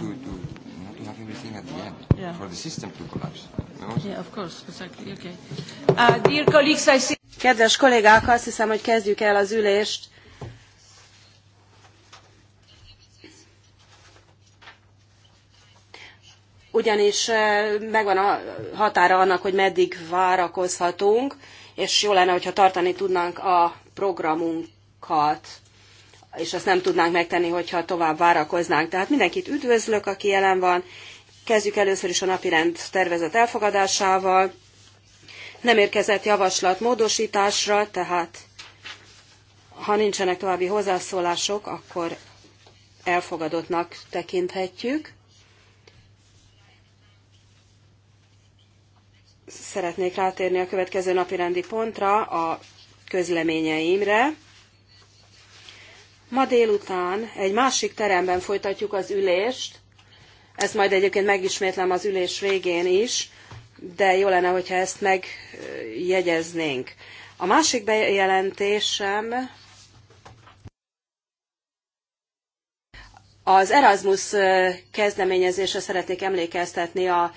to, to you have everything at the end yeah. for the system to collapse. No? Yeah, of course, exactly. Okay. Uh, dear colleagues, I see... Kedves kollégák, azt hiszem, hogy kezdjük el az ülést. Ugyanis eh, megvan a határa annak, hogy meddig várakozhatunk, és jó lenne, hogyha tartani tudnánk a programunkat és azt nem tudnánk megtenni, hogyha tovább várakoznánk. Tehát mindenkit üdvözlök, aki jelen van. Kezdjük először is a napirend tervezet elfogadásával. Nem érkezett javaslat módosításra, tehát ha nincsenek további hozzászólások, akkor elfogadottnak tekinthetjük. Szeretnék rátérni a következő napi rendi pontra, a közleményeimre. Ma délután egy másik teremben folytatjuk az ülést, ezt majd egyébként megismétlem az ülés végén is, de jó lenne, hogyha ezt megjegyeznénk. A másik bejelentésem az Erasmus kezdeményezésre szeretnék emlékeztetni a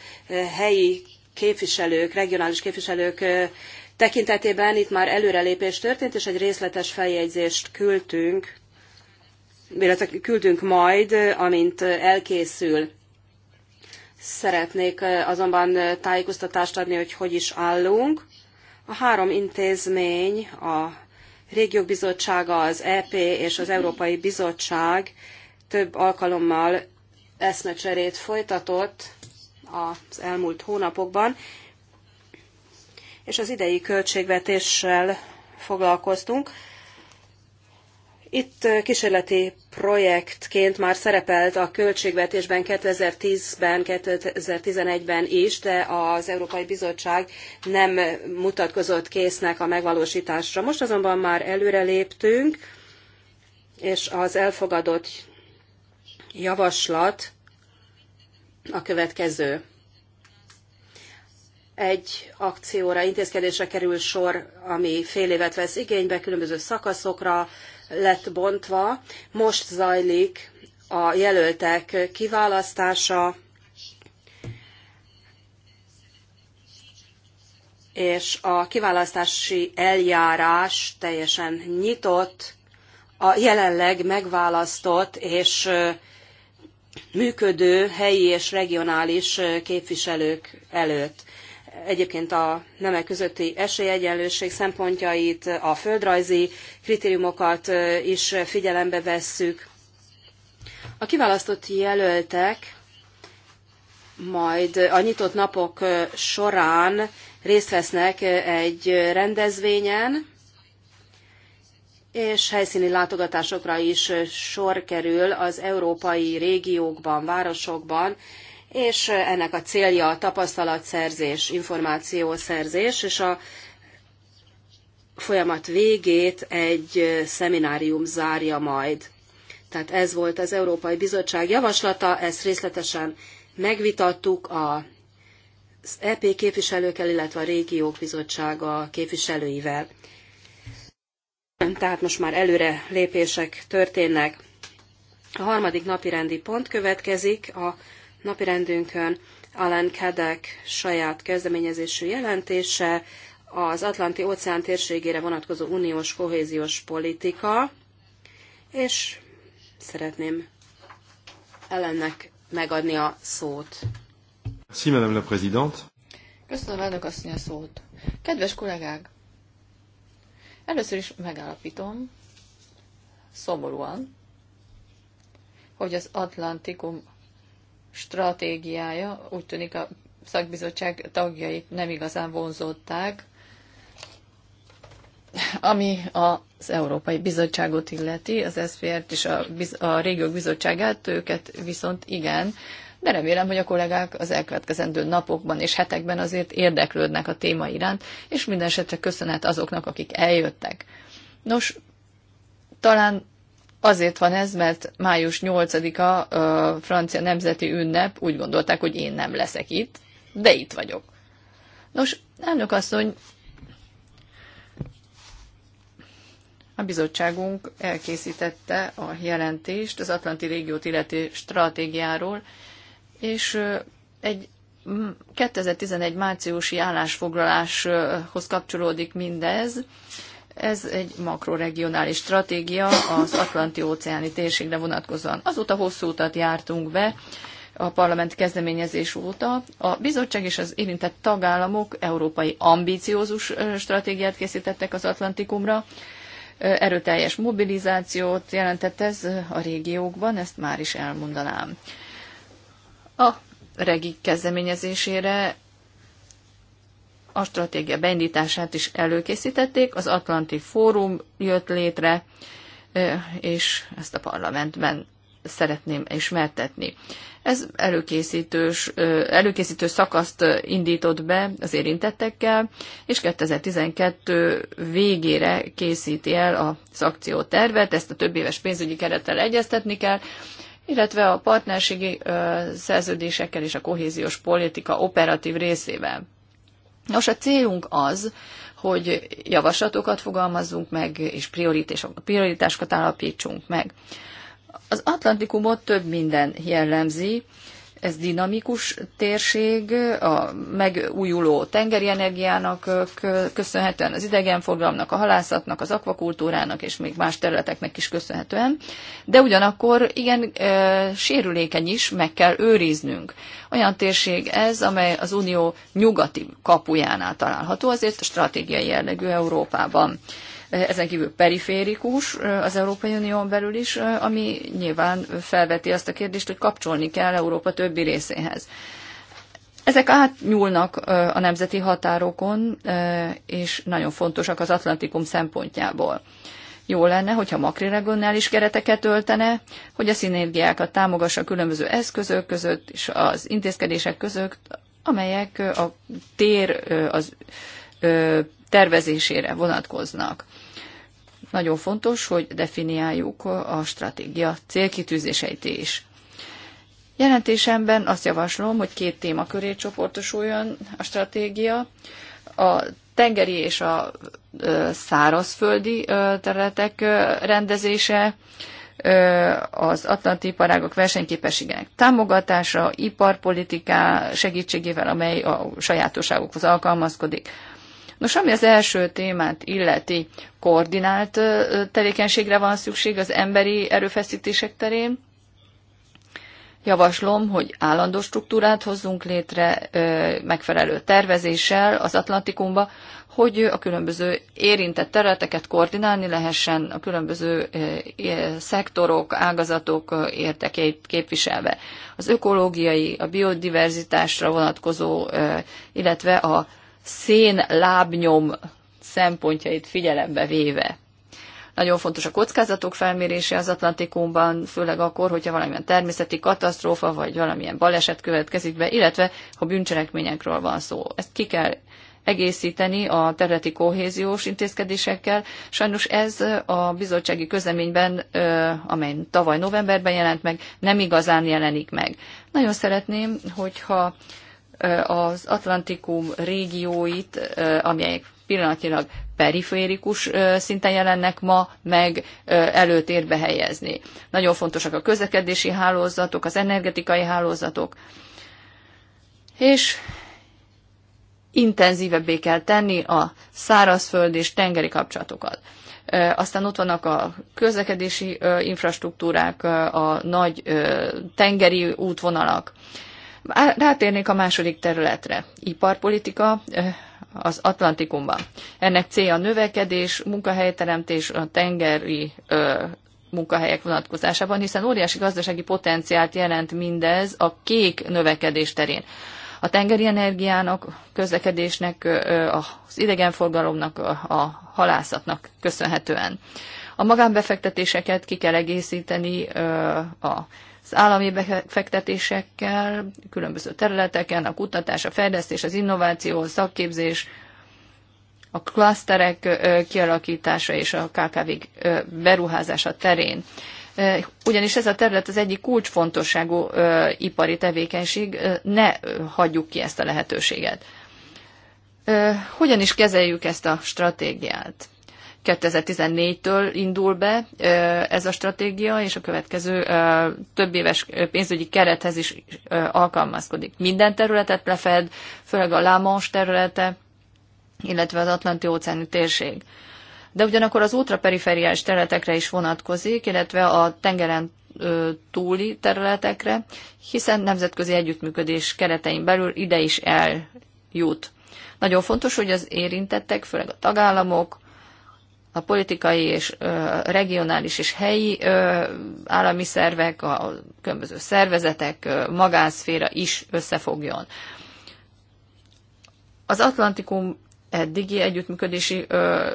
helyi képviselők, regionális képviselők tekintetében. Itt már előrelépés történt, és egy részletes feljegyzést küldtünk illetve küldünk majd, amint elkészül. Szeretnék azonban tájékoztatást adni, hogy hogy is állunk. A három intézmény, a Régiók Bizottsága, az EP és az Európai Bizottság több alkalommal eszmecserét folytatott az elmúlt hónapokban, és az idei költségvetéssel foglalkoztunk. Itt kísérleti projektként már szerepelt a költségvetésben 2010-ben, 2011-ben is, de az Európai Bizottság nem mutatkozott késznek a megvalósításra. Most azonban már előreléptünk, és az elfogadott javaslat a következő. Egy akcióra, intézkedésre kerül sor, ami fél évet vesz igénybe, különböző szakaszokra, lett bontva. Most zajlik a jelöltek kiválasztása, és a kiválasztási eljárás teljesen nyitott, a jelenleg megválasztott és működő helyi és regionális képviselők előtt egyébként a nemek közötti esélyegyenlőség szempontjait, a földrajzi kritériumokat is figyelembe vesszük. A kiválasztott jelöltek majd a nyitott napok során részt vesznek egy rendezvényen, és helyszíni látogatásokra is sor kerül az európai régiókban, városokban, és ennek a célja a tapasztalatszerzés, információszerzés, és a folyamat végét egy szeminárium zárja majd. Tehát ez volt az Európai Bizottság javaslata, ezt részletesen megvitattuk a az EP képviselőkkel, illetve a régiók bizottsága képviselőivel. Tehát most már előre lépések történnek. A harmadik napi rendi pont következik, a napirendünkön Alan Kedek saját kezdeményezésű jelentése, az Atlanti óceán térségére vonatkozó uniós kohéziós politika, és szeretném Ellennek megadni a szót. Si, Madame la Présidente. Köszönöm, elnök asszony a szót. Kedves kollégák! Először is megállapítom, szomorúan, hogy az Atlantikum stratégiája, úgy tűnik a szakbizottság tagjait nem igazán vonzották, ami az Európai Bizottságot illeti, az SZFR-t és a, a Régiók Bizottságát, őket viszont igen, de remélem, hogy a kollégák az elkövetkezendő napokban és hetekben azért érdeklődnek a téma iránt, és minden esetre köszönet azoknak, akik eljöttek. Nos, talán Azért van ez, mert május 8-a francia nemzeti ünnep, úgy gondolták, hogy én nem leszek itt, de itt vagyok. Nos, elnök asszony, a bizottságunk elkészítette a jelentést az Atlanti régiót illeti stratégiáról, és egy 2011 márciusi állásfoglaláshoz kapcsolódik mindez, ez egy makroregionális stratégia az Atlanti-óceáni térségre vonatkozóan. Azóta hosszú utat jártunk be, a parlament kezdeményezés óta. A bizottság és az érintett tagállamok európai ambíciózus stratégiát készítettek az Atlantikumra. Erőteljes mobilizációt jelentett ez a régiókban, ezt már is elmondanám. A regi kezdeményezésére a stratégia beindítását is előkészítették, az Atlanti Fórum jött létre, és ezt a parlamentben szeretném ismertetni. Ez előkészítős, előkészítő szakaszt indított be az érintettekkel, és 2012 végére készíti el szakció tervet. ezt a több éves pénzügyi kerettel egyeztetni kell, illetve a partnerségi szerződésekkel és a kohéziós politika operatív részével. Nos, a célunk az, hogy javaslatokat fogalmazzunk meg, és prioritásokat állapítsunk meg. Az Atlantikumot több minden jellemzi, ez dinamikus térség, a megújuló tengeri energiának köszönhetően, az idegenforgalomnak, a halászatnak, az akvakultúrának és még más területeknek is köszönhetően, de ugyanakkor igen sérülékeny is, meg kell őriznünk. Olyan térség ez, amely az Unió nyugati kapujánál található, azért stratégiai jellegű Európában ezen kívül periférikus az Európai Unión belül is, ami nyilván felveti azt a kérdést, hogy kapcsolni kell Európa többi részéhez. Ezek átnyúlnak a nemzeti határokon, és nagyon fontosak az Atlantikum szempontjából. Jó lenne, hogyha is kereteket öltene, hogy a szinergiákat támogassa a különböző eszközök között és az intézkedések között, amelyek a tér az tervezésére vonatkoznak. Nagyon fontos, hogy definiáljuk a stratégia célkitűzéseit is. Jelentésemben azt javaslom, hogy két témaköré csoportosuljon a stratégia. A tengeri és a szárazföldi területek rendezése, az atlanti iparágok versenyképességének támogatása, iparpolitiká segítségével, amely a sajátosságokhoz alkalmazkodik. Nos, ami az első témát illeti, koordinált tevékenységre van szükség az emberi erőfeszítések terén. Javaslom, hogy állandó struktúrát hozzunk létre megfelelő tervezéssel az Atlantikumba, hogy a különböző érintett területeket koordinálni lehessen, a különböző szektorok, ágazatok értekeit képviselve. Az ökológiai, a biodiverzitásra vonatkozó, illetve a szén lábnyom szempontjait figyelembe véve. Nagyon fontos a kockázatok felmérése az Atlantikumban, főleg akkor, hogyha valamilyen természeti katasztrófa vagy valamilyen baleset következik be, illetve ha bűncselekményekről van szó. Ezt ki kell egészíteni a területi kohéziós intézkedésekkel. Sajnos ez a bizottsági közleményben, amely tavaly novemberben jelent meg, nem igazán jelenik meg. Nagyon szeretném, hogyha az Atlantikum régióit, amelyek pillanatilag periférikus szinten jelennek ma, meg előtérbe helyezni. Nagyon fontosak a közlekedési hálózatok, az energetikai hálózatok, és intenzívebbé kell tenni a szárazföld és tengeri kapcsolatokat. Aztán ott vannak a közlekedési infrastruktúrák, a nagy tengeri útvonalak. Rátérnék a második területre. Iparpolitika az Atlantikumban. Ennek célja a növekedés, munkahelyteremtés a tengeri ö, munkahelyek vonatkozásában, hiszen óriási gazdasági potenciált jelent mindez a kék növekedés terén. A tengeri energiának, közlekedésnek, az idegenforgalomnak, a halászatnak köszönhetően. A magánbefektetéseket ki kell egészíteni a állami befektetésekkel, különböző területeken, a kutatás, a fejlesztés, az innováció, a szakképzés, a klaszterek kialakítása és a kkv beruházása terén. Ugyanis ez a terület az egyik kulcsfontosságú ipari tevékenység, ne hagyjuk ki ezt a lehetőséget. Hogyan is kezeljük ezt a stratégiát? 2014-től indul be ez a stratégia, és a következő több éves pénzügyi kerethez is alkalmazkodik. Minden területet lefed, főleg a Lámos területe, illetve az Atlanti óceáni térség. De ugyanakkor az ultraperiferiás területekre is vonatkozik, illetve a tengeren túli területekre, hiszen nemzetközi együttműködés keretein belül ide is eljut. Nagyon fontos, hogy az érintettek, főleg a tagállamok, a politikai és regionális és helyi állami szervek, a különböző szervezetek, magánszféra is összefogjon. Az Atlantikum eddigi együttműködési ö,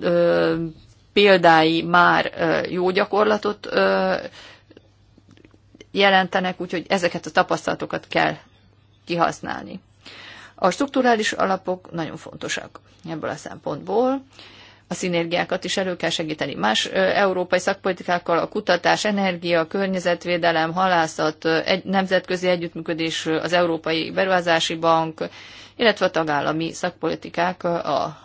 ö, példái már ö, jó gyakorlatot ö, jelentenek, úgyhogy ezeket a tapasztalatokat kell kihasználni. A strukturális alapok nagyon fontosak ebből a szempontból, a szinergiákat is elő kell segíteni. Más európai szakpolitikákkal a kutatás, energia, környezetvédelem, halászat, egy, nemzetközi együttműködés, az Európai Beruházási Bank, illetve a tagállami szakpolitikák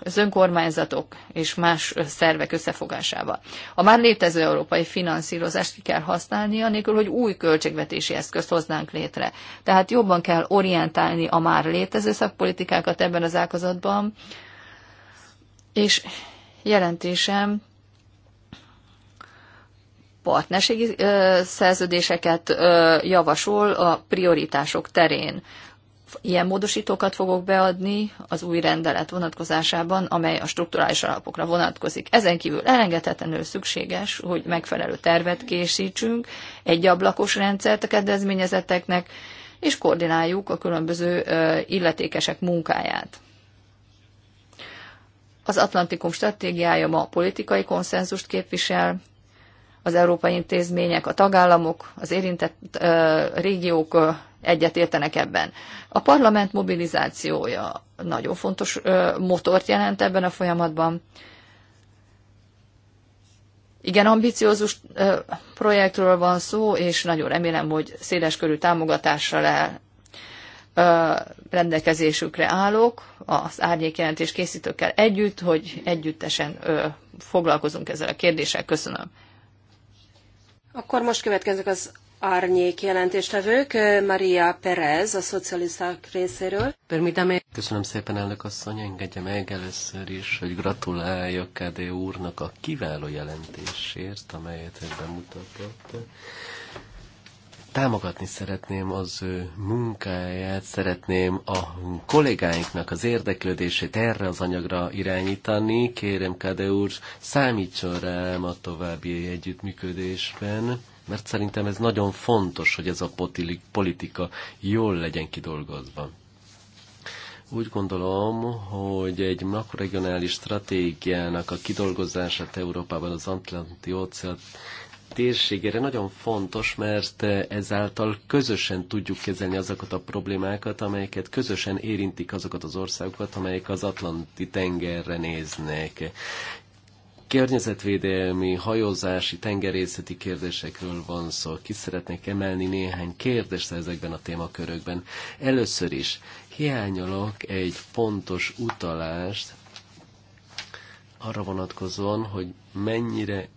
az önkormányzatok és más szervek összefogásával. A már létező európai finanszírozást ki kell használni, anélkül, hogy új költségvetési eszközt hoznánk létre. Tehát jobban kell orientálni a már létező szakpolitikákat ebben az ágazatban, és jelentésem partnerségi szerződéseket javasol a prioritások terén. Ilyen módosítókat fogok beadni az új rendelet vonatkozásában, amely a strukturális alapokra vonatkozik. Ezen kívül elengedhetetlenül szükséges, hogy megfelelő tervet készítsünk, egy ablakos rendszert a kedvezményezetteknek, és koordináljuk a különböző illetékesek munkáját. Az Atlantikum stratégiája ma politikai konszenzust képvisel, az európai intézmények, a tagállamok, az érintett ö, régiók egyetértenek ebben. A parlament mobilizációja nagyon fontos ö, motort jelent ebben a folyamatban. Igen, ambiciózus projektről van szó, és nagyon remélem, hogy széles körű támogatásra rendelkezésükre állok, az árnyékjelentés készítőkkel együtt, hogy együttesen foglalkozunk ezzel a kérdéssel. Köszönöm. Akkor most következik az árnyék jelentéstevők. Maria Perez, a szocialisták részéről. Köszönöm szépen, elnök asszony, engedje meg először is, hogy gratuláljak KD úrnak a kiváló jelentésért, amelyet ez bemutatott támogatni szeretném az ő munkáját, szeretném a kollégáinknak az érdeklődését erre az anyagra irányítani. Kérem, Kade úr, számítson rám a további együttműködésben, mert szerintem ez nagyon fontos, hogy ez a politika jól legyen kidolgozva. Úgy gondolom, hogy egy makroregionális stratégiának a kidolgozását Európában az Atlanti óceán térségére nagyon fontos, mert ezáltal közösen tudjuk kezelni azokat a problémákat, amelyeket közösen érintik azokat az országokat, amelyek az Atlanti tengerre néznek. Környezetvédelmi, hajózási, tengerészeti kérdésekről van szó. Ki szeretnék emelni néhány kérdést ezekben a témakörökben. Először is hiányolok egy pontos utalást arra vonatkozóan, hogy mennyire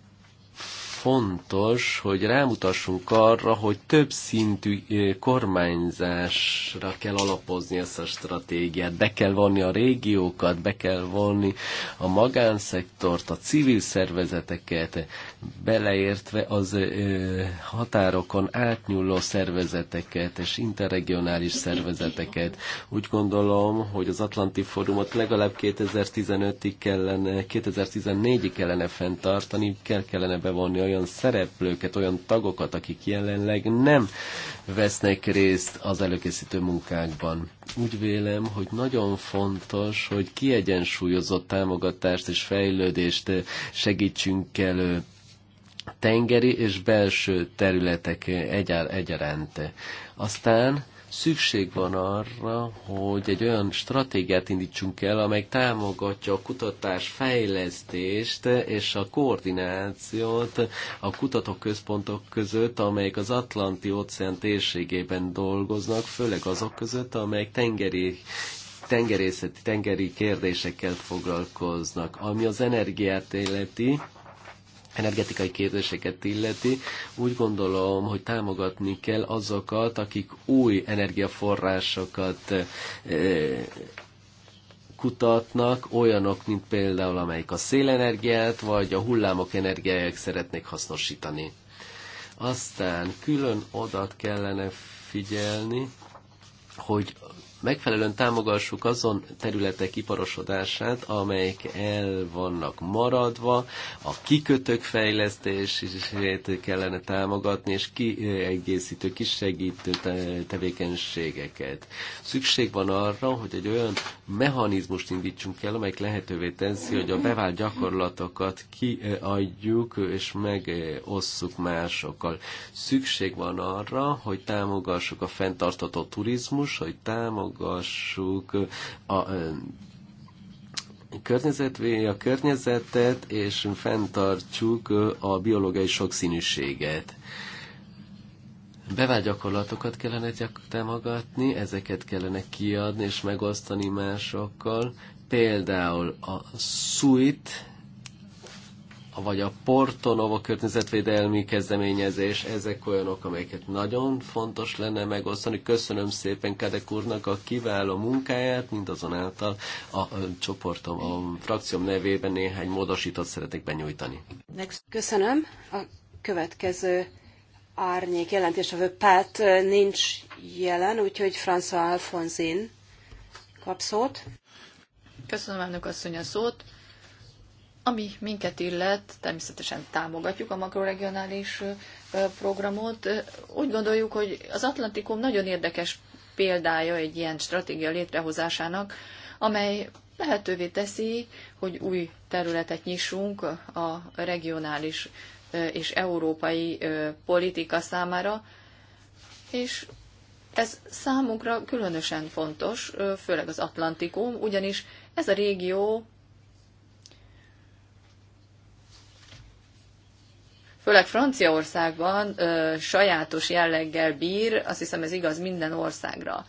fontos, hogy rámutassunk arra, hogy több szintű kormányzásra kell alapozni ezt a stratégiát. Be kell vonni a régiókat, be kell vonni a magánszektort, a civil szervezeteket, beleértve az ö, határokon átnyúló szervezeteket és interregionális szervezeteket. Úgy gondolom, hogy az Atlanti Fórumot legalább 2015-ig kellene, 2014-ig kellene fenntartani, kell kellene bevonni olyan szereplőket, olyan tagokat, akik jelenleg nem vesznek részt az előkészítő munkákban. Úgy vélem, hogy nagyon fontos, hogy kiegyensúlyozott támogatást és fejlődést segítsünk elő tengeri és belső területek egyár, egyaránt. Aztán szükség van arra, hogy egy olyan stratégiát indítsunk el, amely támogatja a kutatás fejlesztést és a koordinációt a kutatóközpontok között, amelyek az Atlanti óceán térségében dolgoznak, főleg azok között, amelyek tengeri tengerészeti, tengeri kérdésekkel foglalkoznak. Ami az energiát életi, energetikai kérdéseket illeti, úgy gondolom, hogy támogatni kell azokat, akik új energiaforrásokat eh, kutatnak, olyanok, mint például amelyik a szélenergiát, vagy a hullámok energiáját szeretnék hasznosítani. Aztán külön odat kellene figyelni, hogy megfelelően támogassuk azon területek iparosodását, amelyek el vannak maradva, a kikötők fejlesztését kellene támogatni, és kiegészítő, kisegítő tevékenységeket. Szükség van arra, hogy egy olyan mechanizmust indítsunk el, amelyik lehetővé teszi, hogy a bevált gyakorlatokat kiadjuk és megosszuk másokkal. Szükség van arra, hogy támogassuk a fenntartató turizmus, hogy támog, támogassuk a környezetvé a környezetet, és fenntartsuk a biológiai sokszínűséget. Bevált gyakorlatokat kellene támogatni, ezeket kellene kiadni és megosztani másokkal. Például a SUIT vagy a Portonova környezetvédelmi kezdeményezés, ezek olyanok, amelyeket nagyon fontos lenne megosztani. Köszönöm szépen Kadek úrnak a kiváló munkáját, mindazonáltal a, a csoportom, a frakcióm nevében néhány módosítót szeretnék benyújtani. Köszönöm. A következő árnyék jelentés a Pát nincs jelen, úgyhogy François Alfonzin kap szót. Köszönöm elnök asszony a szót. Ami minket illet, természetesen támogatjuk a makroregionális programot. Úgy gondoljuk, hogy az Atlantikum nagyon érdekes példája egy ilyen stratégia létrehozásának, amely lehetővé teszi, hogy új területet nyissunk a regionális és európai politika számára, és ez számunkra különösen fontos, főleg az Atlantikum, ugyanis ez a régió főleg Franciaországban ö, sajátos jelleggel bír, azt hiszem ez igaz minden országra.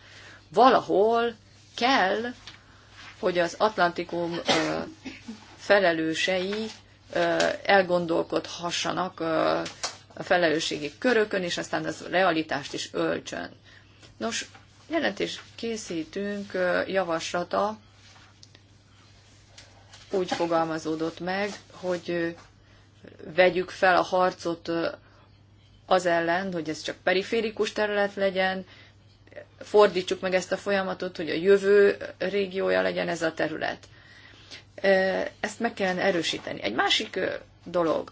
Valahol kell, hogy az Atlantikum ö, felelősei ö, elgondolkodhassanak ö, a felelősségi körökön, és aztán az realitást is ölcsön. Nos, jelentés készítünk ö, javaslata úgy fogalmazódott meg, hogy vegyük fel a harcot az ellen, hogy ez csak periférikus terület legyen, fordítsuk meg ezt a folyamatot, hogy a jövő régiója legyen ez a terület. Ezt meg kellene erősíteni. Egy másik dolog,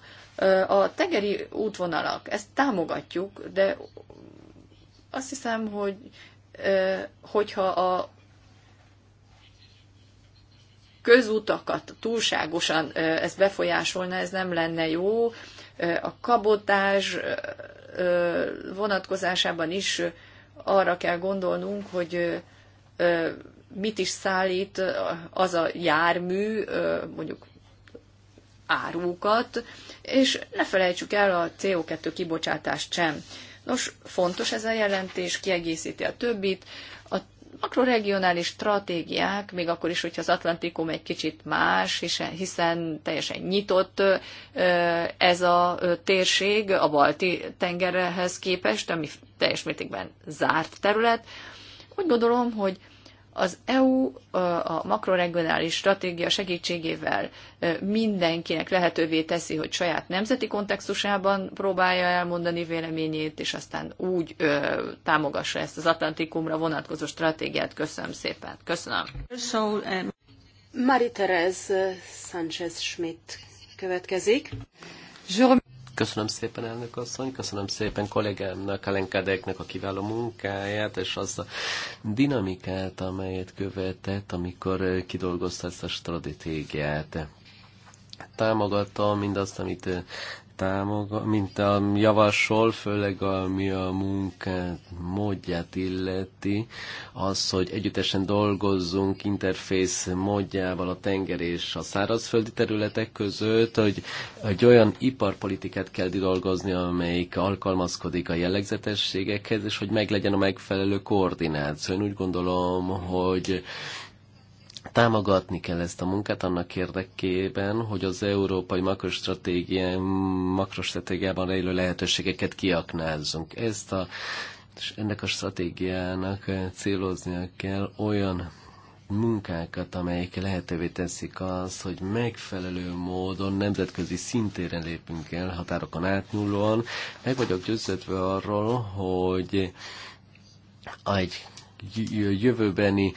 a tegeri útvonalak, ezt támogatjuk, de azt hiszem, hogy hogyha a közutakat túlságosan ez befolyásolna, ez nem lenne jó. A kabotás vonatkozásában is arra kell gondolnunk, hogy mit is szállít az a jármű, mondjuk árukat, és ne felejtsük el a CO2 kibocsátást sem. Nos, fontos ez a jelentés, kiegészíti a többit, makroregionális stratégiák, még akkor is, hogyha az Atlantikum egy kicsit más, hiszen teljesen nyitott ez a térség a balti tengerhez képest, ami teljes mértékben zárt terület. Úgy gondolom, hogy az EU a makroregionális stratégia segítségével mindenkinek lehetővé teszi, hogy saját nemzeti kontextusában próbálja elmondani véleményét, és aztán úgy ö, támogassa ezt az Atlantikumra vonatkozó stratégiát. Köszönöm szépen. Köszönöm. Marie-Thérèse Sanchez-Schmidt következik. Köszönöm szépen, elnök asszony, köszönöm szépen kollégámnak, Alenkádeknek a kiváló munkáját, és az a dinamikát, amelyet követett, amikor kidolgozta ezt a stratégiát támogatta mindazt, amit támogat, mint a javasol, főleg ami a munkát módját illeti, az, hogy együttesen dolgozzunk interfész módjával a tenger és a szárazföldi területek között, hogy egy olyan iparpolitikát kell dolgozni, amelyik alkalmazkodik a jellegzetességekhez, és hogy meglegyen a megfelelő koordináció. Én úgy gondolom, hogy Támogatni kell ezt a munkát annak érdekében, hogy az európai makrostratégiában rejlő lehetőségeket kiaknázzunk. Ezt a, és ennek a stratégiának céloznia kell olyan munkákat, amelyek lehetővé teszik az, hogy megfelelő módon nemzetközi szintéren lépünk el, határokon átnyúlóan. Meg vagyok győződve arról, hogy egy jövőbeni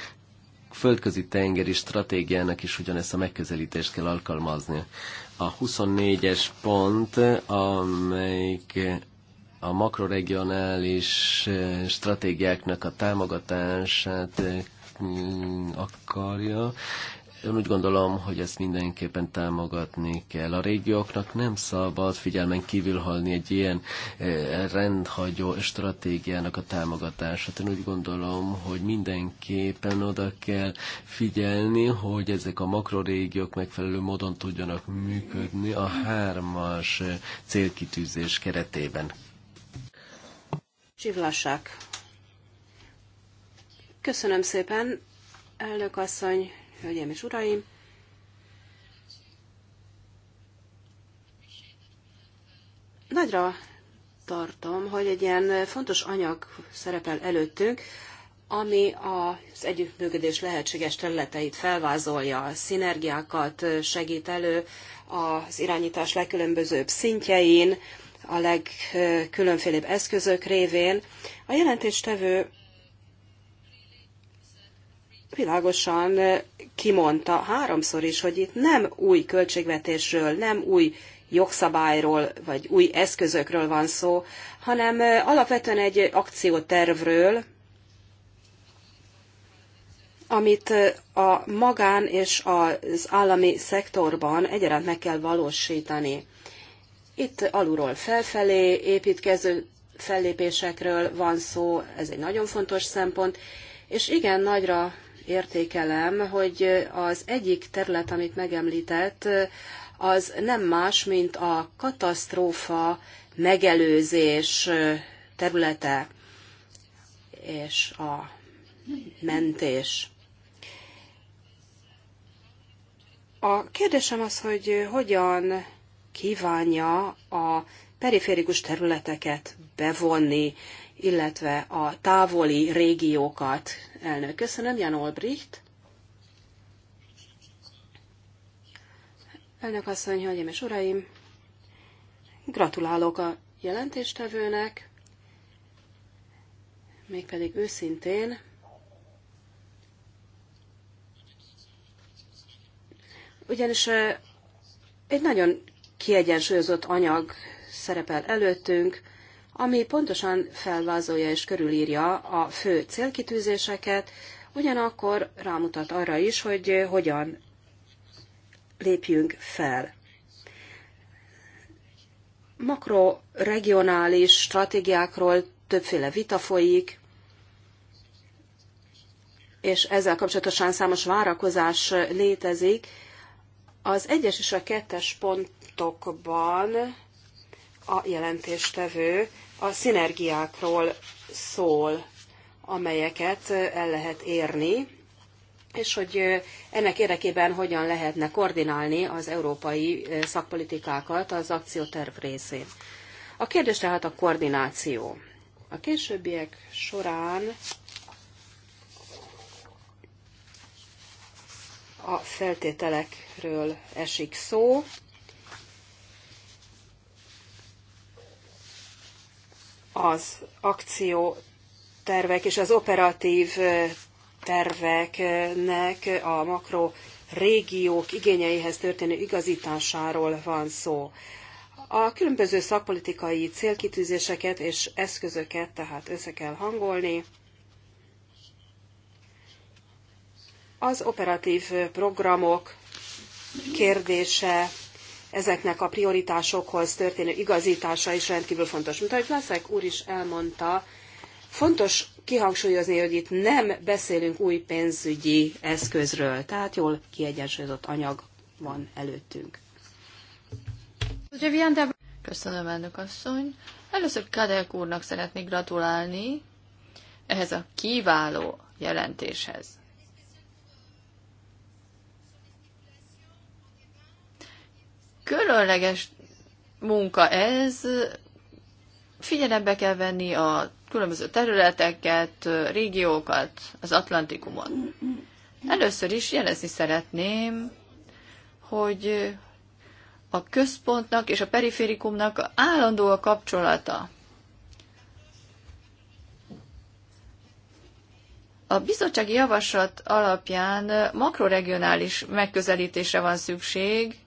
földközi tengeri stratégiának is ugyanezt a megközelítést kell alkalmazni. A 24-es pont, amelyik a makroregionális eh, stratégiáknak a támogatását eh, akarja. Én úgy gondolom, hogy ezt mindenképpen támogatni kell. A régióknak nem szabad figyelmen kívül halni egy ilyen eh, rendhagyó stratégiának a támogatását. Én úgy gondolom, hogy mindenképpen oda kell figyelni, hogy ezek a makrorégiók megfelelő módon tudjanak működni a hármas eh, célkitűzés keretében. Csivlassák. Köszönöm szépen, elnök asszony, Hölgyeim és Uraim! Nagyra tartom, hogy egy ilyen fontos anyag szerepel előttünk, ami az együttműködés lehetséges területeit felvázolja, a szinergiákat segít elő az irányítás legkülönbözőbb szintjein, a legkülönfélebb eszközök révén. A jelentéstevő világosan eh, kimondta háromszor is, hogy itt nem új költségvetésről, nem új jogszabályról vagy új eszközökről van szó, hanem eh, alapvetően egy akciótervről, amit eh, a magán és az állami szektorban egyaránt meg kell valósítani. Itt alulról felfelé építkező fellépésekről van szó, ez egy nagyon fontos szempont, és igen nagyra értékelem, hogy az egyik terület, amit megemlített, az nem más, mint a katasztrófa megelőzés területe és a mentés. A kérdésem az, hogy hogyan kívánja a periférikus területeket bevonni, illetve a távoli régiókat Elnök, köszönöm. Jan Olbricht. Elnök asszony, hölgyeim és uraim, gratulálok a jelentéstevőnek, mégpedig őszintén. Ugyanis eh, egy nagyon kiegyensúlyozott anyag szerepel előttünk, ami pontosan felvázolja és körülírja a fő célkitűzéseket, ugyanakkor rámutat arra is, hogy hogyan lépjünk fel. Makroregionális stratégiákról többféle vita folyik, és ezzel kapcsolatosan számos várakozás létezik. Az egyes és a kettes pontokban a jelentéstevő a szinergiákról szól, amelyeket el lehet érni, és hogy ennek érdekében hogyan lehetne koordinálni az európai szakpolitikákat az akcióterv részén. A kérdés tehát a koordináció. A későbbiek során a feltételekről esik szó, az akció tervek és az operatív terveknek a makro régiók igényeihez történő igazításáról van szó. A különböző szakpolitikai célkitűzéseket és eszközöket tehát össze kell hangolni. Az operatív programok kérdése ezeknek a prioritásokhoz történő igazítása is rendkívül fontos. Mint Leszek úr is elmondta, fontos kihangsúlyozni, hogy itt nem beszélünk új pénzügyi eszközről, tehát jól kiegyensúlyozott anyag van előttünk. Köszönöm, elnök asszony. Először Kadek úrnak szeretnék gratulálni ehhez a kiváló jelentéshez. Különleges munka ez, figyelembe kell venni a különböző területeket, régiókat, az Atlantikumot. Először is jelezni szeretném, hogy a központnak és a periférikumnak állandó a kapcsolata. A bizottsági javaslat alapján makroregionális megközelítésre van szükség,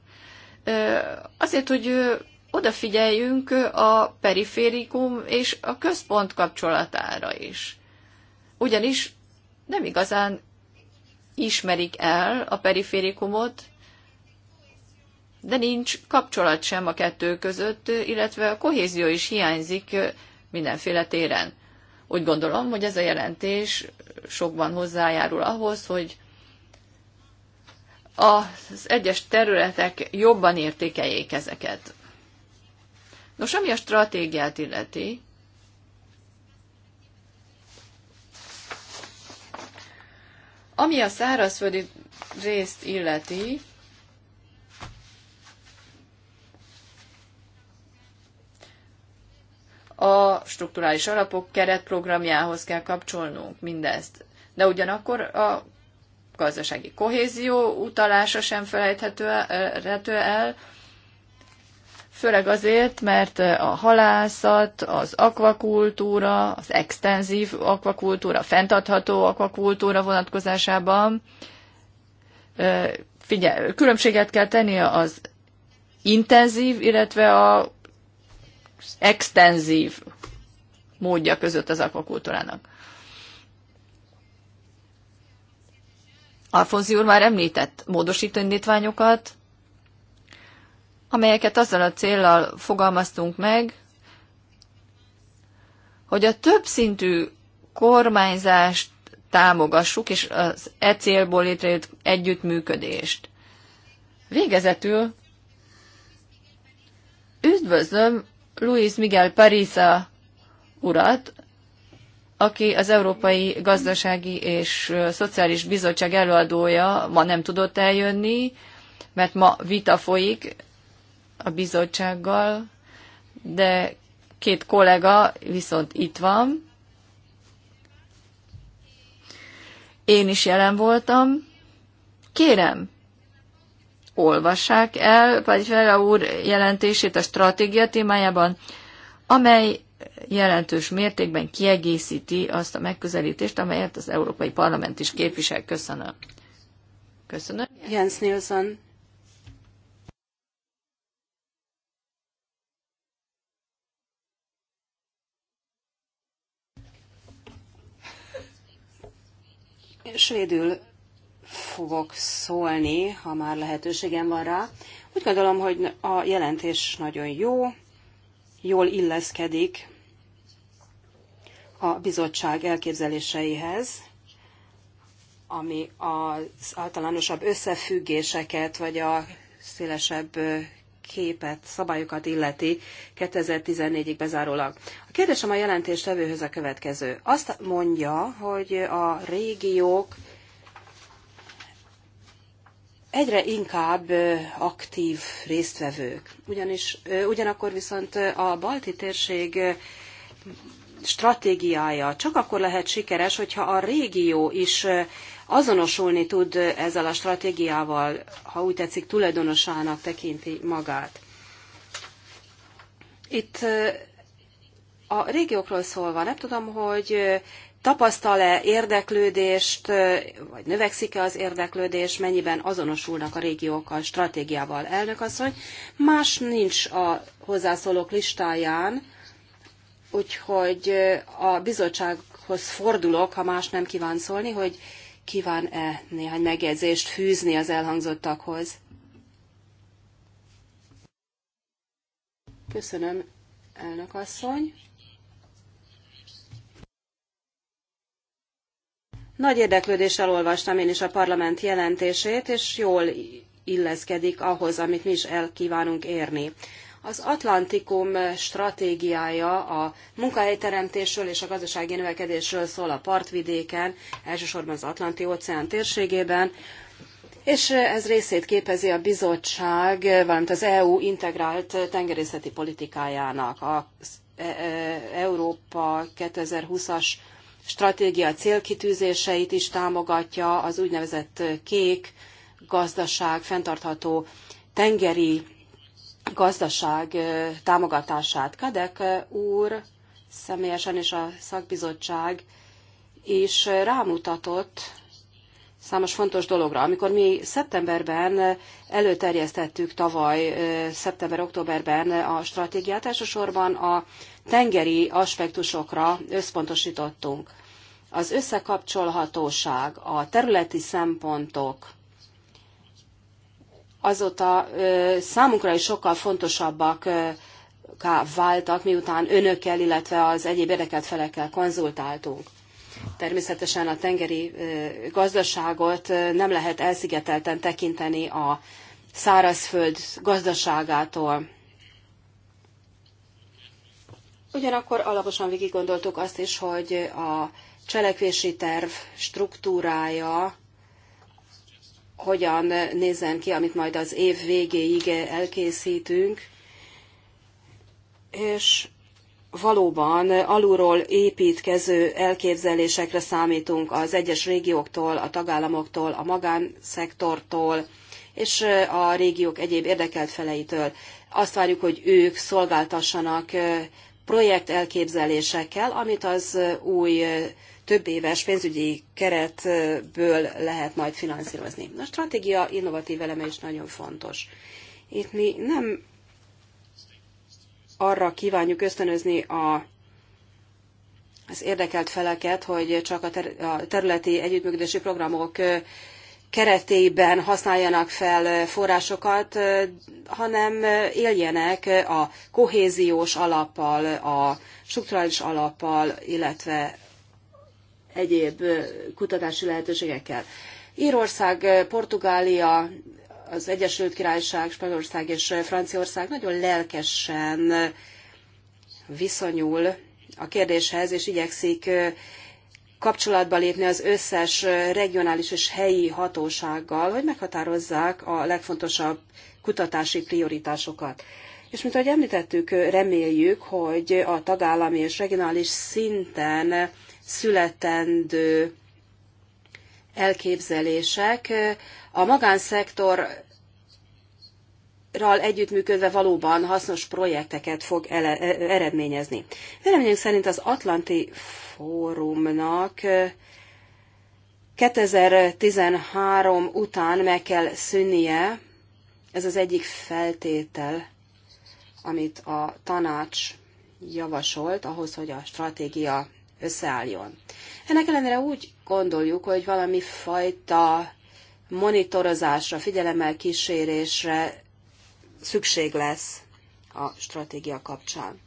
azért, hogy odafigyeljünk a periférikum és a központ kapcsolatára is. Ugyanis nem igazán ismerik el a periférikumot, de nincs kapcsolat sem a kettő között, illetve a kohézió is hiányzik mindenféle téren. Úgy gondolom, hogy ez a jelentés sokban hozzájárul ahhoz, hogy az egyes területek jobban értékeljék ezeket. Nos, ami a stratégiát illeti, ami a szárazföldi részt illeti, a strukturális alapok keretprogramjához kell kapcsolnunk mindezt. De ugyanakkor a gazdasági kohézió utalása sem felejthető eh, el, főleg azért, mert eh, a halászat, az akvakultúra, az extenzív akvakultúra, a fenntartható akvakultúra vonatkozásában eh, figyel, különbséget kell tenni az intenzív, illetve az extenzív módja között az akvakultúrának. Alfonzi úr már említett módosító indítványokat, amelyeket azzal a céllal fogalmaztunk meg, hogy a többszintű kormányzást támogassuk, és az e célból létrejött együttműködést. Végezetül üdvözlöm Luis Miguel Parisa urat, aki az Európai Gazdasági és Szociális Bizottság előadója, ma nem tudott eljönni, mert ma vita folyik a bizottsággal, de két kollega viszont itt van. Én is jelen voltam. Kérem, olvassák el Pagyfele úr jelentését a stratégia témájában, amely jelentős mértékben kiegészíti azt a megközelítést, amelyet az Európai Parlament is képvisel. Köszönöm. Köszönöm. Jens Nilsson. Svédül fogok szólni, ha már lehetőségem van rá. Úgy gondolom, hogy a jelentés nagyon jó, jól illeszkedik a bizottság elképzeléseihez, ami az általánosabb összefüggéseket, vagy a szélesebb képet, szabályokat illeti 2014-ig bezárólag. A kérdésem a jelentéstevőhöz a következő. Azt mondja, hogy a régiók egyre inkább aktív résztvevők. Ugyanis, ugyanakkor viszont a balti térség stratégiája csak akkor lehet sikeres, hogyha a régió is azonosulni tud ezzel a stratégiával, ha úgy tetszik, tulajdonosának tekinti magát. Itt a régiókról szólva nem tudom, hogy tapasztal-e érdeklődést, vagy növekszik-e az érdeklődés, mennyiben azonosulnak a régiók a stratégiával. Elnök asszony, más nincs a hozzászólók listáján, Úgyhogy a bizottsághoz fordulok, ha más nem kíván szólni, hogy kíván-e néhány megjegyzést fűzni az elhangzottakhoz. Köszönöm, elnök asszony. Nagy érdeklődéssel olvastam én is a parlament jelentését, és jól illeszkedik ahhoz, amit mi is el kívánunk érni. Az Atlantikum stratégiája a munkahelyteremtésről és a gazdasági növekedésről szól a partvidéken, elsősorban az Atlanti-óceán térségében, és ez részét képezi a bizottság, valamint az EU integrált tengerészeti politikájának. Az e, e, Európa 2020-as stratégia célkitűzéseit is támogatja, az úgynevezett kék gazdaság, fenntartható tengeri gazdaság támogatását. Kadek úr személyesen és a szakbizottság is rámutatott számos fontos dologra. Amikor mi szeptemberben előterjesztettük tavaly, szeptember-októberben a stratégiát, elsősorban a tengeri aspektusokra összpontosítottunk. Az összekapcsolhatóság, a területi szempontok, azóta számunkra is sokkal fontosabbak váltak, miután önökkel, illetve az egyéb érdekelt felekkel konzultáltunk. Természetesen a tengeri gazdaságot nem lehet elszigetelten tekinteni a szárazföld gazdaságától. Ugyanakkor alaposan végiggondoltuk azt is, hogy a cselekvési terv struktúrája hogyan nézzen ki, amit majd az év végéig elkészítünk, és valóban alulról építkező elképzelésekre számítunk az egyes régióktól, a tagállamoktól, a magánszektortól és a régiók egyéb érdekelt feleitől. Azt várjuk, hogy ők szolgáltassanak projekt elképzelésekkel, amit az új több éves pénzügyi keretből lehet majd finanszírozni. A stratégia innovatív eleme is nagyon fontos. Itt mi nem arra kívánjuk ösztönözni a az érdekelt feleket, hogy csak a, ter- a területi együttműködési programok keretében használjanak fel forrásokat, hanem éljenek a kohéziós alappal, a strukturális alappal, illetve egyéb kutatási lehetőségekkel. Írország, Portugália, az Egyesült Királyság, Spanyolország és Franciaország nagyon lelkesen viszonyul a kérdéshez, és igyekszik kapcsolatba lépni az összes regionális és helyi hatósággal, hogy meghatározzák a legfontosabb kutatási prioritásokat. És mint ahogy említettük, reméljük, hogy a tagállami és regionális szinten születendő elképzelések a magánszektor együttműködve valóban hasznos projekteket fog ele- eredményezni. Véleményünk szerint az Atlanti Fórumnak 2013 után meg kell szűnnie, ez az egyik feltétel, amit a tanács javasolt ahhoz, hogy a stratégia összeálljon. Ennek ellenére úgy gondoljuk, hogy valami fajta monitorozásra, figyelemmel kísérésre szükség lesz a stratégia kapcsán.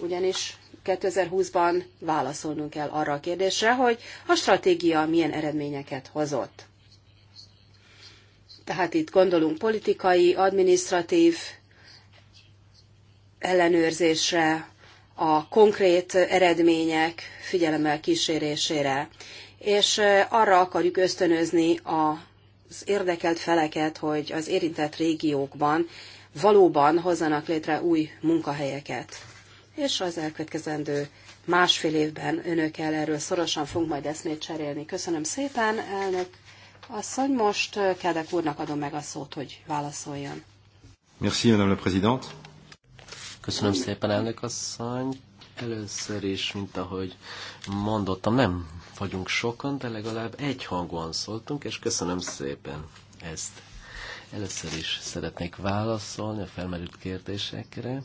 Ugyanis 2020-ban válaszolnunk kell arra a kérdésre, hogy a stratégia milyen eredményeket hozott. Tehát itt gondolunk politikai, administratív ellenőrzésre, a konkrét eredmények figyelemmel kísérésére, és arra akarjuk ösztönözni az érdekelt feleket, hogy az érintett régiókban valóban hozzanak létre új munkahelyeket. És az elkövetkezendő másfél évben önökkel erről szorosan fogunk majd eszmét cserélni. Köszönöm szépen, elnök asszony. Most Kedek úrnak adom meg a szót, hogy válaszoljon. Merci, Madame la Présidente. Köszönöm szépen, elnök asszony. Először is, mint ahogy mondottam, nem vagyunk sokan, de legalább egy hangon szóltunk, és köszönöm szépen ezt. Először is szeretnék válaszolni a felmerült kérdésekre.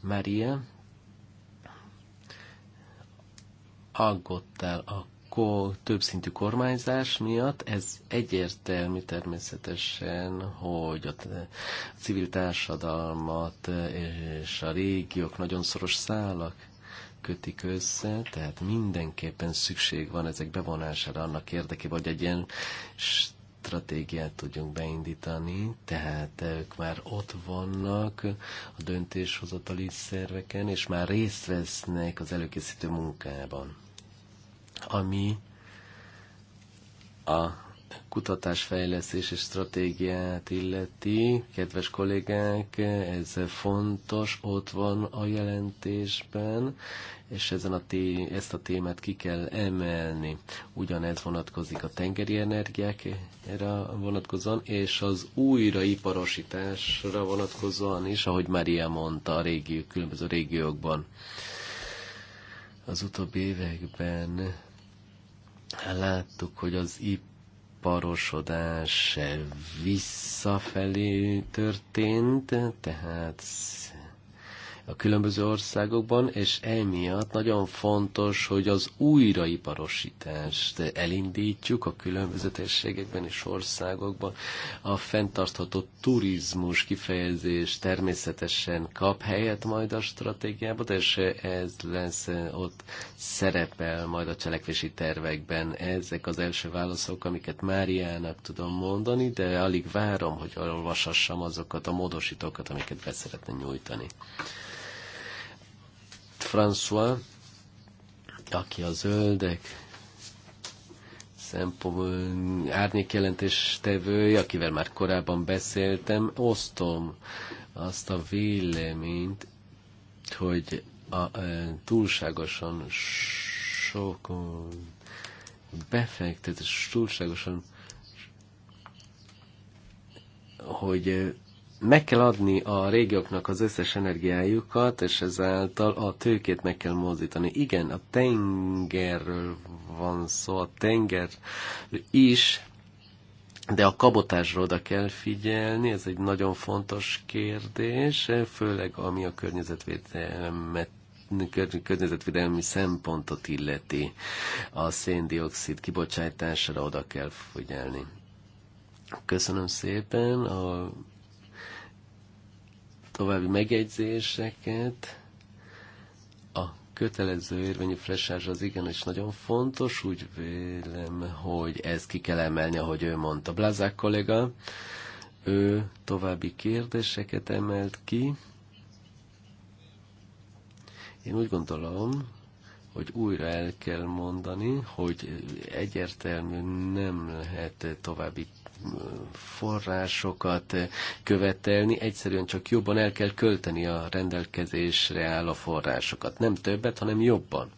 Maria, aggottál a ko- többszintű kormányzás miatt ez egyértelmű természetesen, hogy a, civil társadalmat és a régiók nagyon szoros szálak kötik össze, tehát mindenképpen szükség van ezek bevonására annak érdekében, hogy egy ilyen stratégiát tudjunk beindítani, tehát ők már ott vannak a döntéshozatali szerveken, és már részt vesznek az előkészítő munkában ami a kutatásfejlesztés és stratégiát illeti. Kedves kollégák, ez fontos, ott van a jelentésben, és ezen a té- ezt a témát ki kell emelni. Ugyanez vonatkozik a tengeri energiákra vonatkozóan, és az újraiparosításra vonatkozóan is, ahogy Mária mondta a régió, különböző régiókban. Az utóbbi években láttuk, hogy az iparosodás visszafelé történt, tehát a különböző országokban, és emiatt nagyon fontos, hogy az újraiparosítást elindítjuk a különböző térségekben és országokban. A fenntartható turizmus kifejezés természetesen kap helyet majd a stratégiában, és ez lesz ott szerepel majd a cselekvési tervekben. Ezek az első válaszok, amiket Máriának tudom mondani, de alig várom, hogy olvashassam azokat a módosítókat, amiket be szeretne nyújtani. François, aki a zöldek szempontból árnyékjelentés tevője, akivel már korábban beszéltem, osztom azt a véleményt, hogy a, a túlságosan sok befektetés, túlságosan hogy meg kell adni a régióknak az összes energiájukat, és ezáltal a tőkét meg kell mozdítani. Igen, a tengerről van szó, a tenger is, de a kabotásról oda kell figyelni, ez egy nagyon fontos kérdés, főleg ami a környezetvédelmet környezetvédelmi szempontot illeti. A széndiokszid kibocsátására oda kell figyelni. Köszönöm szépen. A további megjegyzéseket. A kötelező érvényű fressázs az igen és nagyon fontos, úgy vélem, hogy ezt ki kell emelni, ahogy ő mondta. Blázák kollega, ő további kérdéseket emelt ki. Én úgy gondolom, hogy újra el kell mondani, hogy egyértelmű nem lehet további forrásokat követelni, egyszerűen csak jobban el kell költeni a rendelkezésre álló forrásokat. Nem többet, hanem jobban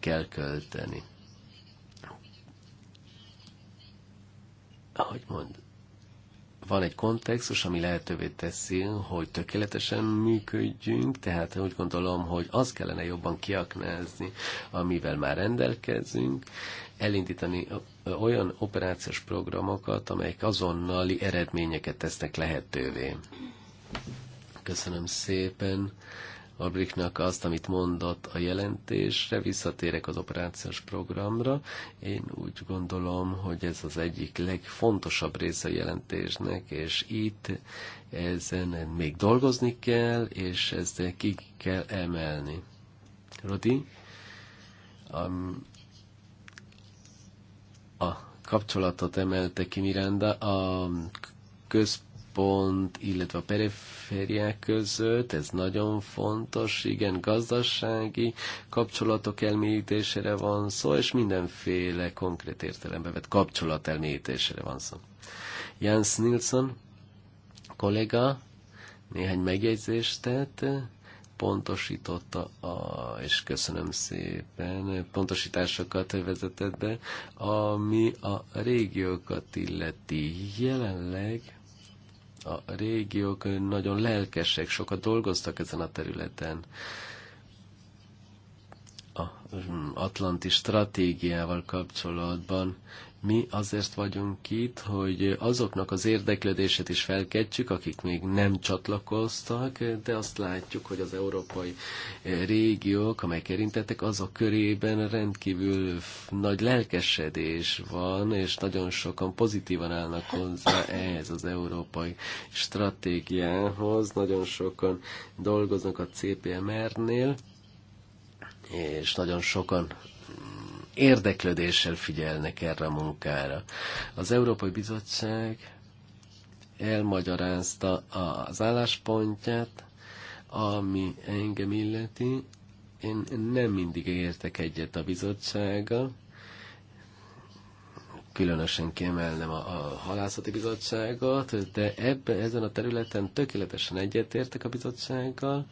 kell költeni. Ahogy mond, van egy kontextus, ami lehetővé teszi, hogy tökéletesen működjünk, tehát úgy gondolom, hogy az kellene jobban kiaknázni, amivel már rendelkezünk, elindítani olyan operációs programokat, amelyek azonnali eredményeket tesznek lehetővé. Köszönöm szépen Albrichtnak azt, amit mondott a jelentésre, visszatérek az operációs programra. Én úgy gondolom, hogy ez az egyik legfontosabb része a jelentésnek, és itt ezen még dolgozni kell, és ezt ki kell emelni. Rodi? kapcsolatot emelte ki Miranda a központ, illetve a perifériák között, ez nagyon fontos, igen, gazdasági kapcsolatok elmélyítésére van szó, és mindenféle konkrét értelembe vett kapcsolat elmélyítésére van szó. Jens Nilsson kollega néhány megjegyzést tett, pontosította, a, és köszönöm szépen, pontosításokat vezetett be, ami a régiókat illeti. Jelenleg a régiók nagyon lelkesek, sokat dolgoztak ezen a területen a mm, Atlanti stratégiával kapcsolatban mi azért vagyunk itt, hogy azoknak az érdeklődését is felkedjük, akik még nem csatlakoztak, de azt látjuk, hogy az európai eh, régiók, amelyek érintettek, azok körében rendkívül nagy lelkesedés van, és nagyon sokan pozitívan állnak hozzá ehhez az európai stratégiához. Nagyon sokan dolgoznak a CPMR-nél, és nagyon sokan érdeklődéssel figyelnek erre a munkára. Az Európai Bizottság elmagyarázta az álláspontját, ami engem illeti. Én nem mindig értek egyet a bizottsága, különösen kiemelnem a, a halászati bizottságot, de ebben, ezen a területen tökéletesen egyetértek a bizottsággal,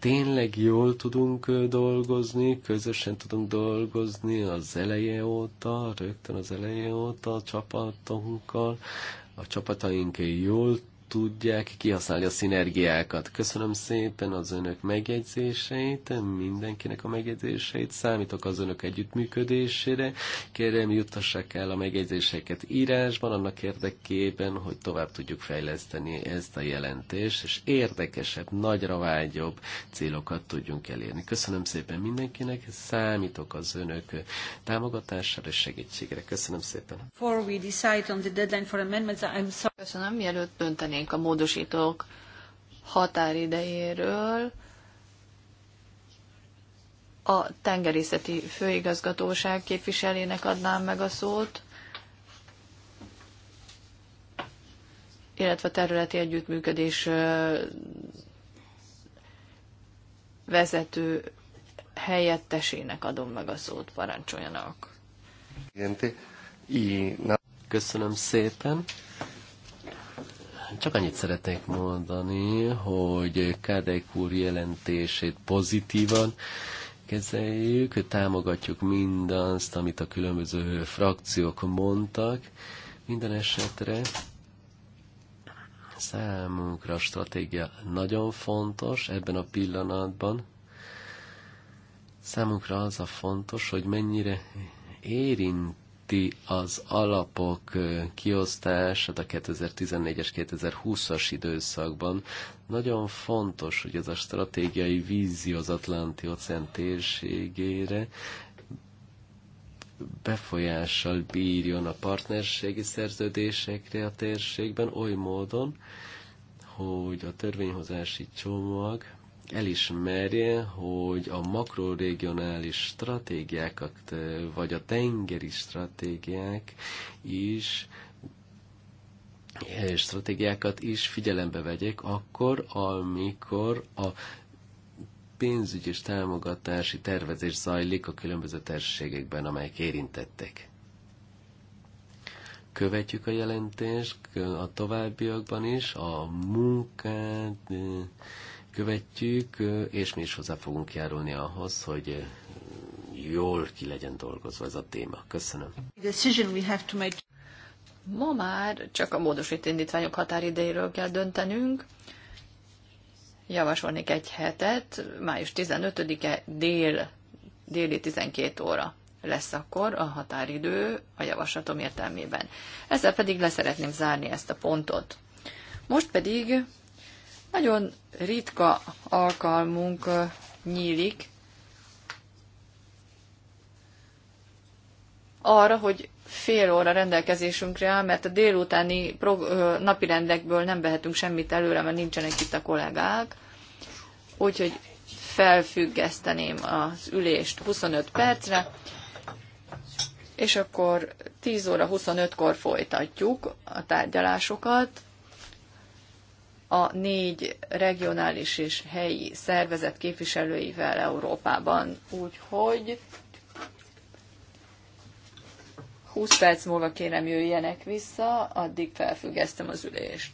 tényleg jól tudunk dolgozni, közösen tudunk dolgozni az eleje óta, rögtön az eleje óta a csapatunkkal, a csapataink jól tudják kihasználni a szinergiákat. Köszönöm szépen az önök megjegyzéseit, mindenkinek a megjegyzéseit, számítok az önök együttműködésére. Kérem, juttassák el a megjegyzéseket írásban, annak érdekében, hogy tovább tudjuk fejleszteni ezt a jelentést, és érdekesebb, nagyra vágyobb célokat tudjunk elérni. Köszönöm szépen mindenkinek, számítok az önök támogatására és segítségre. Köszönöm szépen. Köszönöm, mielőtt döntenénk a módosítók határidejéről, a tengerészeti főigazgatóság képviselének adnám meg a szót, illetve a területi együttműködés vezető helyettesének adom meg a szót, parancsoljanak. Köszönöm szépen. Csak annyit szeretnék mondani, hogy Kádek úr jelentését pozitívan kezeljük, támogatjuk mindazt, amit a különböző frakciók mondtak. Minden esetre számunkra a stratégia nagyon fontos ebben a pillanatban. Számunkra az a fontos, hogy mennyire érint illeti az alapok kiosztását a 2014-es 2020-as időszakban, nagyon fontos, hogy ez a stratégiai vízió az Atlanti-óceán térségére befolyással bírjon a partnerségi szerződésekre a térségben oly módon, hogy a törvényhozási csomag elismerje, hogy a makroregionális stratégiákat, vagy a tengeri stratégiák is stratégiákat is figyelembe vegyék akkor, amikor a pénzügyi és támogatási tervezés zajlik a különböző térségekben, amelyek érintettek. Követjük a jelentést a továbbiakban is, a munkát, követjük, és mi is hozzá fogunk járulni ahhoz, hogy jól ki legyen dolgozva ez a téma. Köszönöm. Ma már csak a módosít indítványok határidejéről kell döntenünk. Javasolnék egy hetet, május 15-e dél, déli 12 óra lesz akkor a határidő a javaslatom értelmében. Ezzel pedig leszeretném zárni ezt a pontot. Most pedig nagyon ritka alkalmunk nyílik arra, hogy fél óra rendelkezésünkre áll, mert a délutáni napirendekből nem vehetünk semmit előre, mert nincsenek itt a kollégák. Úgyhogy felfüggeszteném az ülést 25 percre, és akkor 10 óra 25-kor folytatjuk a tárgyalásokat a négy regionális és helyi szervezet képviselőivel Európában. Úgyhogy 20 perc múlva kérem jöjjenek vissza, addig felfüggesztem az ülést.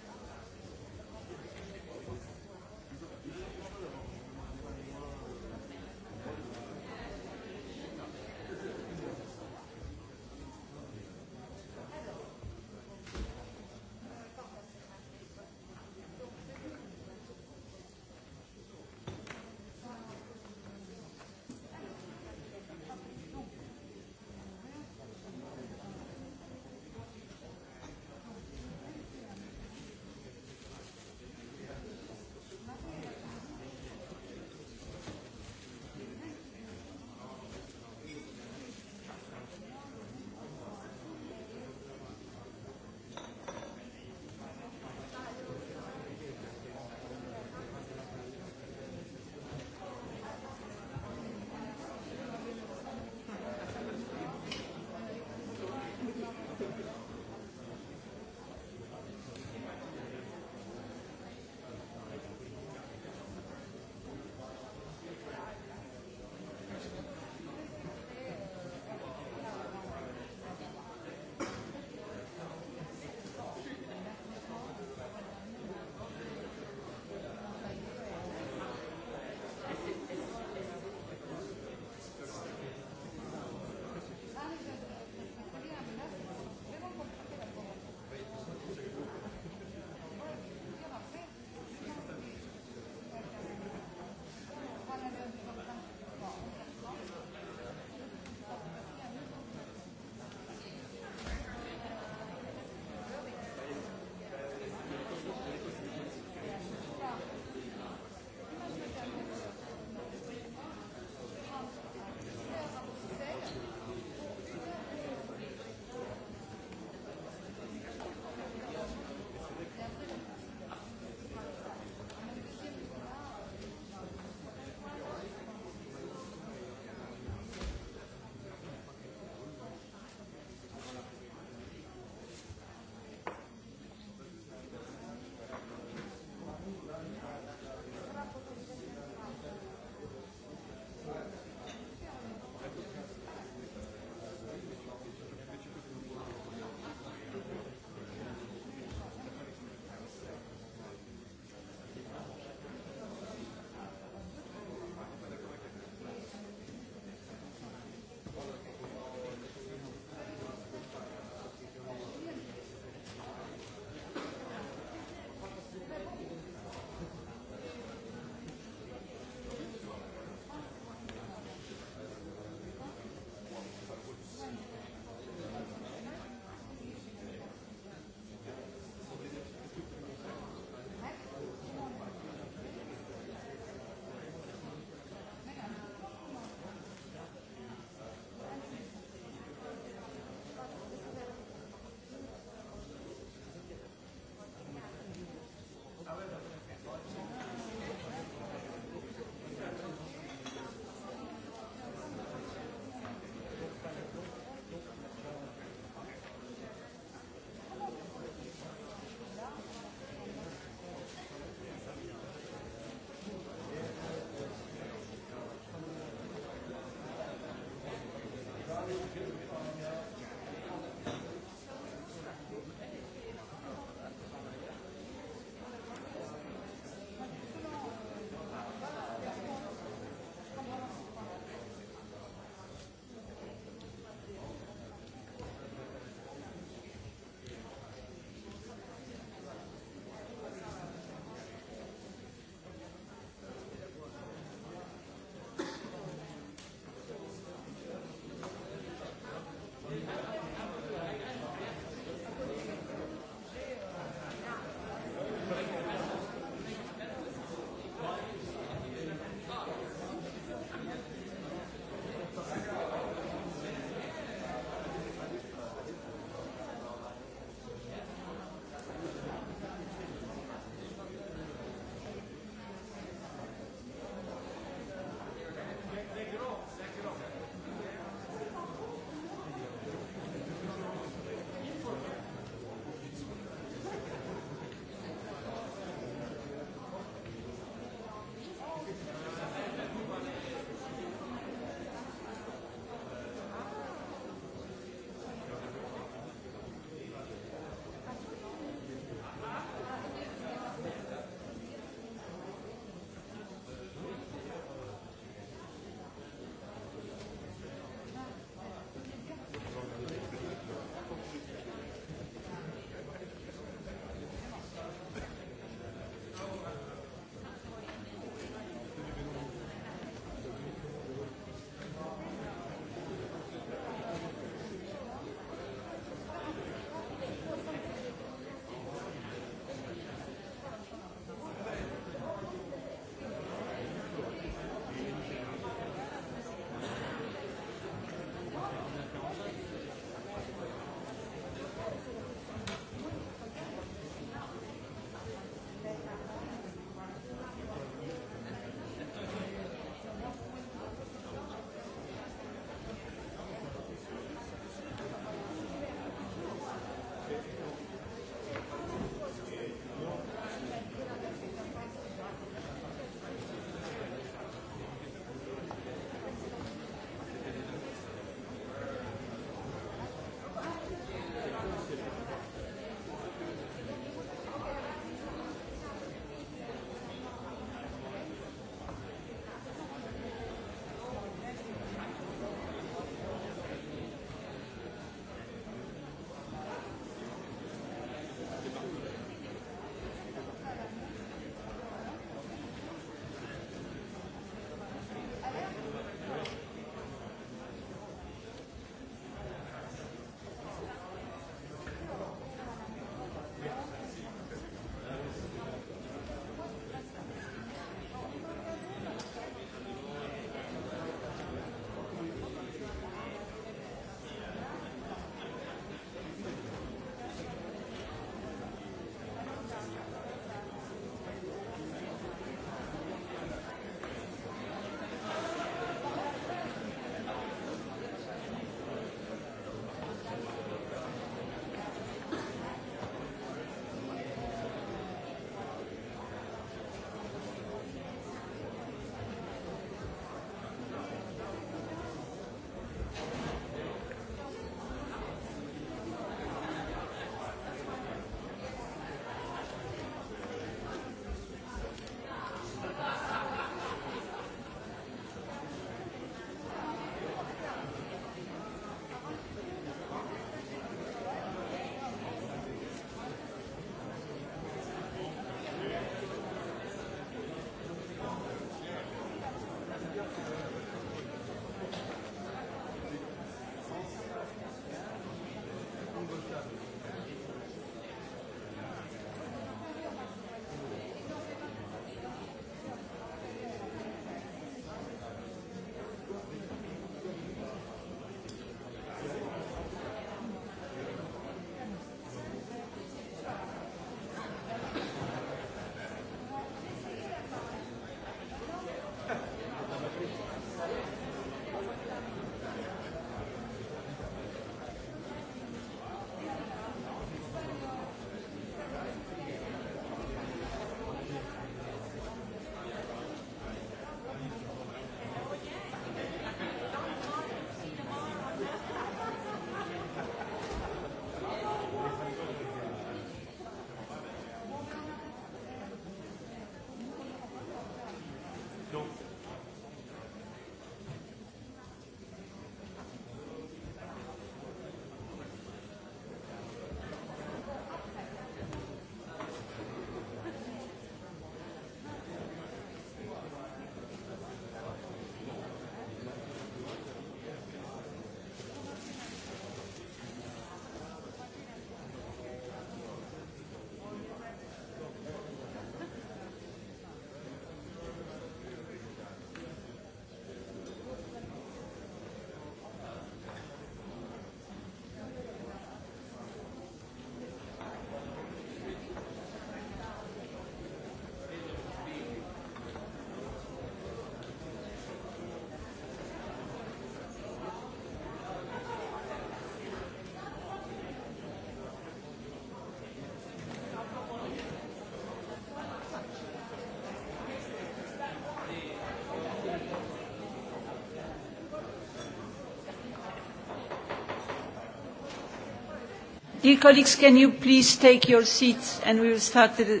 Dear colleagues, can you please take your seats and we will start the,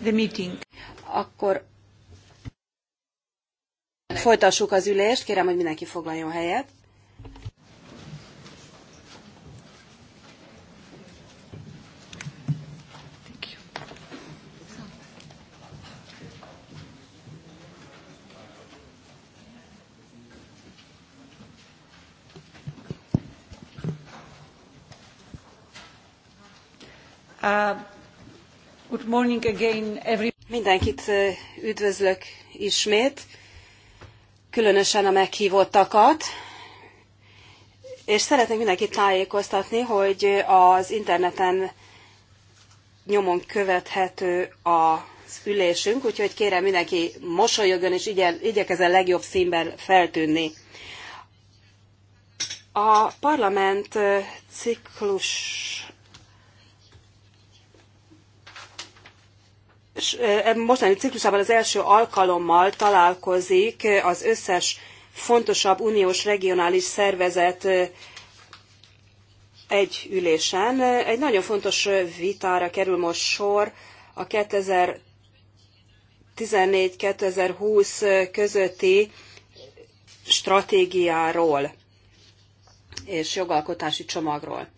the meeting. Akkor folytassuk az ülést, kérem, hogy mindenki foglaljon helyet. Mindenkit üdvözlök ismét, különösen a meghívottakat, és szeretnék mindenkit tájékoztatni, hogy az interneten nyomon követhető az ülésünk, úgyhogy kérem mindenki mosolyogjon és igyel, igyekezzen legjobb színben feltűnni. A parlament ciklus E, mostani ciklusában az első alkalommal találkozik az összes fontosabb uniós regionális szervezet egy ülésen. Egy nagyon fontos vitára kerül most sor a 2014-2020 közötti stratégiáról és jogalkotási csomagról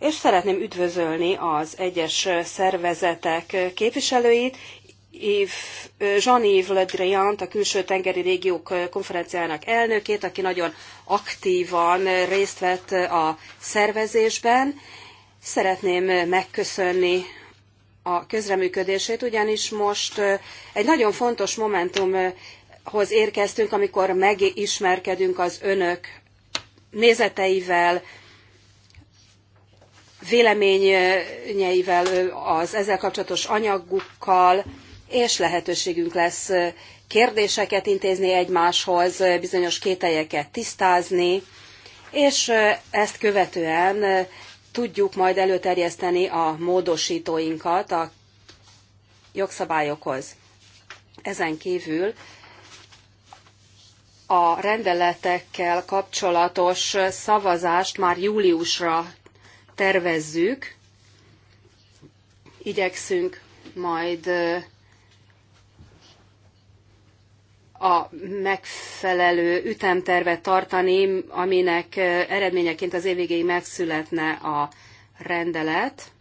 és szeretném üdvözölni az egyes szervezetek képviselőit, Jean-Yves Le Drian, a külső tengeri régiók konferenciájának elnökét, aki nagyon aktívan részt vett a szervezésben. Szeretném megköszönni a közreműködését, ugyanis most egy nagyon fontos momentumhoz érkeztünk, amikor megismerkedünk az önök nézeteivel, véleményeivel, az ezzel kapcsolatos anyagukkal, és lehetőségünk lesz kérdéseket intézni egymáshoz, bizonyos kételyeket tisztázni, és ezt követően tudjuk majd előterjeszteni a módosítóinkat a jogszabályokhoz. Ezen kívül a rendeletekkel kapcsolatos szavazást már júliusra tervezzük. Igyekszünk majd a megfelelő ütemtervet tartani, aminek eredményeként az évvégéig megszületne a rendelet.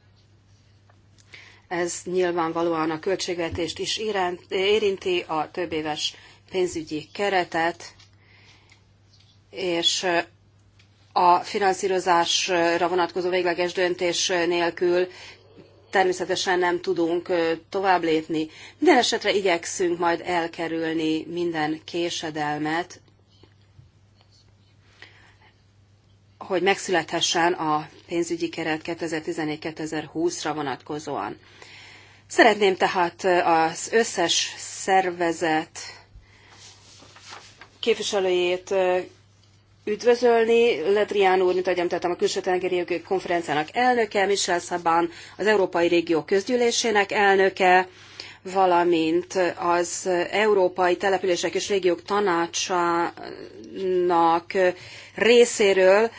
Ez nyilvánvalóan a költségvetést is érinti, a többéves pénzügyi keretet, és a finanszírozásra vonatkozó végleges döntés nélkül természetesen nem tudunk tovább lépni. Minden esetre igyekszünk majd elkerülni minden késedelmet, hogy megszülethessen a pénzügyi keret 2014-2020-ra vonatkozóan. Szeretném tehát az összes szervezet képviselőjét üdvözölni. Letrián úr, mint ahogy említettem, a külső tengeri konferenciának elnöke, Michel Szabán az Európai Régió Közgyűlésének elnöke, valamint az Európai Települések és Régiók Tanácsának részéről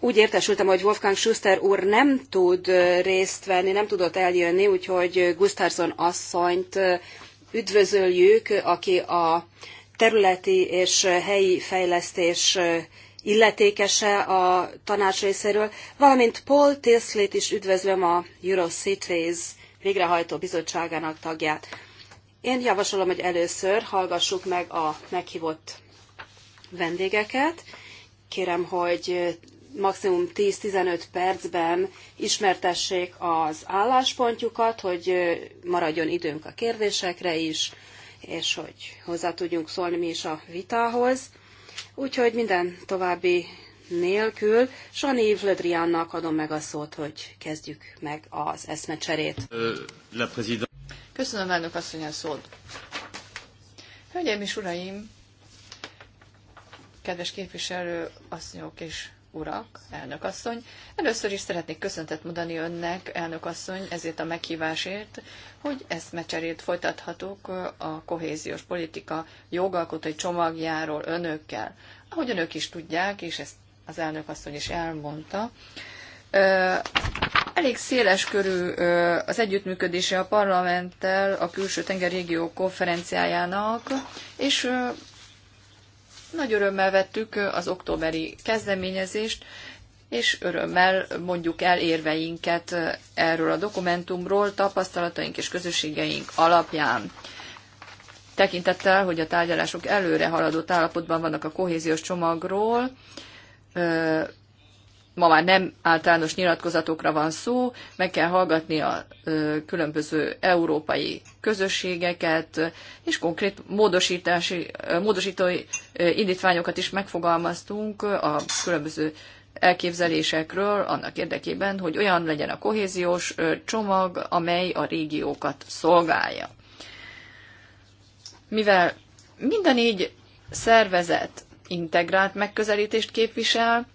úgy értesültem, hogy Wolfgang Schuster úr nem tud részt venni, nem tudott eljönni, úgyhogy Gustafsson asszonyt üdvözöljük, aki a területi és helyi fejlesztés illetékese a tanács részéről, valamint Paul Tilsley-t is üdvözlöm a Eurocities végrehajtó bizottságának tagját. Én javasolom, hogy először hallgassuk meg a meghívott vendégeket. Kérem, hogy maximum 10-15 percben ismertessék az álláspontjukat, hogy maradjon időnk a kérdésekre is, és hogy hozzá tudjunk szólni mi is a vitához. Úgyhogy minden további nélkül Sani Vlödriánnak adom meg a szót, hogy kezdjük meg az eszmecserét. Köszönöm, elnök asszony, a szót. Hölgyeim és uraim, kedves képviselő asszonyok és urak, elnökasszony. Először is szeretnék köszöntet mondani önnek, elnökasszony, ezért a meghívásért, hogy ezt mecserét folytathatók a kohéziós politika jogalkotói csomagjáról önökkel. Ahogy önök is tudják, és ezt az elnökasszony is elmondta, elég széles körű az együttműködése a parlamenttel a külső tenger régió konferenciájának, és nagy örömmel vettük az októberi kezdeményezést, és örömmel mondjuk el érveinket erről a dokumentumról, tapasztalataink és közösségeink alapján. Tekintettel, hogy a tárgyalások előre haladott állapotban vannak a kohéziós csomagról, ma már nem általános nyilatkozatokra van szó, meg kell hallgatni a különböző európai közösségeket, és konkrét módosítási, módosítói indítványokat is megfogalmaztunk a különböző elképzelésekről annak érdekében, hogy olyan legyen a kohéziós csomag, amely a régiókat szolgálja. Mivel minden így szervezet integrált megközelítést képvisel,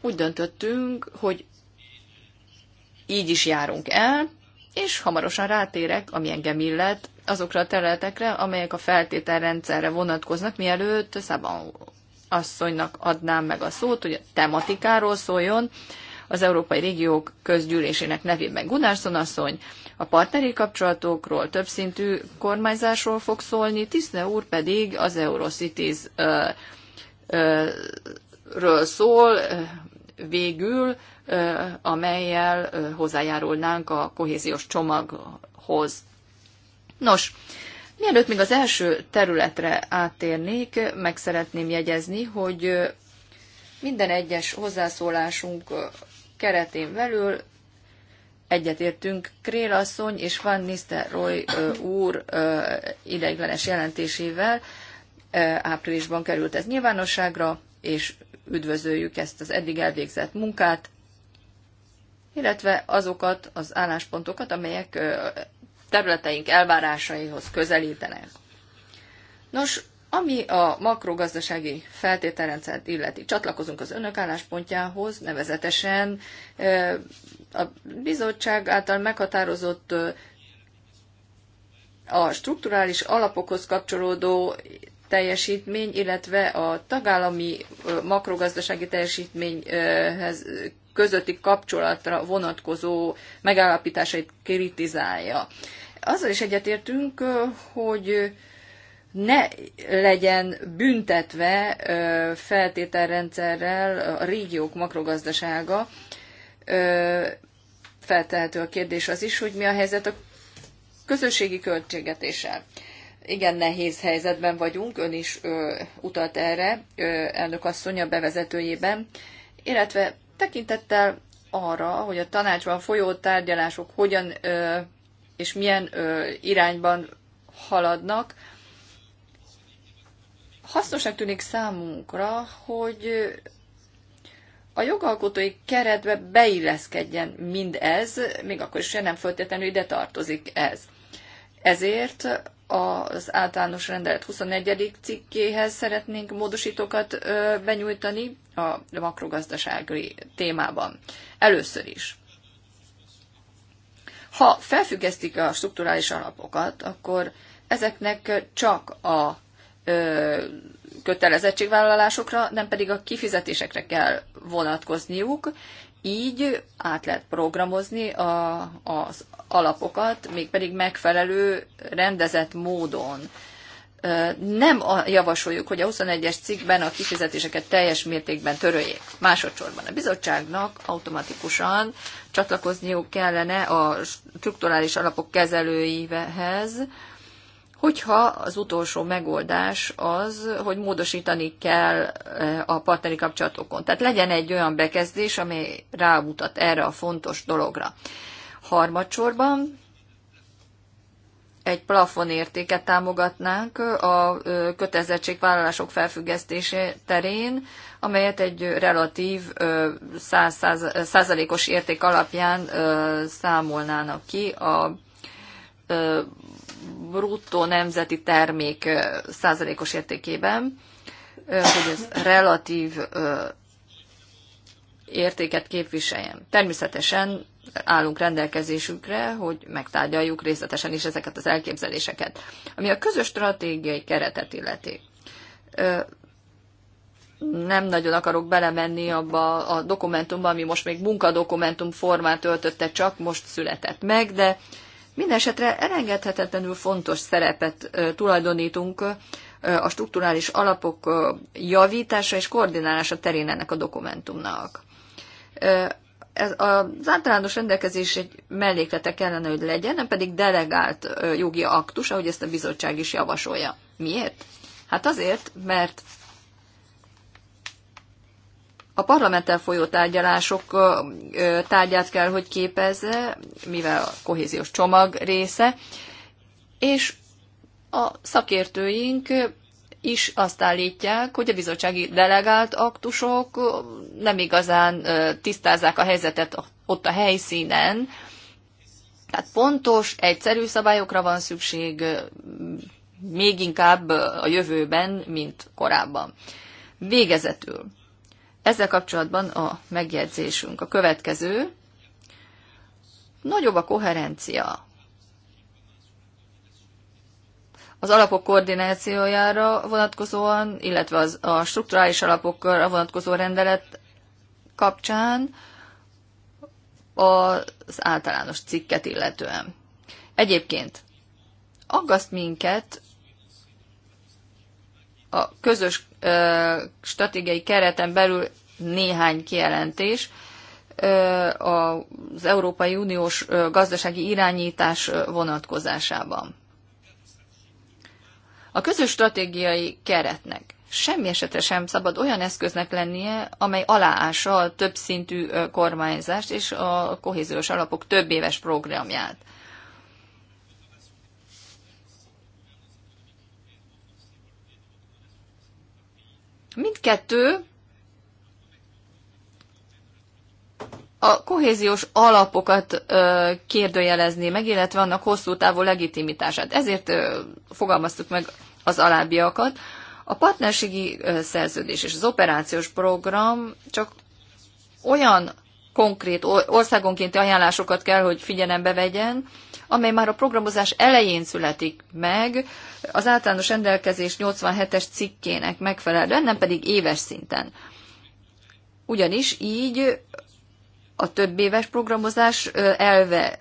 úgy döntöttünk, hogy így is járunk el, és hamarosan rátérek, ami engem illet, azokra a területekre, amelyek a feltételrendszerre vonatkoznak, mielőtt Szaban asszonynak adnám meg a szót, hogy a tematikáról szóljon az Európai Régiók Közgyűlésének nevében Gunnarsson asszony, a partneri kapcsolatokról, többszintű kormányzásról fog szólni, Tiszne úr pedig az Eurocities ről szól, végül, amelyel hozzájárulnánk a kohéziós csomaghoz. Nos, mielőtt még az első területre áttérnék, meg szeretném jegyezni, hogy minden egyes hozzászólásunk keretén belül egyetértünk Krél asszony és Van Nistelrooy úr ideiglenes jelentésével. Áprilisban került ez nyilvánosságra, és üdvözöljük ezt az eddig elvégzett munkát, illetve azokat az álláspontokat, amelyek területeink elvárásaihoz közelítenek. Nos, ami a makrogazdasági feltételrendszert illeti, csatlakozunk az önök álláspontjához, nevezetesen a bizottság által meghatározott a strukturális alapokhoz kapcsolódó teljesítmény, illetve a tagállami makrogazdasági teljesítményhez közötti kapcsolatra vonatkozó megállapításait kritizálja. Azzal is egyetértünk, hogy ne legyen büntetve feltételrendszerrel a régiók makrogazdasága. Feltehető a kérdés az is, hogy mi a helyzet a közösségi költségetéssel igen nehéz helyzetben vagyunk, ön is ö, utalt erre, ö, elnök asszony a bevezetőjében, illetve tekintettel arra, hogy a tanácsban folyó tárgyalások hogyan ö, és milyen ö, irányban haladnak, hasznosnak tűnik számunkra, hogy a jogalkotói keretbe beilleszkedjen mindez, még akkor is, nem feltétlenül ide tartozik ez. Ezért az általános rendelet 21. cikkéhez szeretnénk módosítókat benyújtani a makrogazdasági témában. Először is. Ha felfüggesztik a strukturális alapokat, akkor ezeknek csak a kötelezettségvállalásokra, nem pedig a kifizetésekre kell vonatkozniuk, így át lehet programozni a, az alapokat, mégpedig megfelelő, rendezett módon. Nem javasoljuk, hogy a 21-es cikkben a kifizetéseket teljes mértékben töröljék. Másodszorban a bizottságnak automatikusan csatlakozniuk kellene a strukturális alapok kezelőivehez, hogyha az utolsó megoldás az, hogy módosítani kell a partneri kapcsolatokon. Tehát legyen egy olyan bekezdés, amely rámutat erre a fontos dologra. Harmadsorban egy plafonértéket támogatnánk a kötelezettségvállalások felfüggesztése terén, amelyet egy relatív százalékos érték alapján számolnának ki a bruttó nemzeti termék százalékos értékében, hogy ez relatív értéket képviseljen. Természetesen állunk rendelkezésükre, hogy megtárgyaljuk részletesen is ezeket az elképzeléseket. Ami a közös stratégiai keretet illeti. Nem nagyon akarok belemenni abba a dokumentumba, ami most még munkadokumentum formát öltötte, csak most született meg, de mindesetre elengedhetetlenül fontos szerepet tulajdonítunk a strukturális alapok javítása és koordinálása terén ennek a dokumentumnak az általános rendelkezés egy melléklete kellene, hogy legyen, nem pedig delegált jogi aktus, ahogy ezt a bizottság is javasolja. Miért? Hát azért, mert a parlamenttel folyó tárgyalások tárgyát kell, hogy képezze, mivel a kohéziós csomag része, és a szakértőink is azt állítják, hogy a bizottsági delegált aktusok nem igazán tisztázzák a helyzetet ott a helyszínen. Tehát pontos, egyszerű szabályokra van szükség még inkább a jövőben, mint korábban. Végezetül. Ezzel kapcsolatban a megjegyzésünk a következő. Nagyobb a koherencia az alapok koordinációjára vonatkozóan, illetve az, a strukturális alapokra vonatkozó rendelet kapcsán az általános cikket illetően. Egyébként aggaszt minket a közös ö, stratégiai kereten belül néhány kijelentés ö, az Európai Uniós ö, gazdasági irányítás vonatkozásában. A közös stratégiai keretnek semmi esetre sem szabad olyan eszköznek lennie, amely aláássa a többszintű kormányzást és a kohéziós alapok több éves programját. Mindkettő a kohéziós alapokat ö, kérdőjelezni meg, illetve annak hosszú távú legitimitását. Ezért ö, fogalmaztuk meg az alábbiakat. A partnerségi ö, szerződés és az operációs program csak olyan konkrét országonkénti ajánlásokat kell, hogy figyelembe vegyen, amely már a programozás elején születik meg, az általános rendelkezés 87-es cikkének megfelelően, nem pedig éves szinten. Ugyanis így a több éves programozás elve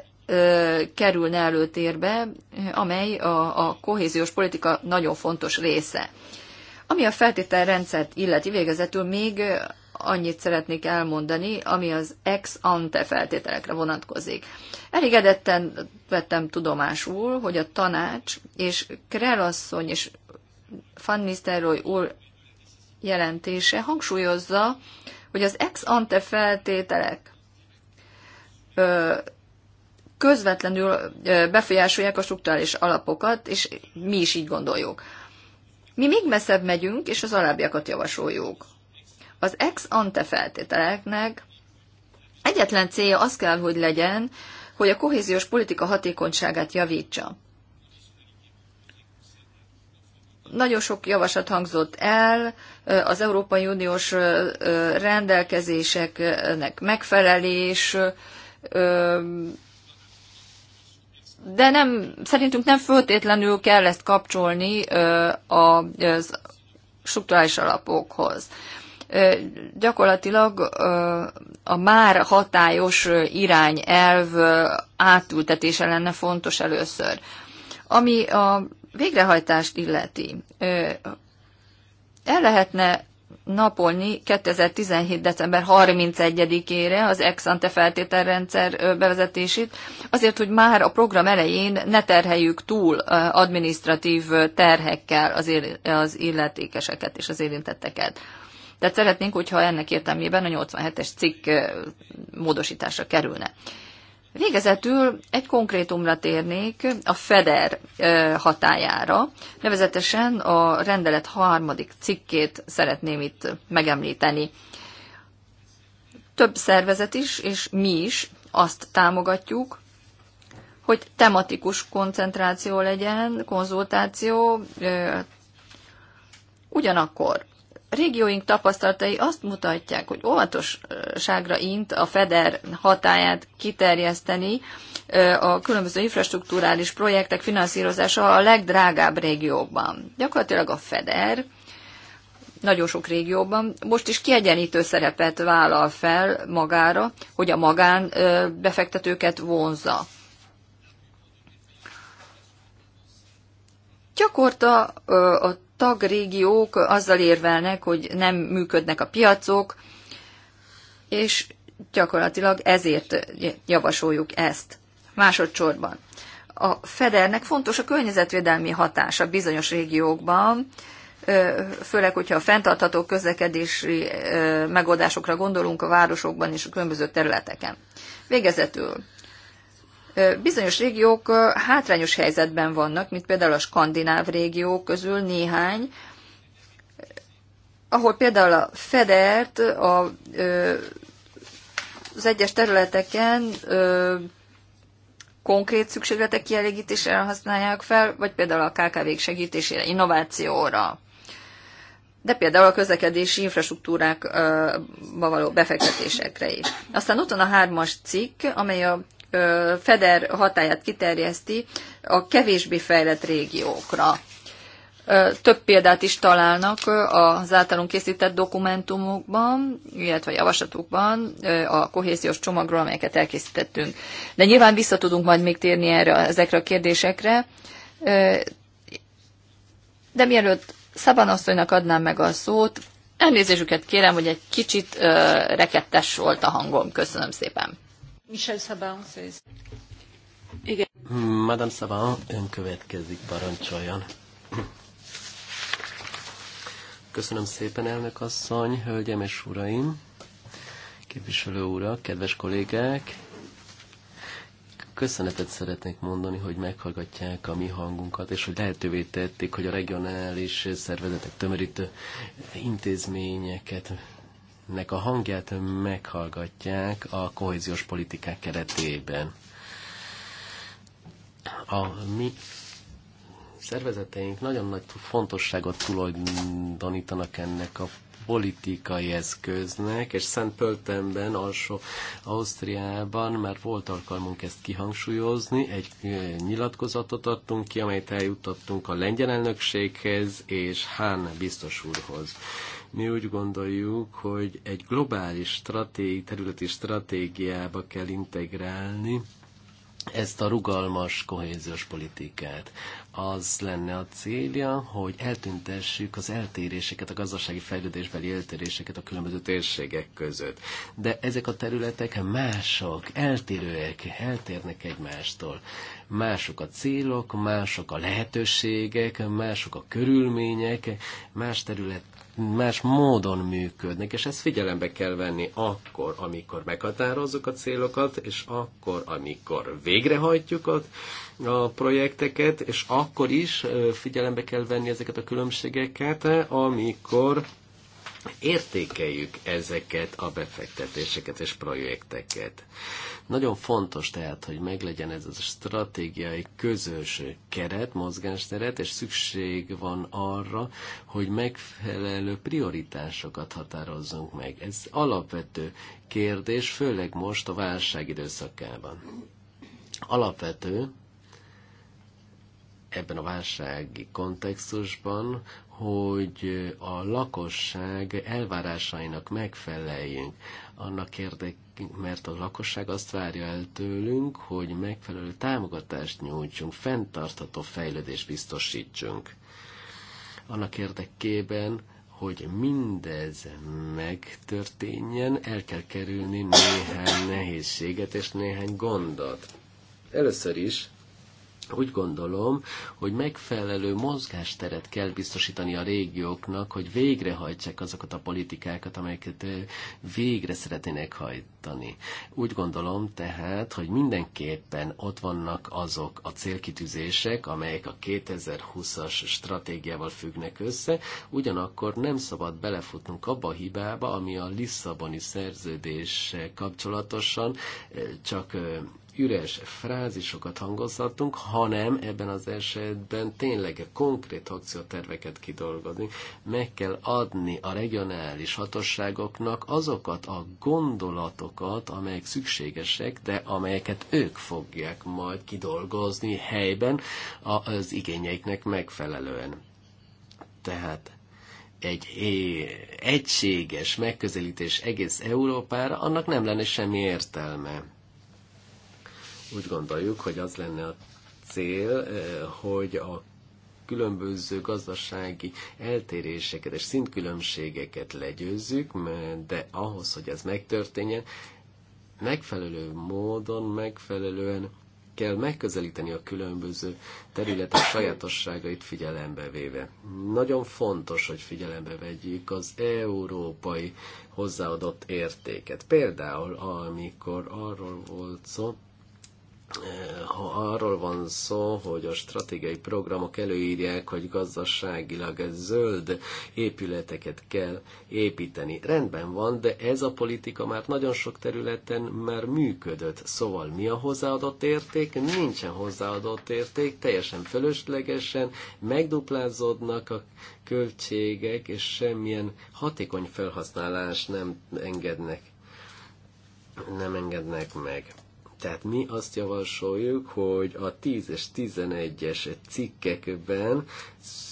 kerülne előtérbe, amely a, a kohéziós politika nagyon fontos része. Ami a feltételrendszert illeti végezetül még annyit szeretnék elmondani, ami az ex ante feltételekre vonatkozik. Elégedetten vettem tudomásul, hogy a tanács és Krelasszony és Van Nistelrooy úr jelentése hangsúlyozza, hogy az ex ante feltételek közvetlenül befolyásolják a struktúrális alapokat, és mi is így gondoljuk. Mi még messzebb megyünk, és az alábbiakat javasoljuk. Az ex ante feltételeknek egyetlen célja az kell, hogy legyen, hogy a kohéziós politika hatékonyságát javítsa. Nagyon sok javaslat hangzott el, az Európai Uniós rendelkezéseknek megfelelés, de nem, szerintünk nem föltétlenül kell ezt kapcsolni a struktúrális alapokhoz. Gyakorlatilag a már hatályos irányelv átültetése lenne fontos először. Ami a végrehajtást illeti, el lehetne napolni 2017. december 31-ére az ex-ante feltételrendszer bevezetését, azért, hogy már a program elején ne terheljük túl administratív terhekkel az, az illetékeseket és az érintetteket. Tehát szeretnénk, hogyha ennek értelmében a 87-es cikk módosításra kerülne. Végezetül egy konkrétumra térnék a FEDER hatájára, nevezetesen a rendelet harmadik cikkét szeretném itt megemlíteni. Több szervezet is, és mi is azt támogatjuk, hogy tematikus koncentráció legyen, konzultáció, ugyanakkor régióink tapasztalatai azt mutatják, hogy óvatosságra int a FEDER hatáját kiterjeszteni, a különböző infrastruktúrális projektek finanszírozása a legdrágább régióban. Gyakorlatilag a FEDER nagyon sok régióban most is kiegyenítő szerepet vállal fel magára, hogy a magán befektetőket vonzza. Gyakorta a tagrégiók azzal érvelnek, hogy nem működnek a piacok, és gyakorlatilag ezért javasoljuk ezt. Másodszorban. A Federnek fontos a környezetvédelmi hatása bizonyos régiókban, főleg, hogyha a fenntartható közlekedési megoldásokra gondolunk a városokban és a különböző területeken. Végezetül Bizonyos régiók hátrányos helyzetben vannak, mint például a skandináv régiók közül néhány, ahol például a Federt a, az egyes területeken konkrét szükségletek kielégítésére használják fel, vagy például a KKV-k segítésére, innovációra. De például a közlekedési infrastruktúrákba való befektetésekre is. Aztán ott van a hármas cikk, amely a FEDER hatáját kiterjeszti a kevésbé fejlett régiókra. Több példát is találnak az általunk készített dokumentumokban, illetve javaslatokban a kohéziós csomagról, amelyeket elkészítettünk. De nyilván vissza tudunk majd még térni erre, ezekre a kérdésekre. De mielőtt Szaban asszonynak adnám meg a szót, elnézésüket kérem, hogy egy kicsit rekettes volt a hangom. Köszönöm szépen. Michel Saban, szész. Igen. Madame ön következik, parancsoljon. Köszönöm szépen, elnök asszony, hölgyem és uraim, képviselő urak, kedves kollégák. Köszönetet szeretnék mondani, hogy meghallgatják a mi hangunkat, és hogy lehetővé tették, hogy a regionális szervezetek tömörítő intézményeket nek a hangját meghallgatják a kohéziós politikák keretében. A mi szervezeteink nagyon nagy fontosságot tulajdonítanak ennek a politikai eszköznek, és Szent Pöltemben, alsó Ausztriában már volt alkalmunk ezt kihangsúlyozni, egy nyilatkozatot adtunk ki, amelyet eljutottunk a lengyel elnökséghez és Hán biztos úrhoz. Mi úgy gondoljuk, hogy egy globális stratégi, területi stratégiába kell integrálni ezt a rugalmas kohéziós politikát. Az lenne a célja, hogy eltüntessük az eltéréseket, a gazdasági fejlődésbeli eltéréseket a különböző térségek között. De ezek a területek mások, eltérőek, eltérnek egymástól. Mások a célok, mások a lehetőségek, mások a körülmények, más terület más módon működnek, és ezt figyelembe kell venni akkor, amikor meghatározzuk a célokat, és akkor, amikor végrehajtjuk a, a projekteket, és akkor is figyelembe kell venni ezeket a különbségeket, amikor értékeljük ezeket a befektetéseket és projekteket. Nagyon fontos tehát, hogy meglegyen ez a stratégiai közös keret, mozgásteret, és szükség van arra, hogy megfelelő prioritásokat határozzunk meg. Ez alapvető kérdés, főleg most a válság időszakában. Alapvető ebben a válsági kontextusban, hogy a lakosság elvárásainak megfeleljünk. Annak érdek, mert a lakosság azt várja el tőlünk, hogy megfelelő támogatást nyújtsunk, fenntartható fejlődést biztosítsunk. Annak érdekében, hogy mindez megtörténjen, el kell kerülni néhány nehézséget és néhány gondot. Először is úgy gondolom, hogy megfelelő mozgásteret kell biztosítani a régióknak, hogy végrehajtsák azokat a politikákat, amelyeket végre szeretnének hajtani. Úgy gondolom tehát, hogy mindenképpen ott vannak azok a célkitűzések, amelyek a 2020-as stratégiával függnek össze, ugyanakkor nem szabad belefutnunk abba a hibába, ami a Lisszaboni szerződés kapcsolatosan csak üres frázisokat hangozhatunk, hanem ebben az esetben tényleg konkrét akcióterveket kidolgozni. Meg kell adni a regionális hatóságoknak azokat a gondolatokat, amelyek szükségesek, de amelyeket ők fogják majd kidolgozni helyben az igényeiknek megfelelően. Tehát egy egységes megközelítés egész Európára, annak nem lenne semmi értelme. Úgy gondoljuk, hogy az lenne a cél, eh, hogy a különböző gazdasági eltéréseket és szintkülönbségeket legyőzzük, de ahhoz, hogy ez megtörténjen, megfelelő módon, megfelelően kell megközelíteni a különböző területek sajátosságait figyelembe véve. Nagyon fontos, hogy figyelembe vegyük az európai hozzáadott értéket. Például, amikor arról volt szó, ha arról van szó, hogy a stratégiai programok előírják, hogy gazdaságilag zöld épületeket kell építeni. Rendben van, de ez a politika már nagyon sok területen már működött. Szóval mi a hozzáadott érték? Nincsen hozzáadott érték, teljesen fölöslegesen megduplázódnak a költségek, és semmilyen hatékony felhasználás nem engednek nem engednek meg. Tehát mi azt javasoljuk, hogy a 10 és 11-es cikkekben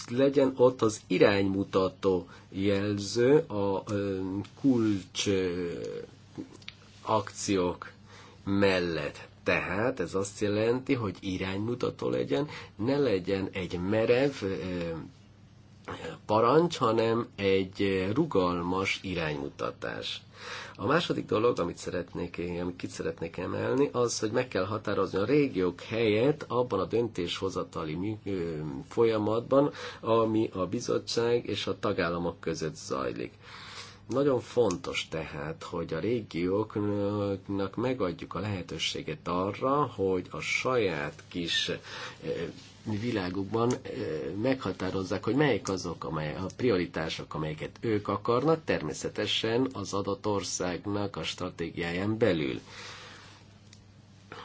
legyen ott az iránymutató jelző a kulcs akciók mellett. Tehát ez azt jelenti, hogy iránymutató legyen, ne legyen egy merev parancs, hanem egy rugalmas iránymutatás. A második dolog, amit szeretnék, amit kit szeretnék emelni, az, hogy meg kell határozni a régiók helyet abban a döntéshozatali folyamatban, ami a bizottság és a tagállamok között zajlik. Nagyon fontos tehát, hogy a régióknak megadjuk a lehetőséget arra, hogy a saját kis világukban meghatározzák, hogy melyek azok amely, a prioritások, amelyeket ők akarnak, természetesen az adott országnak a stratégiáján belül.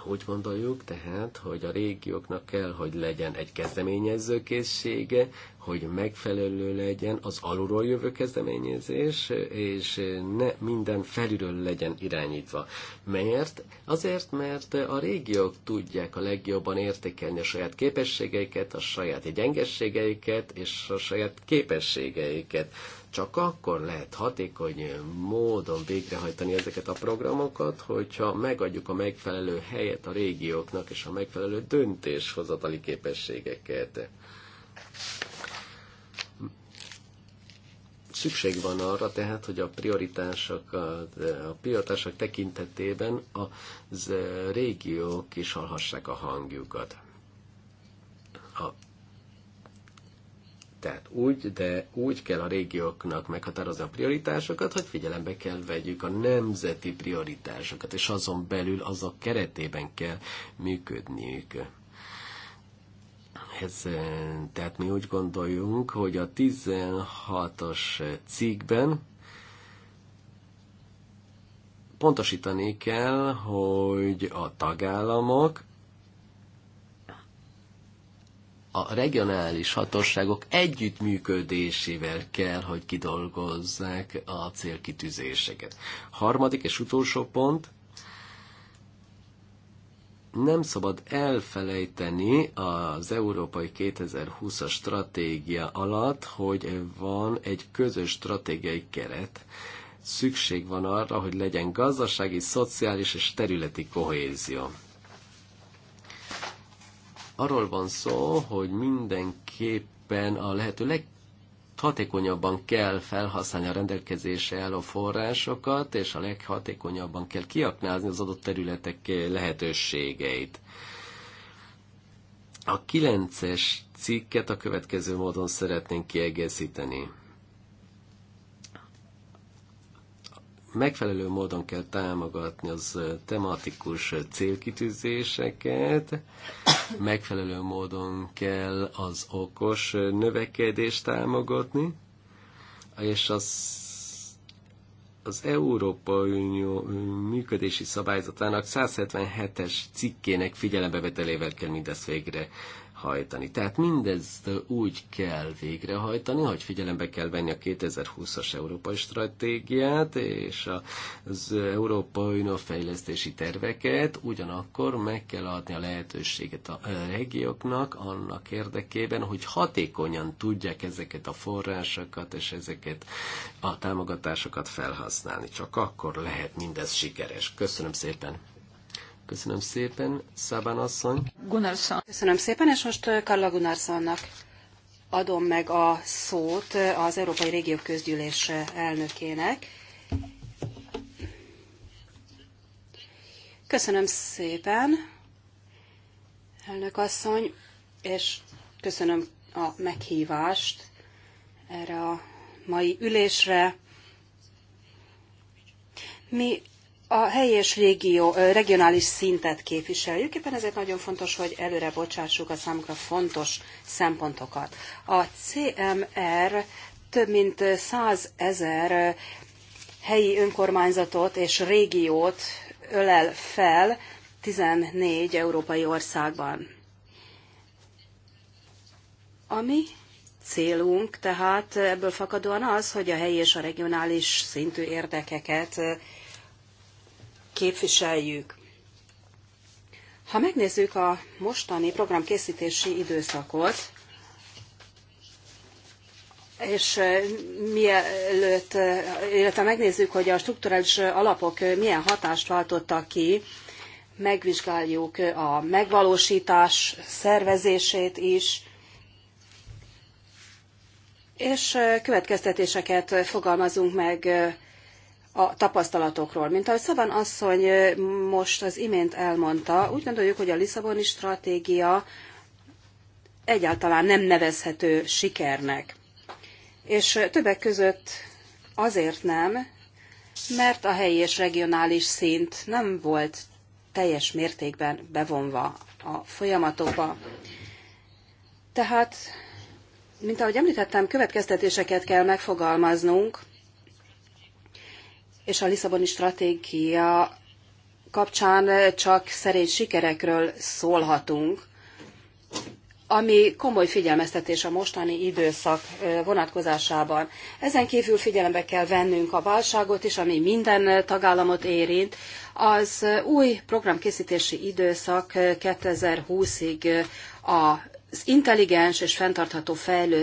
Hogy gondoljuk tehát, hogy a régióknak kell, hogy legyen egy kezdeményező készsége, hogy megfelelő legyen az alulról jövő kezdeményezés, és ne minden felülről legyen irányítva. Mert? Azért, mert a régiók tudják a legjobban értékelni a saját képességeiket, a saját gyengességeiket és a saját képességeiket csak akkor lehet hatékony módon végrehajtani ezeket a programokat, hogyha megadjuk a megfelelő helyet a régióknak és a megfelelő döntéshozatali képességeket. szükség van arra, tehát, hogy a prioritások, a, a prioritások tekintetében a régiók is hallhassák a hangjukat. A tehát úgy, de úgy kell a régióknak meghatározni a prioritásokat, hogy figyelembe kell vegyük a nemzeti prioritásokat, és azon belül azok keretében kell működniük. Ez, tehát mi úgy gondoljunk, hogy a 16-os cikkben pontosítani kell, hogy a tagállamok a regionális hatóságok együttműködésével kell, hogy kidolgozzák a célkitűzéseket. Harmadik és utolsó pont, nem szabad elfelejteni az Európai 2020-as stratégia alatt, hogy van egy közös stratégiai keret. Szükség van arra, hogy legyen gazdasági, szociális és területi kohézió. Arról van szó, hogy mindenképpen a lehető leghatékonyabban kell felhasználni a rendelkezésre álló forrásokat, és a leghatékonyabban kell kiaknázni az adott területek lehetőségeit. A kilences cikket a következő módon szeretnénk kiegészíteni. megfelelő módon kell támogatni az tematikus célkitűzéseket, megfelelő módon kell az okos növekedést támogatni, és az, az Európai Unió működési szabályzatának 177-es cikkének figyelembevetelével kell mindezt végre hajtani. Tehát mindezt úgy kell végrehajtani, hogy figyelembe kell venni a 2020-as európai stratégiát és az európai fejlesztési terveket, ugyanakkor meg kell adni a lehetőséget a regióknak annak érdekében, hogy hatékonyan tudják ezeket a forrásokat és ezeket a támogatásokat felhasználni. Csak akkor lehet mindez sikeres. Köszönöm szépen! Köszönöm szépen, Szabán asszony. Gunnarsson. Köszönöm szépen, és most uh, Karla Gunnarssonnak adom meg a szót uh, az Európai Régiók Közgyűlés uh, elnökének. Köszönöm szépen, elnök asszony, és köszönöm a meghívást erre a mai ülésre. Mi a helyi és régió, regionális szintet képviseljük, éppen ezért nagyon fontos, hogy előre bocsássuk a számukra fontos szempontokat. A CMR több mint 100 ezer helyi önkormányzatot és régiót ölel fel 14 európai országban. Ami célunk tehát ebből fakadóan az, hogy a helyi és a regionális szintű érdekeket képviseljük. Ha megnézzük a mostani programkészítési időszakot, és mielőtt, illetve megnézzük, hogy a strukturális alapok milyen hatást váltottak ki, megvizsgáljuk a megvalósítás szervezését is, és következtetéseket fogalmazunk meg a tapasztalatokról. Mint ahogy Szaban asszony most az imént elmondta, úgy gondoljuk, hogy a Lisszaboni stratégia egyáltalán nem nevezhető sikernek. És többek között azért nem, mert a helyi és regionális szint nem volt teljes mértékben bevonva a folyamatokba. Tehát, mint ahogy említettem, következtetéseket kell megfogalmaznunk, és a Lisszaboni stratégia kapcsán csak szerény sikerekről szólhatunk, ami komoly figyelmeztetés a mostani időszak vonatkozásában. Ezen kívül figyelembe kell vennünk a válságot is, ami minden tagállamot érint. Az új programkészítési időszak 2020-ig az intelligens és fenntartható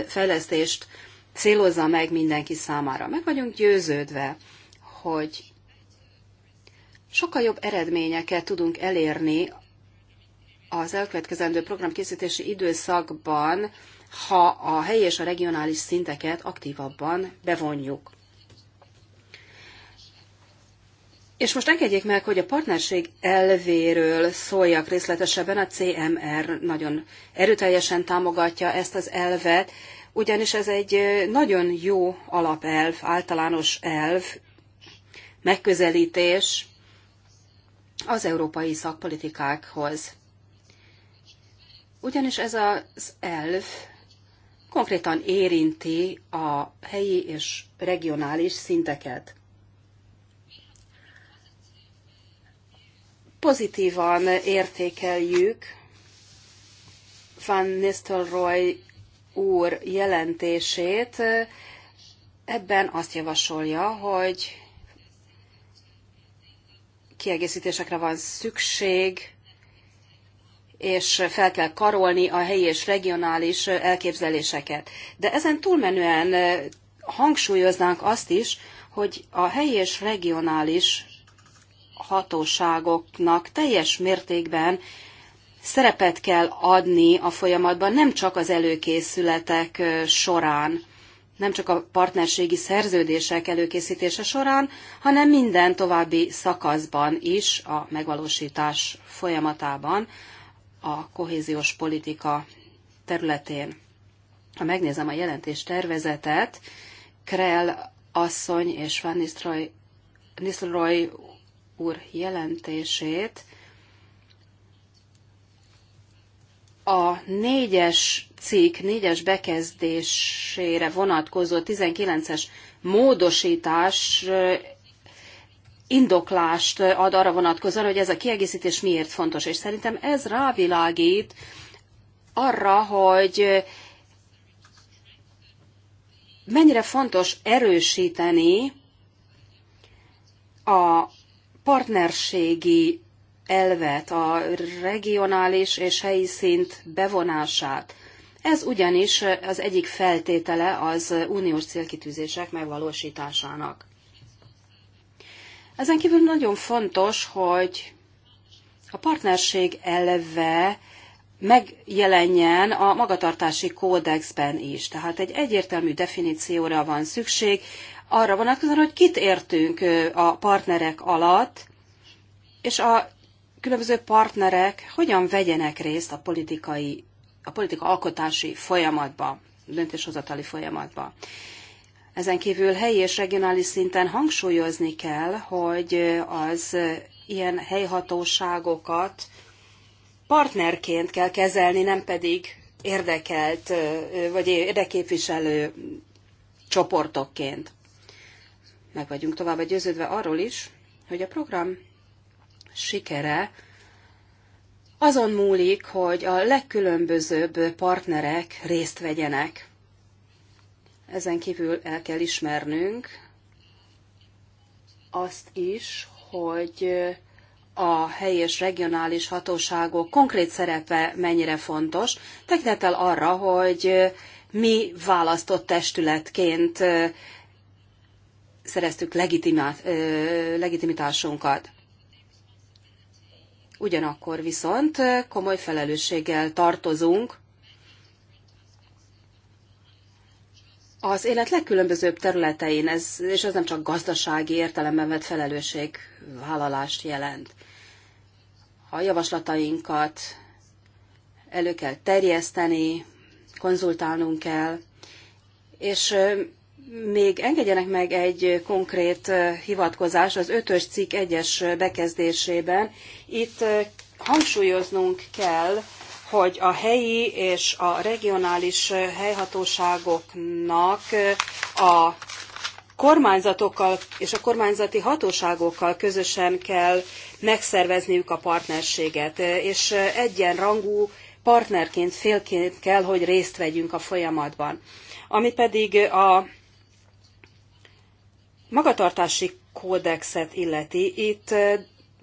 fejlesztést célozza meg mindenki számára. Meg vagyunk győződve, hogy sokkal jobb eredményeket tudunk elérni az elkövetkezendő készítési időszakban, ha a helyi és a regionális szinteket aktívabban bevonjuk. És most engedjék meg, hogy a partnerség elvéről szóljak részletesebben. A CMR nagyon erőteljesen támogatja ezt az elvet, ugyanis ez egy nagyon jó alapelv, általános elv, megközelítés az európai szakpolitikákhoz. Ugyanis ez az elv konkrétan érinti a helyi és regionális szinteket. Pozitívan értékeljük Van Nistelrooy úr jelentését, ebben azt javasolja, hogy kiegészítésekre van szükség, és fel kell karolni a helyi és regionális elképzeléseket. De ezen túlmenően eh, hangsúlyoznánk azt is, hogy a helyi és regionális hatóságoknak teljes mértékben szerepet kell adni a folyamatban, nem csak az előkészületek eh, során nem csak a partnerségi szerződések előkészítése során, hanem minden további szakaszban is a megvalósítás folyamatában a kohéziós politika területén. Ha megnézem a jelentés tervezetet, Krell asszony és Van Nistelrooy úr jelentését, a négyes cikk, négyes bekezdésére vonatkozó 19-es módosítás indoklást ad arra vonatkozóan, hogy ez a kiegészítés miért fontos. És szerintem ez rávilágít arra, hogy mennyire fontos erősíteni a partnerségi elvet, a regionális és helyi szint bevonását. Ez ugyanis az egyik feltétele az uniós célkitűzések megvalósításának. Ezen kívül nagyon fontos, hogy a partnerség elve megjelenjen a magatartási kódexben is. Tehát egy egyértelmű definícióra van szükség, arra vonatkozóan, hogy kit értünk a partnerek alatt, és a különböző partnerek hogyan vegyenek részt a politikai, a politika alkotási folyamatba, döntéshozatali folyamatba. Ezen kívül helyi és regionális szinten hangsúlyozni kell, hogy az ilyen helyhatóságokat partnerként kell kezelni, nem pedig érdekelt vagy érdeképviselő csoportokként. Meg vagyunk tovább győződve arról is, hogy a program sikere azon múlik, hogy a legkülönbözőbb partnerek részt vegyenek. Ezen kívül el kell ismernünk azt is, hogy a helyi és regionális hatóságok konkrét szerepe mennyire fontos, tekintettel arra, hogy mi választott testületként szereztük legitimitásunkat. Ugyanakkor viszont komoly felelősséggel tartozunk az élet legkülönbözőbb területein, ez, és ez nem csak gazdasági értelemben vett vállalást jelent. A javaslatainkat elő kell terjeszteni, konzultálnunk kell, és még engedjenek meg egy konkrét hivatkozás az ötös cikk egyes bekezdésében. Itt hangsúlyoznunk kell, hogy a helyi és a regionális helyhatóságoknak a kormányzatokkal és a kormányzati hatóságokkal közösen kell megszervezniük a partnerséget, és egyenrangú partnerként, félként kell, hogy részt vegyünk a folyamatban. Ami pedig a magatartási kódexet illeti, itt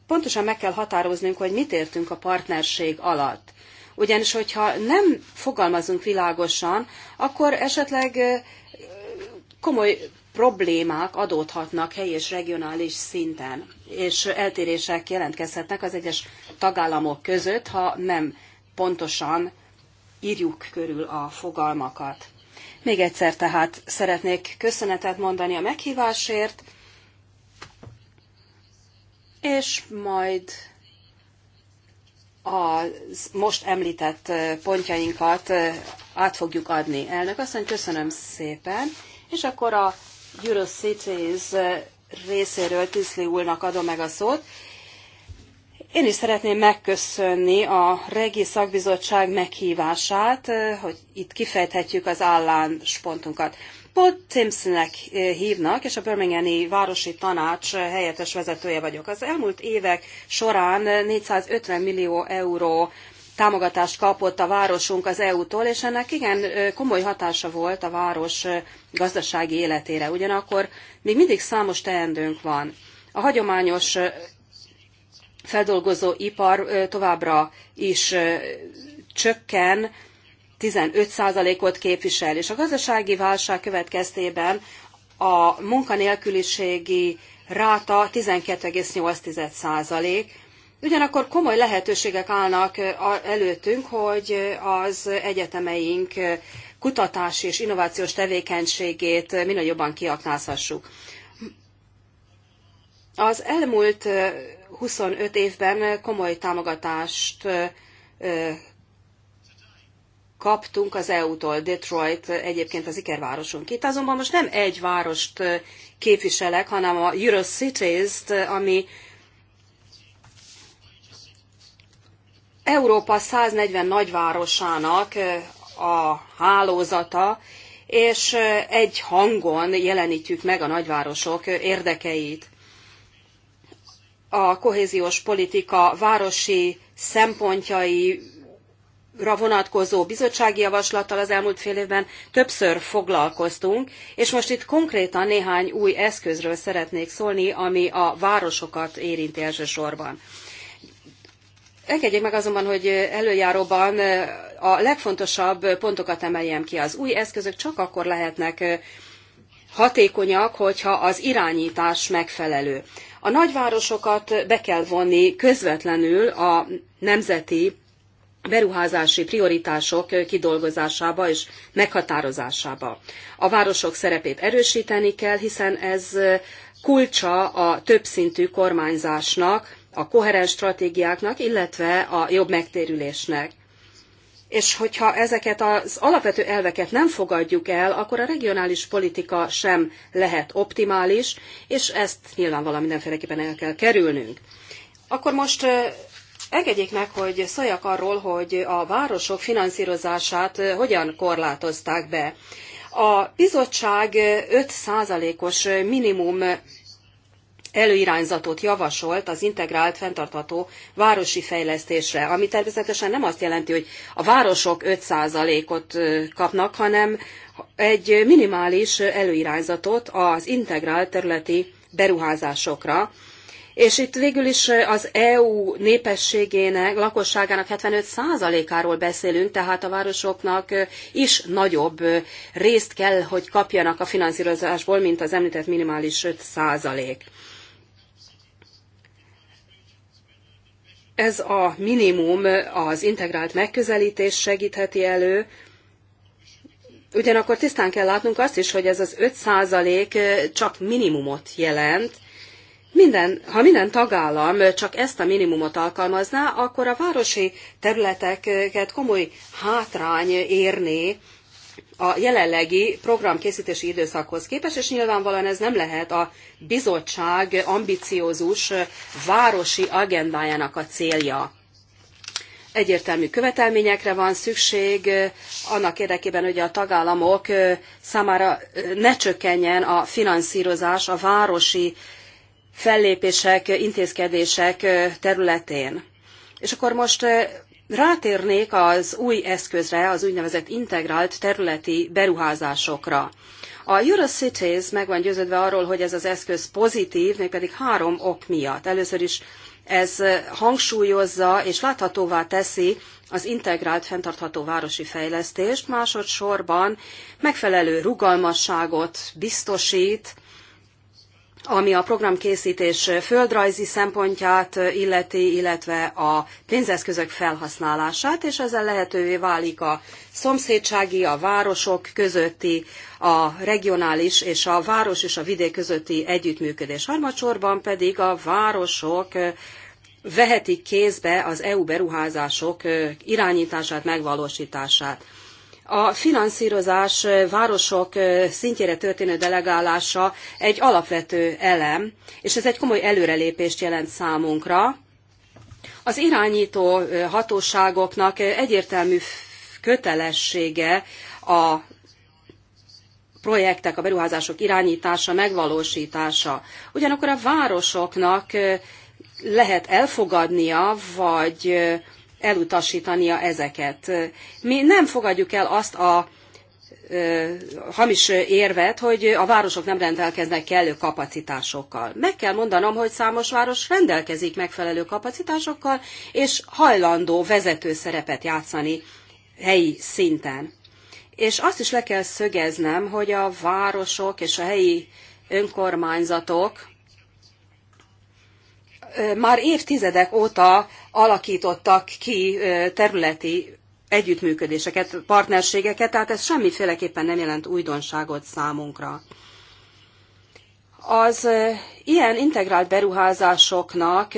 pontosan meg kell határoznunk, hogy mit értünk a partnerség alatt. Ugyanis, hogyha nem fogalmazunk világosan, akkor esetleg komoly problémák adódhatnak helyi és regionális szinten, és eltérések jelentkezhetnek az egyes tagállamok között, ha nem pontosan írjuk körül a fogalmakat. Még egyszer tehát szeretnék köszönetet mondani a meghívásért, és majd a most említett pontjainkat át fogjuk adni. Elnök asszony, köszönöm szépen, és akkor a Eurocities részéről Tiszli úrnak adom meg a szót, én is szeretném megköszönni a Regi Szakbizottság meghívását, hogy itt kifejthetjük az álláspontunkat. Paul Timsnek hívnak, és a Birminghami Városi Tanács helyettes vezetője vagyok. Az elmúlt évek során 450 millió euró támogatást kapott a városunk az EU-tól, és ennek igen komoly hatása volt a város gazdasági életére. Ugyanakkor még mindig számos teendőnk van. A hagyományos feldolgozó ipar továbbra is csökken, 15%-ot képvisel, és a gazdasági válság következtében a munkanélküliségi ráta 12,8%. Ugyanakkor komoly lehetőségek állnak előttünk, hogy az egyetemeink kutatási és innovációs tevékenységét minél jobban kiaknázhassuk. Az elmúlt 25 évben komoly támogatást kaptunk az EU-tól, Detroit egyébként az ikervárosunk. Itt azonban most nem egy várost képviselek, hanem a Eurocities-t, ami Európa 140 nagyvárosának a hálózata, és egy hangon jelenítjük meg a nagyvárosok érdekeit a kohéziós politika városi szempontjaira vonatkozó bizottsági javaslattal az elmúlt fél évben többször foglalkoztunk, és most itt konkrétan néhány új eszközről szeretnék szólni, ami a városokat érinti elsősorban. Engedjék meg azonban, hogy előjáróban a legfontosabb pontokat emeljem ki. Az új eszközök csak akkor lehetnek hatékonyak, hogyha az irányítás megfelelő. A nagyvárosokat be kell vonni közvetlenül a nemzeti beruházási prioritások kidolgozásába és meghatározásába. A városok szerepét erősíteni kell, hiszen ez kulcsa a többszintű kormányzásnak, a koherens stratégiáknak, illetve a jobb megtérülésnek és hogyha ezeket az alapvető elveket nem fogadjuk el, akkor a regionális politika sem lehet optimális, és ezt nyilvánvalóan mindenféleképpen el kell kerülnünk. Akkor most engedjék meg, hogy szóljak arról, hogy a városok finanszírozását hogyan korlátozták be. A bizottság 5%-os minimum előirányzatot javasolt az integrált fenntartható városi fejlesztésre, ami természetesen nem azt jelenti, hogy a városok 5%-ot kapnak, hanem egy minimális előirányzatot az integrált területi beruházásokra, és itt végül is az EU népességének, lakosságának 75%-áról beszélünk, tehát a városoknak is nagyobb részt kell, hogy kapjanak a finanszírozásból, mint az említett minimális 5%. Ez a minimum az integrált megközelítés segítheti elő, Ugyanakkor tisztán kell látnunk azt is, hogy ez az 5% csak minimumot jelent. Minden, ha minden tagállam csak ezt a minimumot alkalmazná, akkor a városi területeket komoly hátrány érné, a jelenlegi programkészítési időszakhoz képest, és nyilvánvalóan ez nem lehet a bizottság ambiciózus városi agendájának a célja. Egyértelmű követelményekre van szükség eh, annak érdekében, hogy a tagállamok eh, számára eh, ne csökkenjen a finanszírozás a városi fellépések, intézkedések területén. És akkor most Rátérnék az új eszközre, az úgynevezett integrált területi beruházásokra. A Eurocities meg van győződve arról, hogy ez az eszköz pozitív, mégpedig három ok miatt. Először is ez hangsúlyozza és láthatóvá teszi az integrált fenntartható városi fejlesztést, másodszorban megfelelő rugalmasságot biztosít ami a programkészítés földrajzi szempontját illeti, illetve a pénzeszközök felhasználását, és ezzel lehetővé válik a szomszédsági, a városok közötti, a regionális és a város és a vidék közötti együttműködés. Harmadsorban pedig a városok vehetik kézbe az EU beruházások irányítását, megvalósítását. A finanszírozás városok szintjére történő delegálása egy alapvető elem, és ez egy komoly előrelépést jelent számunkra. Az irányító hatóságoknak egyértelmű kötelessége a projektek, a beruházások irányítása, megvalósítása. Ugyanakkor a városoknak lehet elfogadnia, vagy elutasítania ezeket. Mi nem fogadjuk el azt a hamis érvet, hogy a városok nem rendelkeznek kellő kapacitásokkal. Meg kell mondanom, hogy számos város rendelkezik megfelelő kapacitásokkal, és hajlandó vezető szerepet játszani helyi szinten. És azt is le kell szögeznem, hogy a városok és a helyi önkormányzatok már évtizedek óta alakítottak ki területi együttműködéseket, partnerségeket, tehát ez semmiféleképpen nem jelent újdonságot számunkra. Az ilyen integrált beruházásoknak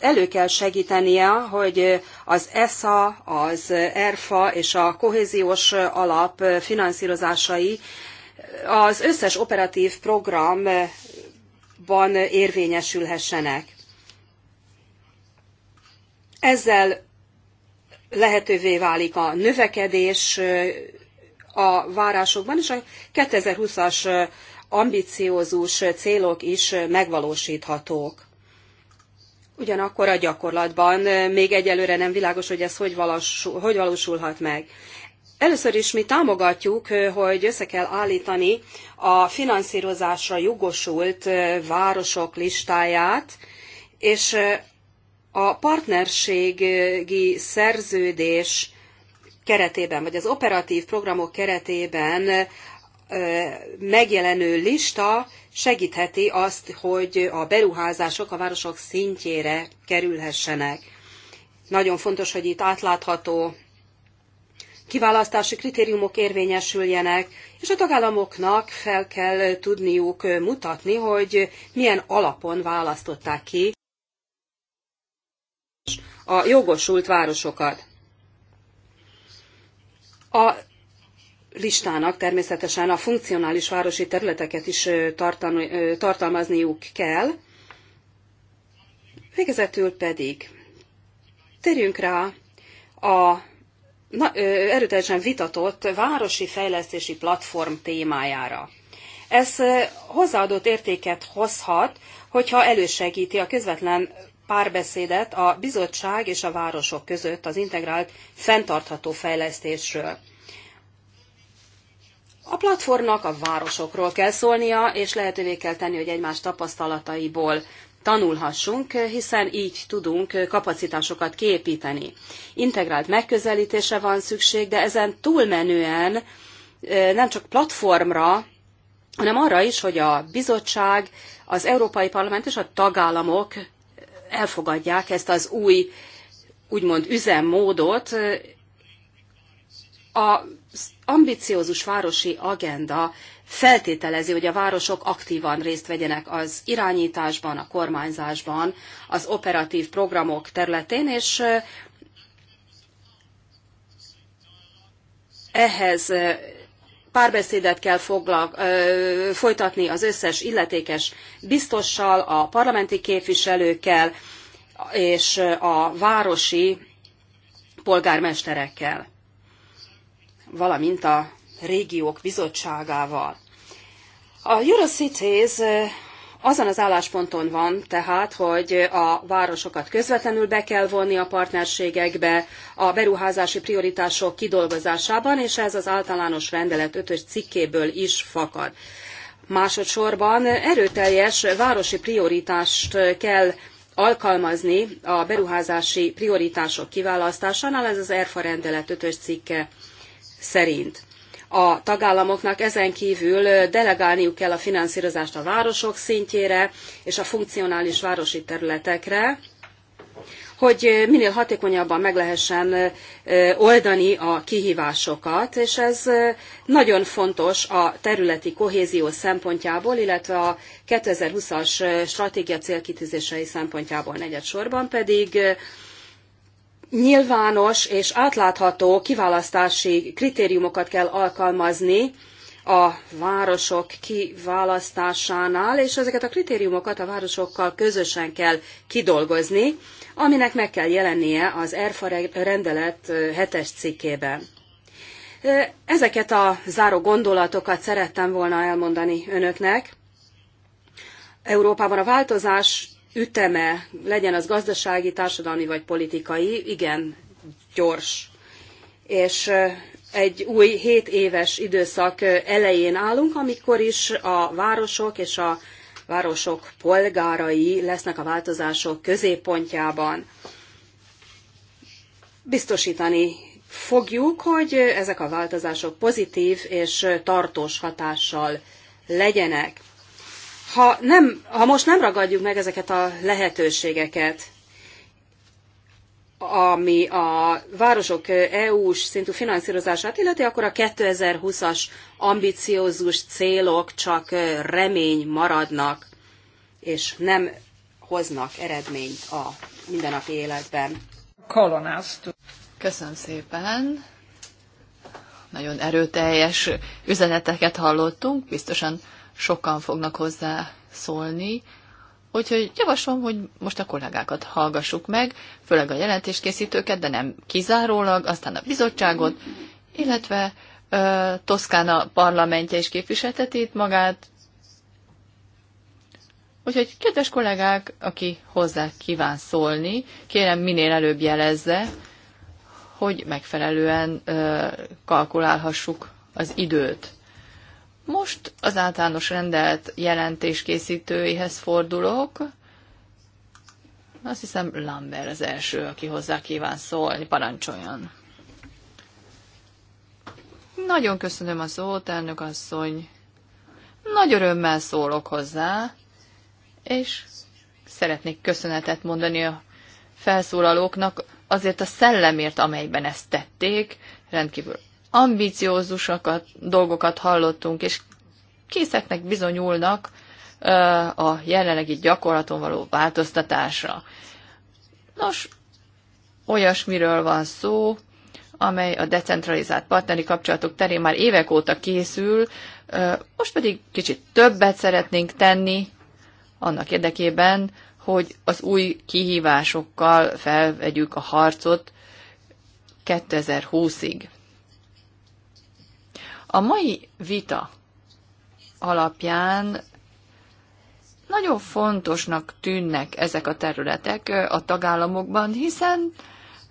elő kell segítenie, hogy az ESA, az ERFA és a kohéziós alap finanszírozásai az összes operatív programban érvényesülhessenek. Ezzel lehetővé válik a növekedés a várásokban, és a 2020-as ambiciózus célok is megvalósíthatók. Ugyanakkor a gyakorlatban még egyelőre nem világos, hogy ez hogy, hogy valósulhat meg. Először is mi támogatjuk, hogy össze kell állítani a finanszírozásra jogosult városok listáját, és a partnerségi szerződés keretében, vagy az operatív programok keretében megjelenő lista segítheti azt, hogy a beruházások a városok szintjére kerülhessenek. Nagyon fontos, hogy itt átlátható kiválasztási kritériumok érvényesüljenek, és a tagállamoknak fel kell tudniuk mutatni, hogy milyen alapon választották ki a jogosult városokat. A listának természetesen a funkcionális városi területeket is tartalmazniuk kell. Végezetül pedig térjünk rá a na, erőteljesen vitatott városi fejlesztési platform témájára. Ez hozzáadott értéket hozhat, hogyha elősegíti a közvetlen párbeszédet a bizottság és a városok között az integrált fenntartható fejlesztésről. A platformnak a városokról kell szólnia, és lehetővé kell tenni, hogy egymás tapasztalataiból tanulhassunk, hiszen így tudunk kapacitásokat képíteni. Integrált megközelítése van szükség, de ezen túlmenően nem csak platformra, hanem arra is, hogy a bizottság, az Európai Parlament és a tagállamok elfogadják ezt az új, úgymond üzemmódot. Az ambiciózus városi agenda feltételezi, hogy a városok aktívan részt vegyenek az irányításban, a kormányzásban, az operatív programok területén, és ehhez párbeszédet kell foglak, ö, folytatni az összes illetékes biztossal, a parlamenti képviselőkkel és a városi polgármesterekkel, valamint a régiók bizottságával. A Eurocities azon az állásponton van tehát, hogy a városokat közvetlenül be kell vonni a partnerségekbe, a beruházási prioritások kidolgozásában, és ez az általános rendelet 5 cikkéből is fakad. Másodszorban erőteljes városi prioritást kell alkalmazni a beruházási prioritások kiválasztásánál, ez az ERFA rendelet 5 cikke szerint a tagállamoknak ezen kívül delegálniuk kell a finanszírozást a városok szintjére és a funkcionális városi területekre, hogy minél hatékonyabban meg lehessen oldani a kihívásokat, és ez nagyon fontos a területi kohézió szempontjából, illetve a 2020-as stratégia célkitűzései szempontjából negyedsorban pedig nyilvános és átlátható kiválasztási kritériumokat kell alkalmazni a városok kiválasztásánál, és ezeket a kritériumokat a városokkal közösen kell kidolgozni, aminek meg kell jelennie az ERFA rendelet hetes cikkében. Ezeket a záró gondolatokat szerettem volna elmondani önöknek. Európában a változás üteme, legyen az gazdasági, társadalmi vagy politikai, igen gyors. És egy új 7 éves időszak elején állunk, amikor is a városok és a városok polgárai lesznek a változások középpontjában. Biztosítani fogjuk, hogy ezek a változások pozitív és tartós hatással legyenek ha, nem, ha most nem ragadjuk meg ezeket a lehetőségeket, ami a városok EU-s szintű finanszírozását illeti, akkor a 2020-as ambiciózus célok csak remény maradnak, és nem hoznak eredményt a mindennapi életben. Kolonáztó. Köszönöm szépen. Nagyon erőteljes üzeneteket hallottunk, biztosan sokan fognak hozzá szólni, úgyhogy javaslom, hogy most a kollégákat hallgassuk meg, főleg a jelentéskészítőket, de nem kizárólag, aztán a bizottságot, illetve ö, Toszkána parlamentje is képviselteti itt magát. Úgyhogy, kedves kollégák, aki hozzá kíván szólni, kérem minél előbb jelezze, hogy megfelelően ö, kalkulálhassuk az időt. Most az általános rendelt jelentéskészítőihez fordulok. Azt hiszem Lambert az első, aki hozzá kíván szólni. Parancsoljon! Nagyon köszönöm a szót, elnök asszony. Nagy örömmel szólok hozzá, és szeretnék köszönetet mondani a felszólalóknak azért a szellemért, amelyben ezt tették, rendkívül Ambiciózusokat dolgokat hallottunk, és készeknek bizonyulnak a jelenlegi gyakorlaton való változtatásra. Nos, olyasmiről van szó, amely a decentralizált partneri kapcsolatok terén már évek óta készül, most pedig kicsit többet szeretnénk tenni annak érdekében, hogy az új kihívásokkal felvegyük a harcot 2020-ig. A mai vita alapján nagyon fontosnak tűnnek ezek a területek a tagállamokban, hiszen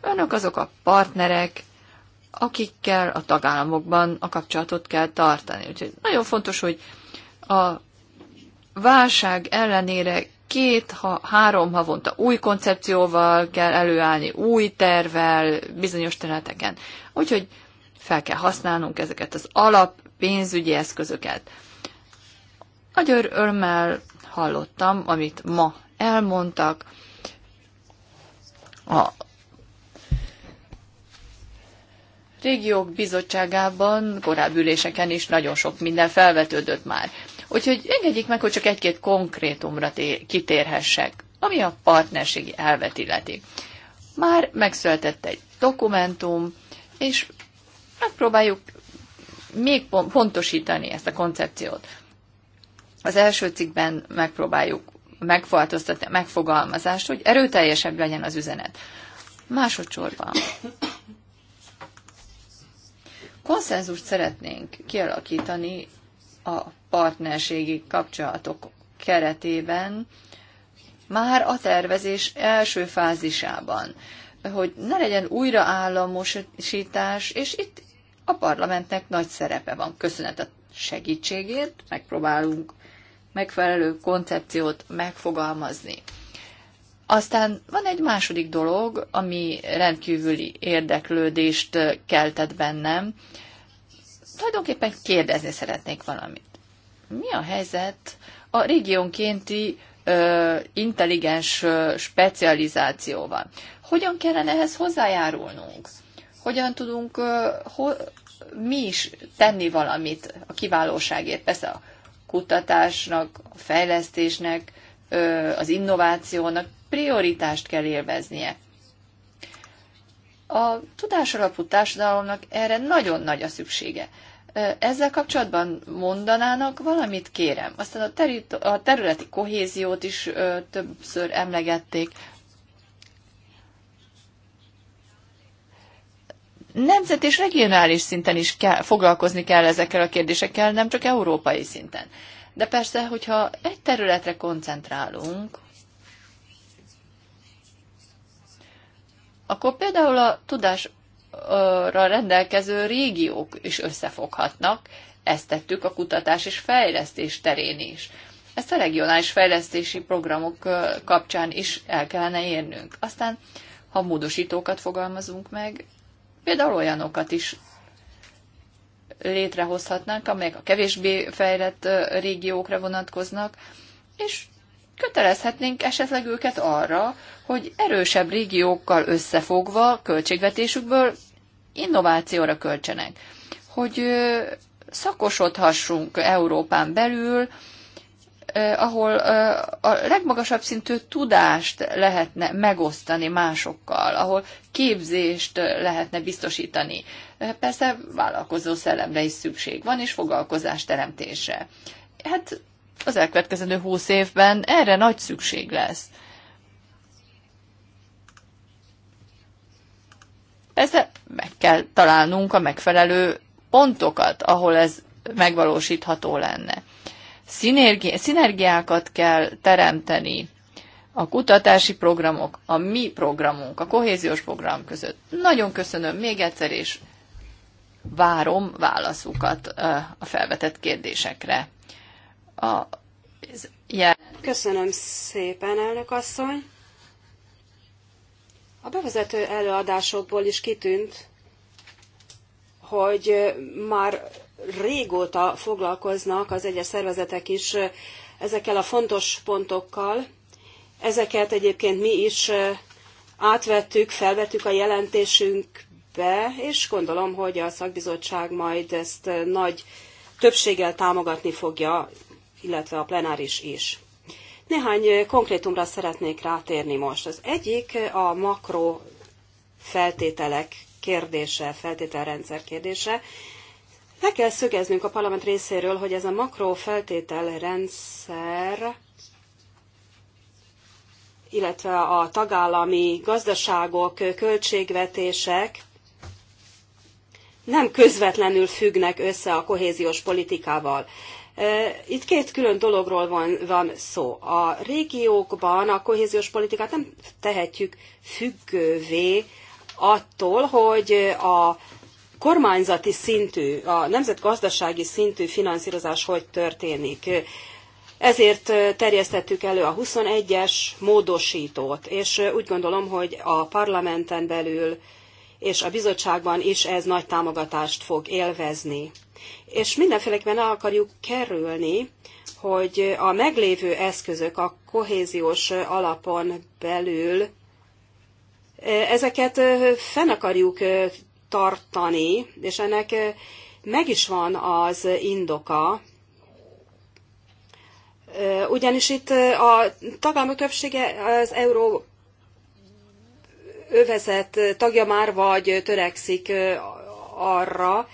önök azok a partnerek, akikkel a tagállamokban a kapcsolatot kell tartani. Úgyhogy nagyon fontos, hogy a válság ellenére két, ha, három havonta új koncepcióval kell előállni, új tervel bizonyos területeken. Úgyhogy fel kell használnunk ezeket az alap pénzügyi eszközöket. Nagy örömmel hallottam, amit ma elmondtak. A régiók bizottságában korábbi üléseken is nagyon sok minden felvetődött már. Úgyhogy engedjék meg, hogy csak egy-két konkrétumra kitérhessek, ami a partnerségi elvet illeti. Már megszületett egy dokumentum, és megpróbáljuk még pontosítani ezt a koncepciót. Az első cikkben megpróbáljuk megváltoztatni a megfogalmazást, hogy erőteljesebb legyen az üzenet. Másodszorban konszenzust szeretnénk kialakítani a partnerségi kapcsolatok keretében, már a tervezés első fázisában, hogy ne legyen újraállamosítás, és itt a parlamentnek nagy szerepe van. Köszönet a segítségért, megpróbálunk megfelelő koncepciót megfogalmazni. Aztán van egy második dolog, ami rendkívüli érdeklődést keltett bennem. Tulajdonképpen kérdezni szeretnék valamit. Mi a helyzet a régiónkénti intelligens specializációval? Hogyan kellene ehhez hozzájárulnunk? hogyan tudunk mi is tenni valamit a kiválóságért. Persze a kutatásnak, a fejlesztésnek, az innovációnak prioritást kell élveznie. A alapú társadalomnak erre nagyon nagy a szüksége. Ezzel kapcsolatban mondanának valamit, kérem. Aztán a, a területi kohéziót is ö, többször emlegették. nemzet és regionális szinten is kell, foglalkozni kell ezekkel a kérdésekkel, nem csak európai szinten. De persze, hogyha egy területre koncentrálunk, akkor például a tudásra rendelkező régiók is összefoghatnak, ezt tettük a kutatás és fejlesztés terén is. Ezt a regionális fejlesztési programok kapcsán is el kellene érnünk. Aztán, ha módosítókat fogalmazunk meg, Például olyanokat is létrehozhatnánk, amelyek a kevésbé fejlett régiókra vonatkoznak, és kötelezhetnénk esetleg őket arra, hogy erősebb régiókkal összefogva költségvetésükből innovációra költsenek, hogy szakosodhassunk Európán belül, ahol a legmagasabb szintű tudást lehetne megosztani másokkal, ahol képzést lehetne biztosítani. Persze vállalkozó szellemre is szükség van, és foglalkozás teremtése. Hát az elkövetkezendő húsz évben erre nagy szükség lesz. Persze meg kell találnunk a megfelelő pontokat, ahol ez megvalósítható lenne szinergi- szinergiákat kell teremteni a kutatási programok, a mi programunk, a kohéziós program között. Nagyon köszönöm még egyszer, és várom válaszukat a felvetett kérdésekre. A, yeah. Köszönöm szépen, elnök asszony. A bevezető előadásokból is kitűnt, hogy már régóta foglalkoznak az egyes szervezetek is ezekkel a fontos pontokkal. Ezeket egyébként mi is átvettük, felvettük a jelentésünkbe, és gondolom, hogy a szakbizottság majd ezt nagy többséggel támogatni fogja, illetve a plenáris is. Néhány konkrétumra szeretnék rátérni most. Az egyik a makro feltételek kérdése, feltételrendszer kérdése. Le kell szögeznünk a parlament részéről, hogy ez a makrofeltételrendszer, illetve a tagállami gazdaságok, költségvetések nem közvetlenül függnek össze a kohéziós politikával. E, itt két külön dologról van, van szó. A régiókban a kohéziós politikát nem tehetjük függővé attól, hogy a kormányzati szintű, a nemzetgazdasági szintű finanszírozás hogy történik. Ezért terjesztettük elő a 21-es módosítót, és úgy gondolom, hogy a parlamenten belül és a bizottságban is ez nagy támogatást fog élvezni. És mindenféleképpen el akarjuk kerülni, hogy a meglévő eszközök a kohéziós alapon belül ezeket fenn akarjuk tartani, és ennek eh, meg is van az indoka, eh, ugyanis itt eh, a tagállamok többsége az euró övezet tagja már vagy törekszik arra,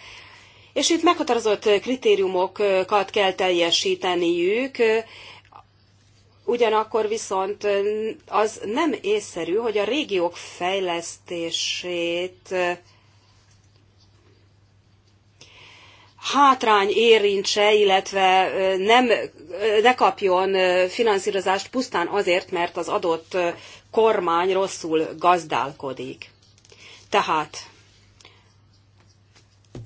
és itt meghatározott kritériumokat kell teljesíteniük, ugyanakkor viszont az nem észszerű, hogy a régiók fejlesztését hátrány érintse, illetve nem, ne kapjon finanszírozást pusztán azért, mert az adott kormány rosszul gazdálkodik. Tehát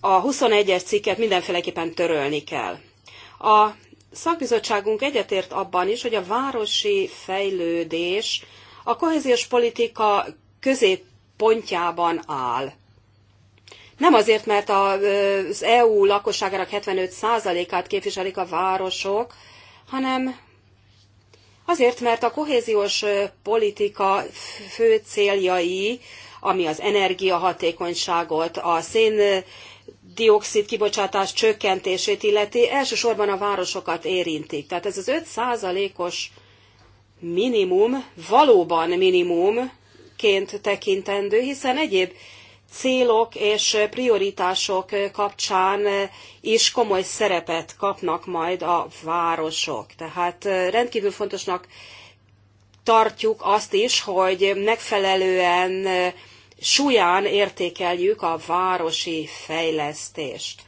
a 21-es cikket mindenféleképpen törölni kell. A szakbizottságunk egyetért abban is, hogy a városi fejlődés a kohéziós politika középpontjában áll. Nem azért, mert az EU lakosságának 75%-át képviselik a városok, hanem azért, mert a kohéziós politika fő céljai, ami az energiahatékonyságot, a szén dioxid kibocsátás csökkentését illeti, elsősorban a városokat érintik. Tehát ez az 5 százalékos minimum valóban minimumként tekintendő, hiszen egyéb célok és prioritások kapcsán is komoly szerepet kapnak majd a városok. Tehát rendkívül fontosnak tartjuk azt is, hogy megfelelően súlyán értékeljük a városi fejlesztést.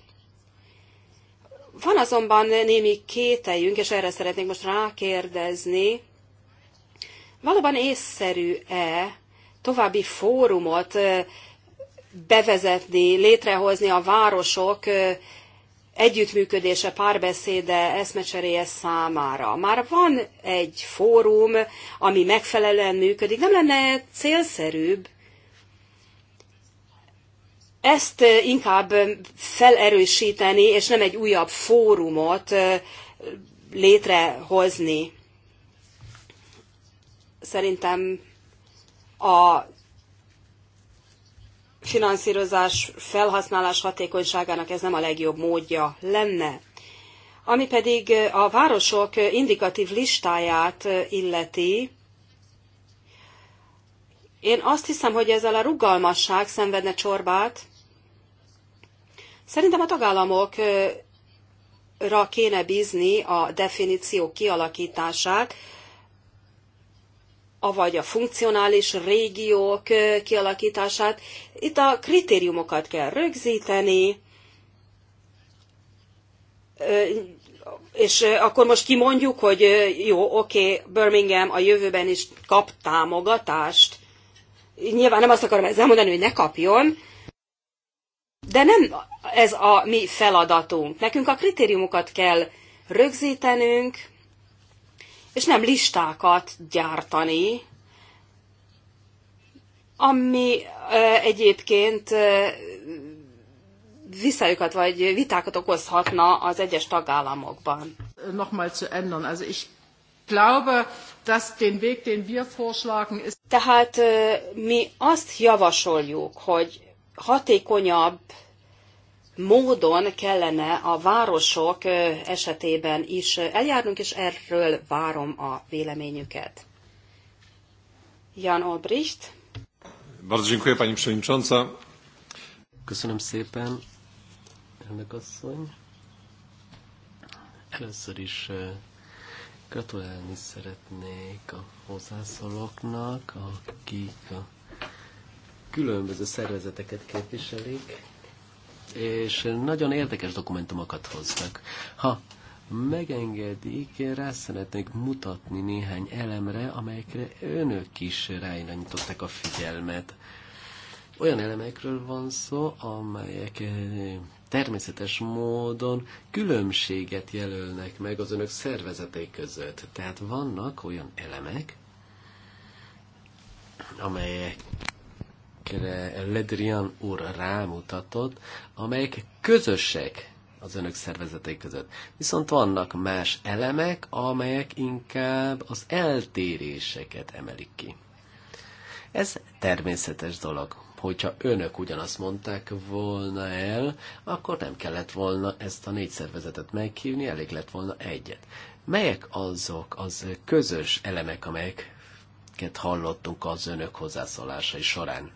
Van azonban némi kételjünk, és erre szeretnék most rákérdezni, valóban észszerű-e további fórumot bevezetni, létrehozni a városok együttműködése, párbeszéde, eszmecseréje számára. Már van egy fórum, ami megfelelően működik. Nem lenne célszerűbb ezt inkább felerősíteni, és nem egy újabb fórumot létrehozni. Szerintem a finanszírozás felhasználás hatékonyságának ez nem a legjobb módja lenne. Ami pedig a városok indikatív listáját illeti, én azt hiszem, hogy ezzel a rugalmasság szenvedne csorbát. Szerintem a tagállamokra kéne bízni a definíció kialakítását, avagy a funkcionális régiók kialakítását, itt a kritériumokat kell rögzíteni, és akkor most kimondjuk, hogy jó, oké, okay, Birmingham a jövőben is kap támogatást. Nyilván nem azt akarom ezzel mondani, hogy ne kapjon, de nem ez a mi feladatunk. Nekünk a kritériumokat kell rögzítenünk, és nem listákat gyártani, ami egyébként visszajukat vagy vitákat okozhatna az egyes tagállamokban. Nochmal zu ändern. Also ich glaube, dass den Weg, den wir vorschlagen, ist... Tehát mi azt javasoljuk, hogy hatékonyabb módon kellene a városok esetében is eljárnunk, és erről várom a véleményüket. Jan Olbricht. Bardzo dziękuję, pani przewodnicząca. Köszönöm szépen, elnök asszony. Először is gratulálni szeretnék a hozzászólóknak, akik a különböző szervezeteket képviselik, és nagyon érdekes dokumentumokat hoztak. Ha megengedik, rá szeretnék mutatni néhány elemre, amelyekre önök is ráirányították a figyelmet. Olyan elemekről van szó, amelyek eh, természetes módon különbséget jelölnek meg az önök szervezeték között. Tehát vannak olyan elemek, amelyekre Ledrian úr rámutatott, amelyek közösek az önök szervezetei között. Viszont vannak más elemek, amelyek inkább az eltéréseket emelik ki. Ez természetes dolog. Hogyha önök ugyanazt mondták volna el, akkor nem kellett volna ezt a négy szervezetet meghívni, elég lett volna egyet. Melyek azok az közös elemek, amelyeket hallottunk az önök hozzászólásai során?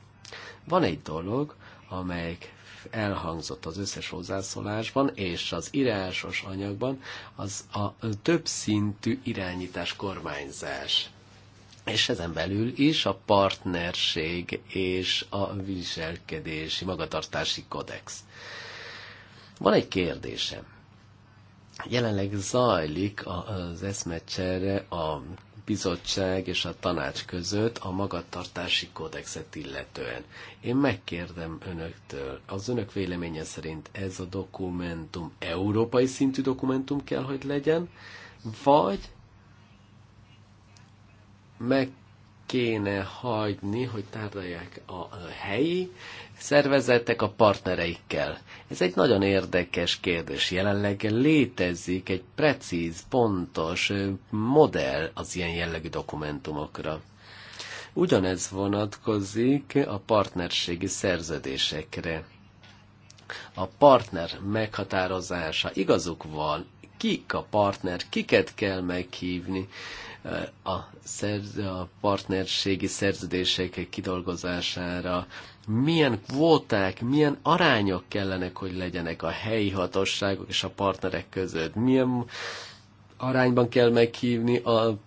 Van egy dolog, amelyik elhangzott az összes hozzászólásban és az írásos anyagban, az a többszintű irányítás kormányzás. És ezen belül is a partnerség és a viselkedési magatartási kodex. Van egy kérdésem. Jelenleg zajlik az eszmecsere a bizottság és a tanács között a magatartási kódexet illetően. Én megkérdem önöktől, az önök véleménye szerint ez a dokumentum európai szintű dokumentum kell, hogy legyen, vagy meg kéne hagyni, hogy tárgyalják a helyi szervezetek a partnereikkel. Ez egy nagyon érdekes kérdés. Jelenleg létezik egy precíz, pontos modell az ilyen jellegű dokumentumokra. Ugyanez vonatkozik a partnerségi szerződésekre. A partner meghatározása igazuk van, kik a partner, kiket kell meghívni, a, szerz, a partnerségi szerződések kidolgozására, milyen kvóták, milyen arányok kellenek, hogy legyenek a helyi hatosságok és a partnerek között, milyen arányban kell meghívni a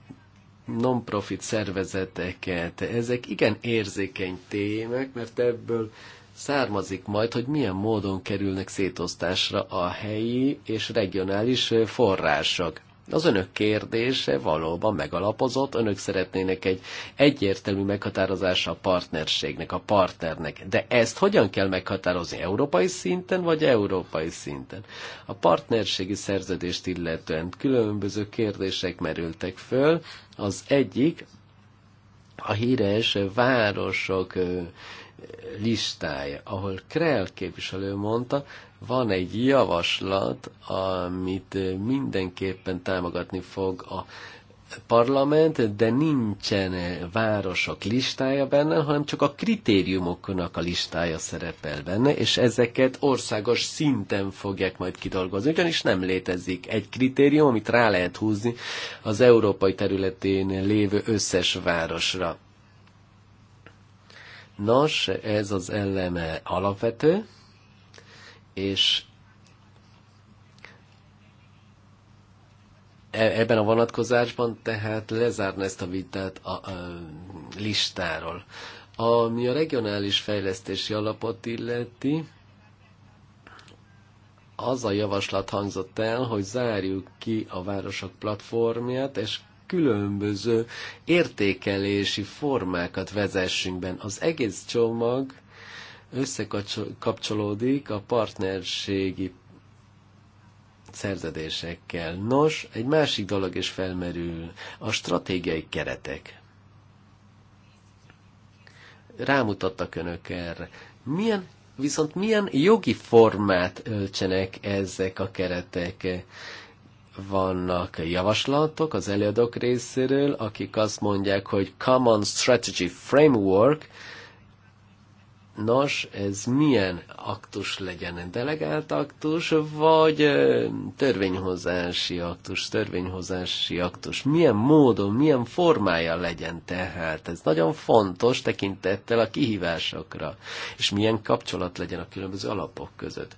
non-profit szervezeteket. Ezek igen érzékeny témák, mert ebből származik majd, hogy milyen módon kerülnek szétosztásra a helyi és regionális források. Az önök kérdése valóban megalapozott, önök szeretnének egy egyértelmű meghatározása a partnerségnek, a partnernek. De ezt hogyan kell meghatározni? Európai szinten, vagy európai szinten? A partnerségi szerződést illetően különböző kérdések merültek föl. Az egyik a híres városok listája, ahol Krell képviselő mondta, van egy javaslat, amit mindenképpen támogatni fog a parlament, de nincsen városok listája benne, hanem csak a kritériumoknak a listája szerepel benne, és ezeket országos szinten fogják majd kidolgozni, ugyanis nem létezik egy kritérium, amit rá lehet húzni az európai területén lévő összes városra. Nos, ez az eleme alapvető, és e, ebben a vonatkozásban tehát lezárna ezt a vitát a, a listáról. Ami a regionális fejlesztési alapot illeti, az a javaslat hangzott el, hogy zárjuk ki a városok platformját, és különböző értékelési formákat vezessünk benne. Az egész csomag összekapcsolódik a partnerségi szerződésekkel. Nos, egy másik dolog is felmerül, a stratégiai keretek. Rámutattak önök erre. Milyen, viszont milyen jogi formát öltsenek ezek a keretek? vannak javaslatok az előadók részéről, akik azt mondják, hogy Common Strategy Framework, Nos, ez milyen aktus legyen? Delegált aktus, vagy törvényhozási aktus, törvényhozási aktus? Milyen módon, milyen formája legyen tehát? Ez nagyon fontos tekintettel a kihívásokra. És milyen kapcsolat legyen a különböző alapok között?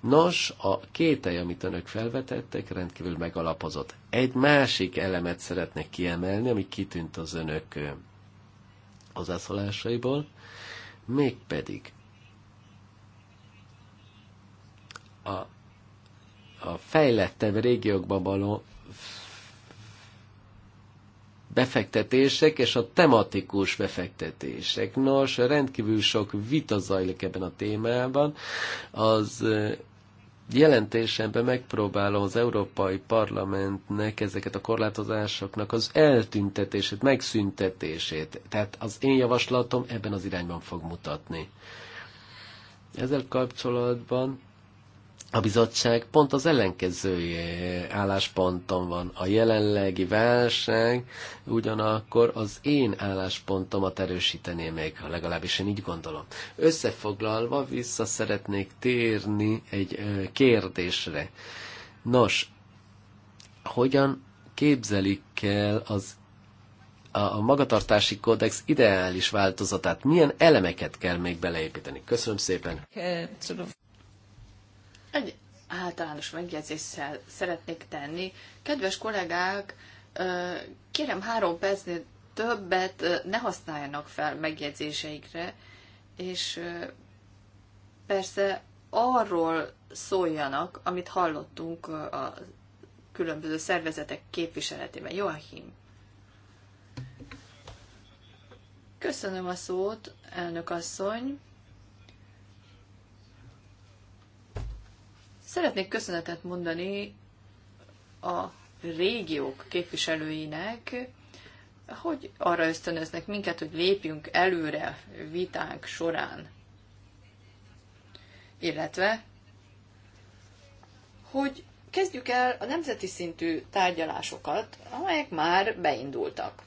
Nos, a kételj, amit önök felvetettek, rendkívül megalapozott. Egy másik elemet szeretnék kiemelni, ami kitűnt az önök hozzászólásaiból mégpedig a, a fejlettebb régiókban való befektetések és a tematikus befektetések. Nos, rendkívül sok vita zajlik ebben a témában. Az jelentésemben megpróbálom az Európai Parlamentnek ezeket a korlátozásoknak az eltüntetését, megszüntetését. Tehát az én javaslatom ebben az irányban fog mutatni. Ezzel kapcsolatban a bizottság pont az ellenkező állásponton van. A jelenlegi válság ugyanakkor az én álláspontomat erősítené még, legalábbis én így gondolom. Összefoglalva vissza szeretnék térni egy kérdésre. Nos, hogyan képzelik el az a magatartási kódex ideális változatát, milyen elemeket kell még beleépíteni. Köszönöm szépen. Egy általános megjegyzéssel szeretnék tenni. Kedves kollégák, kérem három percnél többet ne használjanak fel megjegyzéseikre, és persze arról szóljanak, amit hallottunk a különböző szervezetek képviseletében. Joachim. Köszönöm a szót, elnök asszony. Szeretnék köszönetet mondani a régiók képviselőinek, hogy arra ösztönöznek minket, hogy lépjünk előre vitánk során. Illetve, hogy kezdjük el a nemzeti szintű tárgyalásokat, amelyek már beindultak.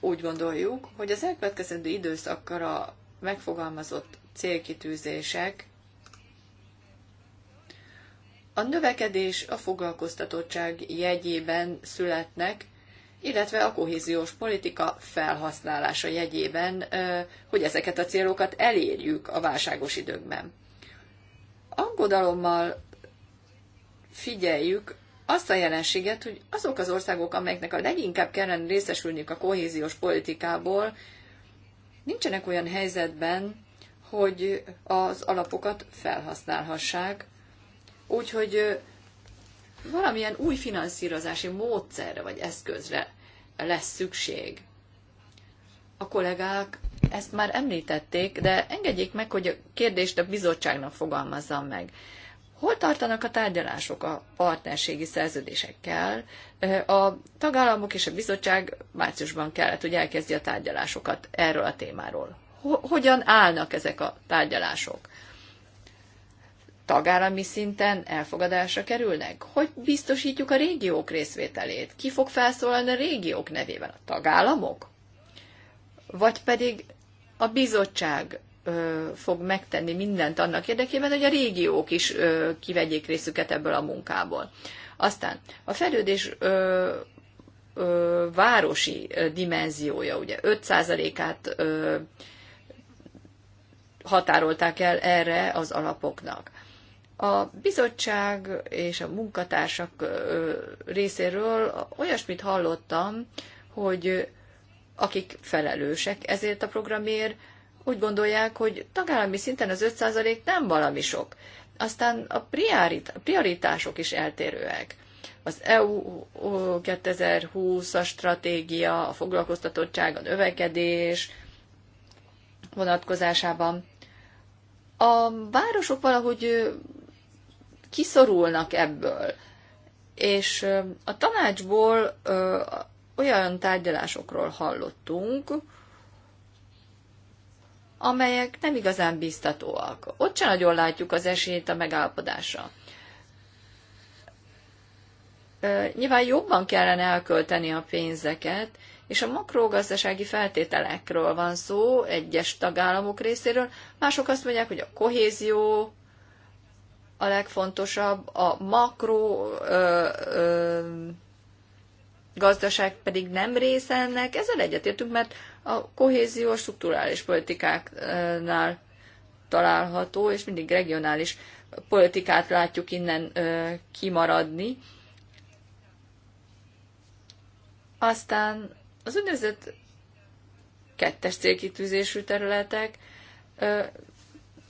Úgy gondoljuk, hogy az elkövetkezendő időszakra megfogalmazott célkitűzések a növekedés a foglalkoztatottság jegyében születnek, illetve a kohéziós politika felhasználása jegyében, hogy ezeket a célokat elérjük a válságos időkben. Angodalommal figyeljük azt a jelenséget, hogy azok az országok, amelyeknek a leginkább kellene részesülniük a kohéziós politikából, nincsenek olyan helyzetben, hogy az alapokat felhasználhassák, Úgyhogy valamilyen új finanszírozási módszerre vagy eszközre lesz szükség. A kollégák ezt már említették, de engedjék meg, hogy a kérdést a bizottságnak fogalmazzam meg. Hol tartanak a tárgyalások a partnerségi szerződésekkel? A tagállamok és a bizottság márciusban kellett, hogy elkezdje a tárgyalásokat erről a témáról. Hogyan állnak ezek a tárgyalások? tagállami szinten elfogadásra kerülnek? Hogy biztosítjuk a régiók részvételét? Ki fog felszólalni a régiók nevében? A tagállamok? Vagy pedig a bizottság ö, fog megtenni mindent annak érdekében, hogy a régiók is ö, kivegyék részüket ebből a munkából. Aztán a fejlődés ö, ö, városi dimenziója, ugye 5%-át határolták el erre az alapoknak. A bizottság és a munkatársak részéről olyasmit hallottam, hogy akik felelősek ezért a programért, úgy gondolják, hogy tagállami szinten az 5% nem valami sok. Aztán a prioritások is eltérőek. Az EU 2020-as stratégia, a foglalkoztatottság, a növekedés vonatkozásában. A városok valahogy kiszorulnak ebből. És a tanácsból olyan tárgyalásokról hallottunk, amelyek nem igazán biztatóak. Ott sem nagyon látjuk az esélyt a megállapodásra. Nyilván jobban kellene elkölteni a pénzeket, és a makrogazdasági feltételekről van szó egyes tagállamok részéről. Mások azt mondják, hogy a kohézió a legfontosabb, a makro ö, ö, gazdaság pedig nem része ennek. Ezzel egyetértünk, mert a kohézió a strukturális politikáknál található, és mindig regionális politikát látjuk innen ö, kimaradni. Aztán az úgynevezett kettes célkitűzésű területek,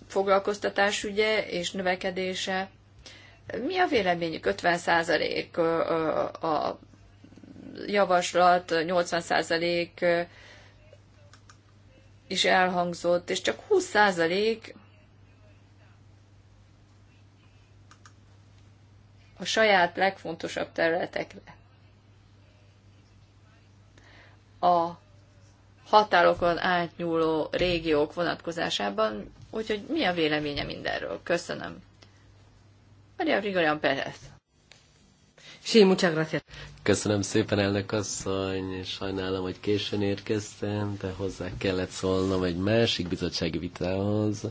foglalkoztatás ugye és növekedése. Mi a véleményük? 50 százalék a javaslat, 80 százalék is elhangzott, és csak 20 százalék a saját legfontosabb területekre. A határokon átnyúló régiók vonatkozásában Úgyhogy mi a véleménye mindenről? Köszönöm. Maria Grigorian Perez. Sí, muchas gracias. Köszönöm szépen, elnök asszony. Sajnálom, hogy későn érkeztem, de hozzá kellett szólnom egy másik bizottsági vitához,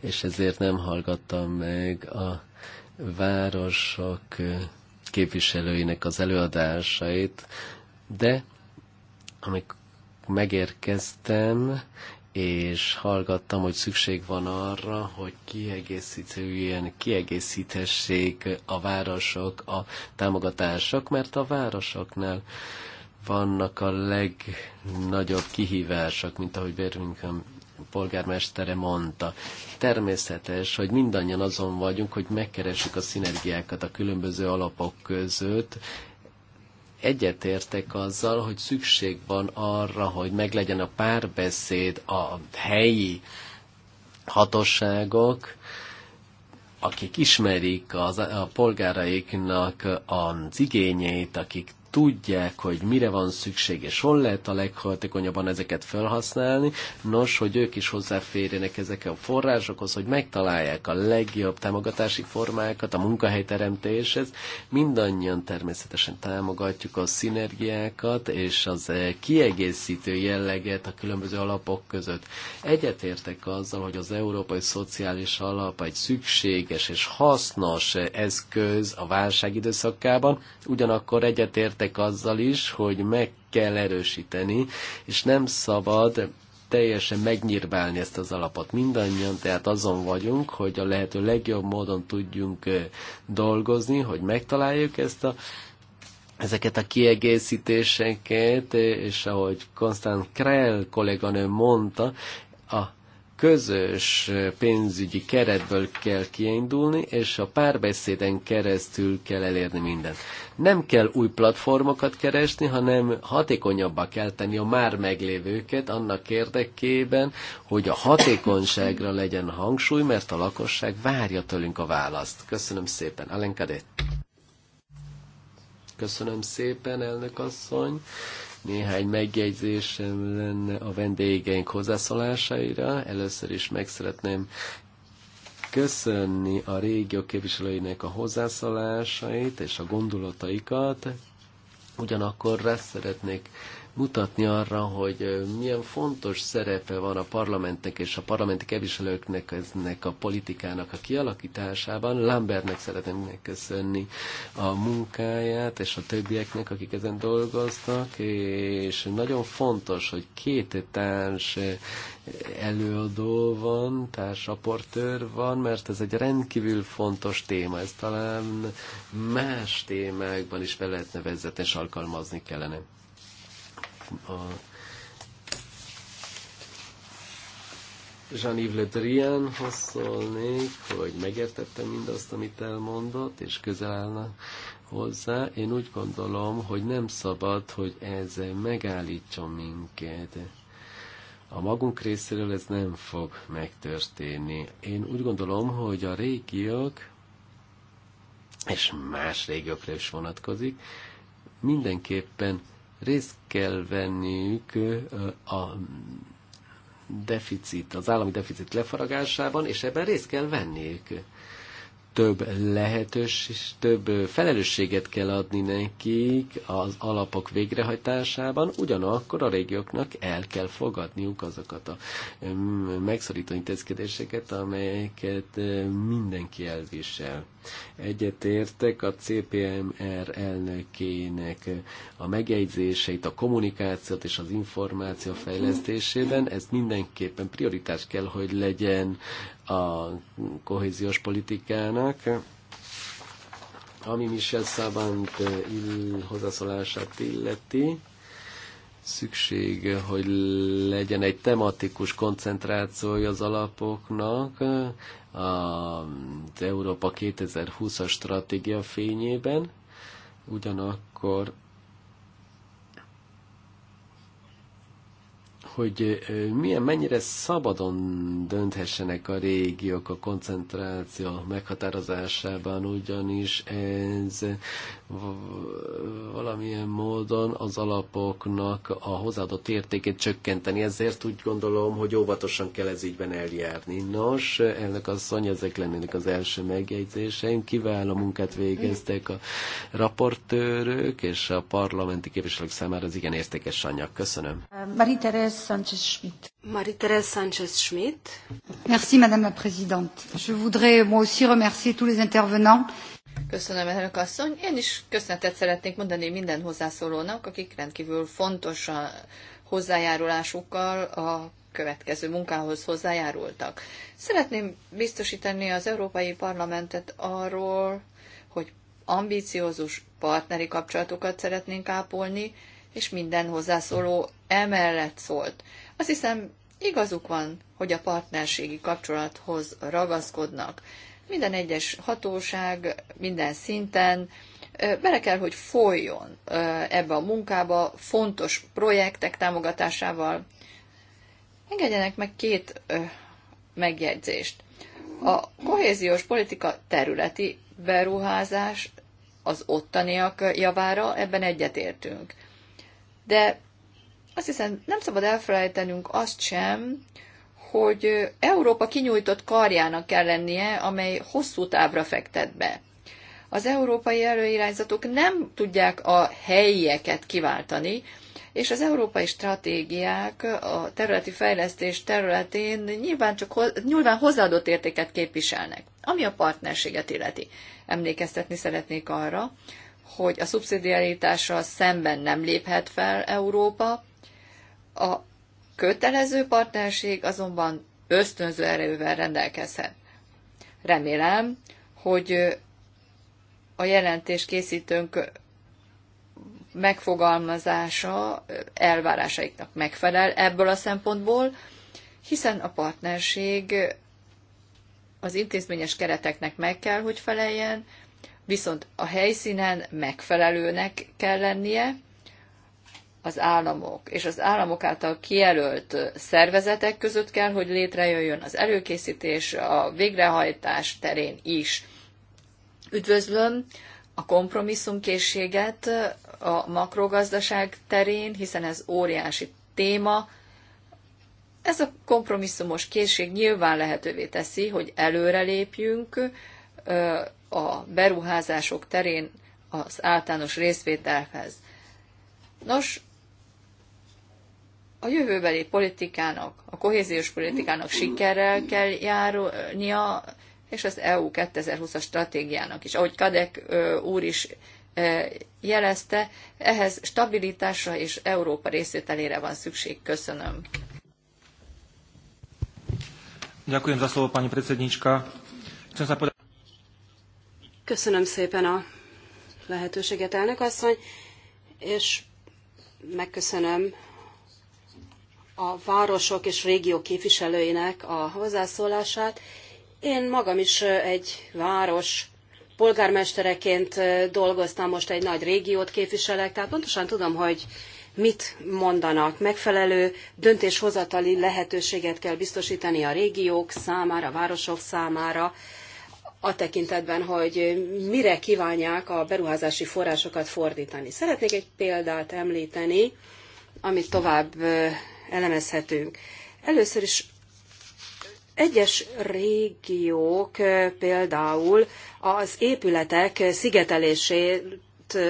és ezért nem hallgattam meg a városok képviselőinek az előadásait, de amikor megérkeztem, és hallgattam, hogy szükség van arra, hogy kiegészítően kiegészíthessék a városok a támogatások, mert a városoknál vannak a legnagyobb kihívások, mint ahogy Birmingham polgármestere mondta. Természetes, hogy mindannyian azon vagyunk, hogy megkeressük a szinergiákat a különböző alapok között, egyetértek azzal, hogy szükség van arra, hogy meglegyen a párbeszéd a helyi hatóságok, akik ismerik az, a polgáraiknak az igényeit, akik tudják, hogy mire van szükség, és hol lehet a leghatékonyabban ezeket felhasználni, nos, hogy ők is hozzáférjenek ezek a forrásokhoz, hogy megtalálják a legjobb támogatási formákat a munkahelyteremtéshez. Mindannyian természetesen támogatjuk a szinergiákat és az eh, kiegészítő jelleget a különböző alapok között. Egyetértek azzal, hogy az Európai Szociális Alap egy szükséges és hasznos eh, eszköz a válság időszakában, ugyanakkor egyetértek egyetértek azzal is, hogy meg kell erősíteni, és nem szabad teljesen megnyírbálni ezt az alapot. Mindannyian tehát azon vagyunk, hogy a lehető legjobb módon tudjunk dolgozni, hogy megtaláljuk ezt a ezeket a kiegészítéseket, és ahogy Konstant Krell kolléganő mondta, a közös pénzügyi keretből kell kiindulni, és a párbeszéden keresztül kell elérni mindent. Nem kell új platformokat keresni, hanem hatékonyabbá kell tenni a már meglévőket annak érdekében, hogy a hatékonyságra legyen hangsúly, mert a lakosság várja tőlünk a választ. Köszönöm szépen. Alen Köszönöm szépen, elnök asszony. Néhány megjegyzésem lenne a vendégeink hozzászólásaira. Először is meg szeretném köszönni a régió képviselőinek a hozzászólásait és a gondolataikat. Ugyanakkor rá szeretnék mutatni arra, hogy milyen fontos szerepe van a parlamentek és a parlamenti képviselőknek eznek a politikának a kialakításában. Lambertnek szeretném megköszönni a munkáját és a többieknek, akik ezen dolgoztak és nagyon fontos, hogy két társ előadó van, társaportőr van, mert ez egy rendkívül fontos téma, ez talán más témákban is fel lehetne vezetni és alkalmazni kellene a Jean-Yves Le Drianhoz szólnék, hogy megértettem mindazt, amit elmondott, és közel állna hozzá. Én úgy gondolom, hogy nem szabad, hogy ez megállítson minket. A magunk részéről ez nem fog megtörténni. Én úgy gondolom, hogy a régiók, és más régiókra is vonatkozik, mindenképpen részt kell venniük a deficit, az állami deficit lefaragásában, és ebben részt kell venniük több lehetős és több felelősséget kell adni nekik az alapok végrehajtásában, ugyanakkor a régióknak el kell fogadniuk azokat a megszorító intézkedéseket, amelyeket mindenki elvisel. Egyetértek a CPMR elnökének a megjegyzéseit, a kommunikációt és az információ fejlesztésében, ez mindenképpen prioritás kell, hogy legyen a kohéziós politikának. Ami Michel Szabant eh, ill hozzászólását illeti, szükség, hogy legyen egy tematikus koncentrációja az alapoknak eh, az Európa 2020-as stratégia fényében, ugyanakkor hogy milyen mennyire szabadon dönthessenek a régiók a koncentráció meghatározásában, ugyanis ez valamilyen módon az alapoknak a hozzáadott értékét csökkenteni, ezért úgy gondolom, hogy óvatosan kell ez ígyben eljárni. Nos, ennek szony, ezek lennének az első megjegyzéseim. Kiváló munkát végeztek a raportőrök és a parlamenti képviselők számára az igen értékes anyag. Köszönöm. Marie-Thérèse schmidt Marie-Thérèse schmidt Merci, Madame la Présidente. Je voudrais moi aussi remercier tous les intervenants. Köszönöm, elnök asszony. Én is köszönetet szeretnék mondani minden hozzászólónak, akik rendkívül fontos a hozzájárulásukkal a következő munkához hozzájárultak. Szeretném biztosítani az Európai Parlamentet arról, hogy ambíciózus partneri kapcsolatokat szeretnénk ápolni, és minden hozzászóló emellett szólt. Azt hiszem, igazuk van, hogy a partnerségi kapcsolathoz ragaszkodnak. Minden egyes hatóság, minden szinten bele kell, hogy folyjon ebbe a munkába, fontos projektek támogatásával. Engedjenek meg két megjegyzést. A kohéziós politika területi beruházás az ottaniak javára, ebben egyetértünk de azt hiszem nem szabad elfelejtenünk azt sem, hogy Európa kinyújtott karjának kell lennie, amely hosszú távra fektet be. Az európai előirányzatok nem tudják a helyieket kiváltani, és az európai stratégiák a területi fejlesztés területén nyilván csak nyilván hozzáadott értéket képviselnek, ami a partnerséget illeti. Emlékeztetni szeretnék arra, hogy a szubszidiaritással szemben nem léphet fel Európa, a kötelező partnerség azonban ösztönző erővel rendelkezhet. Remélem, hogy a jelentés készítőnk megfogalmazása elvárásaiknak megfelel ebből a szempontból, hiszen a partnerség az intézményes kereteknek meg kell, hogy feleljen, viszont a helyszínen megfelelőnek kell lennie, az államok és az államok által kijelölt szervezetek között kell, hogy létrejöjjön az előkészítés a végrehajtás terén is. Üdvözlöm a kompromisszumkészséget a makrogazdaság terén, hiszen ez óriási téma. Ez a kompromisszumos készség nyilván lehetővé teszi, hogy előrelépjünk, a beruházások terén az általános részvételhez. Nos, a jövőbeli politikának, a kohéziós politikának sikerrel kell járnia, és az EU 2020-as stratégiának is. Ahogy Kadek úr is jelezte, ehhez stabilitásra és Európa részvételére van szükség. Köszönöm. Ďakujem za slovo, pani predsednička. Köszönöm szépen a lehetőséget, elnök asszony, és megköszönöm a városok és régió képviselőinek a hozzászólását. Én magam is egy város polgármestereként dolgoztam, most egy nagy régiót képviselek, tehát pontosan tudom, hogy mit mondanak. Megfelelő döntéshozatali lehetőséget kell biztosítani a régiók számára, a városok számára, a tekintetben, hogy mire kívánják a beruházási forrásokat fordítani. Szeretnék egy példát említeni, amit tovább elemezhetünk. Először is egyes régiók például az épületek szigetelését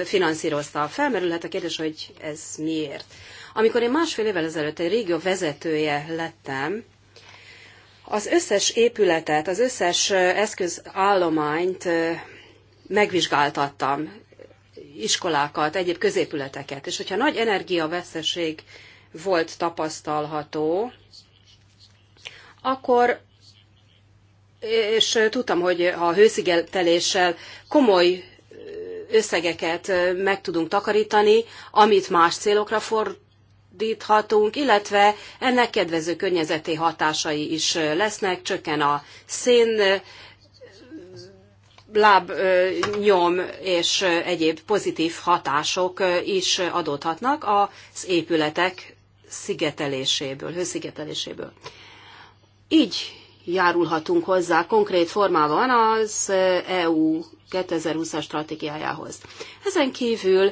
finanszírozta. Felmerülhet a kérdés, hogy ez miért. Amikor én másfél évvel ezelőtt egy régió vezetője lettem, az összes épületet, az összes eszközállományt megvizsgáltattam, iskolákat, egyéb középületeket, és hogyha nagy energiaveszeség volt tapasztalható, akkor és tudtam, hogy ha a hőszigeteléssel komoly összegeket meg tudunk takarítani, amit más célokra for, fordíthatunk, illetve ennek kedvező környezeti hatásai is lesznek, csökken a szén lábnyom és egyéb pozitív hatások is adódhatnak az épületek szigeteléséből, hőszigeteléséből. Így járulhatunk hozzá konkrét formában az EU 2020-as stratégiájához. Ezen kívül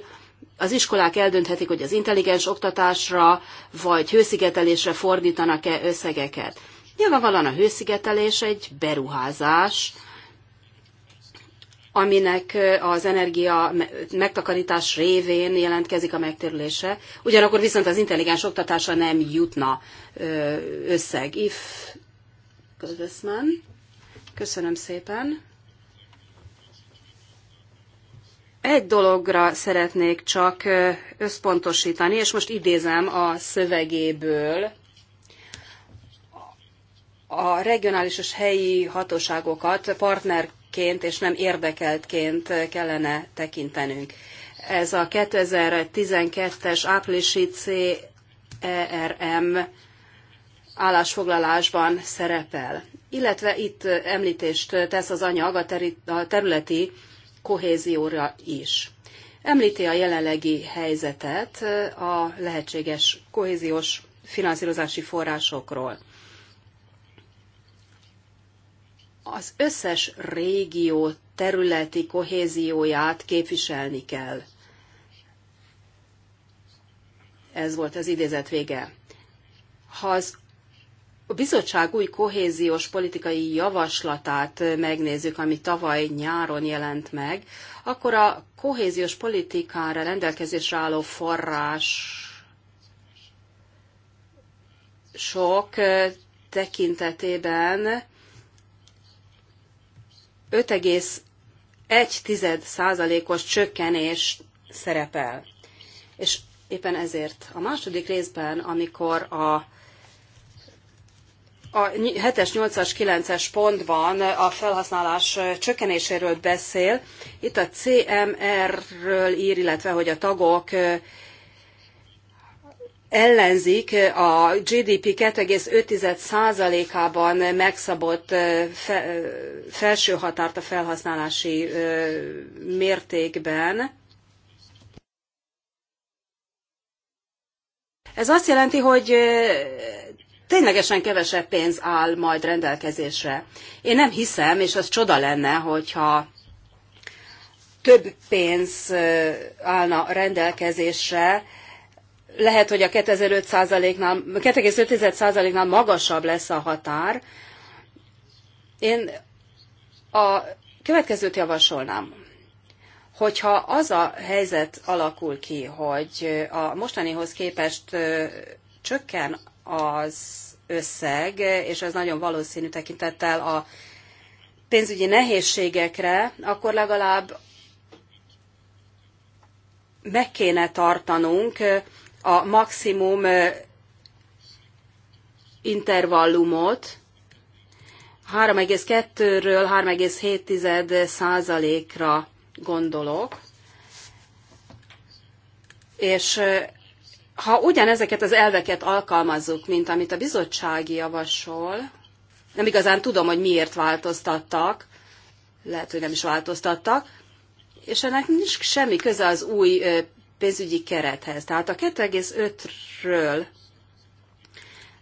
az iskolák eldönthetik, hogy az intelligens oktatásra vagy hőszigetelésre fordítanak-e összegeket. Nyilvánvalóan a hőszigetelés egy beruházás, aminek az energia megtakarítás révén jelentkezik a megtérülése. Ugyanakkor viszont az intelligens oktatása nem jutna összeg. If Köszönöm szépen. Egy dologra szeretnék csak összpontosítani, és most idézem a szövegéből. A regionális és helyi hatóságokat partnerként és nem érdekeltként kellene tekintenünk. Ez a 2012-es áprilisi CERM állásfoglalásban szerepel. Illetve itt említést tesz az anyag a területi kohézióra is. Említi a jelenlegi helyzetet a lehetséges kohéziós finanszírozási forrásokról. Az összes régió területi kohézióját képviselni kell. Ez volt az idézet vége. Ha az a bizottság új kohéziós politikai javaslatát megnézzük, ami tavaly nyáron jelent meg, akkor a kohéziós politikára rendelkezésre álló forrás sok tekintetében 5,1%-os csökkenés szerepel. És éppen ezért a második részben, amikor a a 7-es, 8-as, 9-es pontban a felhasználás csökkenéséről beszél. Itt a CMR-ről ír, illetve hogy a tagok ellenzik a GDP 2,5%-ában megszabott felső határt a felhasználási mértékben. Ez azt jelenti, hogy ténylegesen kevesebb pénz áll majd rendelkezésre. Én nem hiszem, és az csoda lenne, hogyha több pénz állna rendelkezésre, lehet, hogy a 2,5%-nál, 2,5%-nál magasabb lesz a határ. Én a következőt javasolnám. Hogyha az a helyzet alakul ki, hogy a mostanihoz képest csökken az összeg, és ez nagyon valószínű tekintettel a pénzügyi nehézségekre, akkor legalább meg kéne tartanunk a maximum intervallumot 3,2-ről 3,7 százalékra gondolok, és ha ugyanezeket az elveket alkalmazzuk, mint amit a bizottság javasol, nem igazán tudom, hogy miért változtattak, lehet, hogy nem is változtattak, és ennek nincs semmi köze az új pénzügyi kerethez. Tehát a 2,5-ről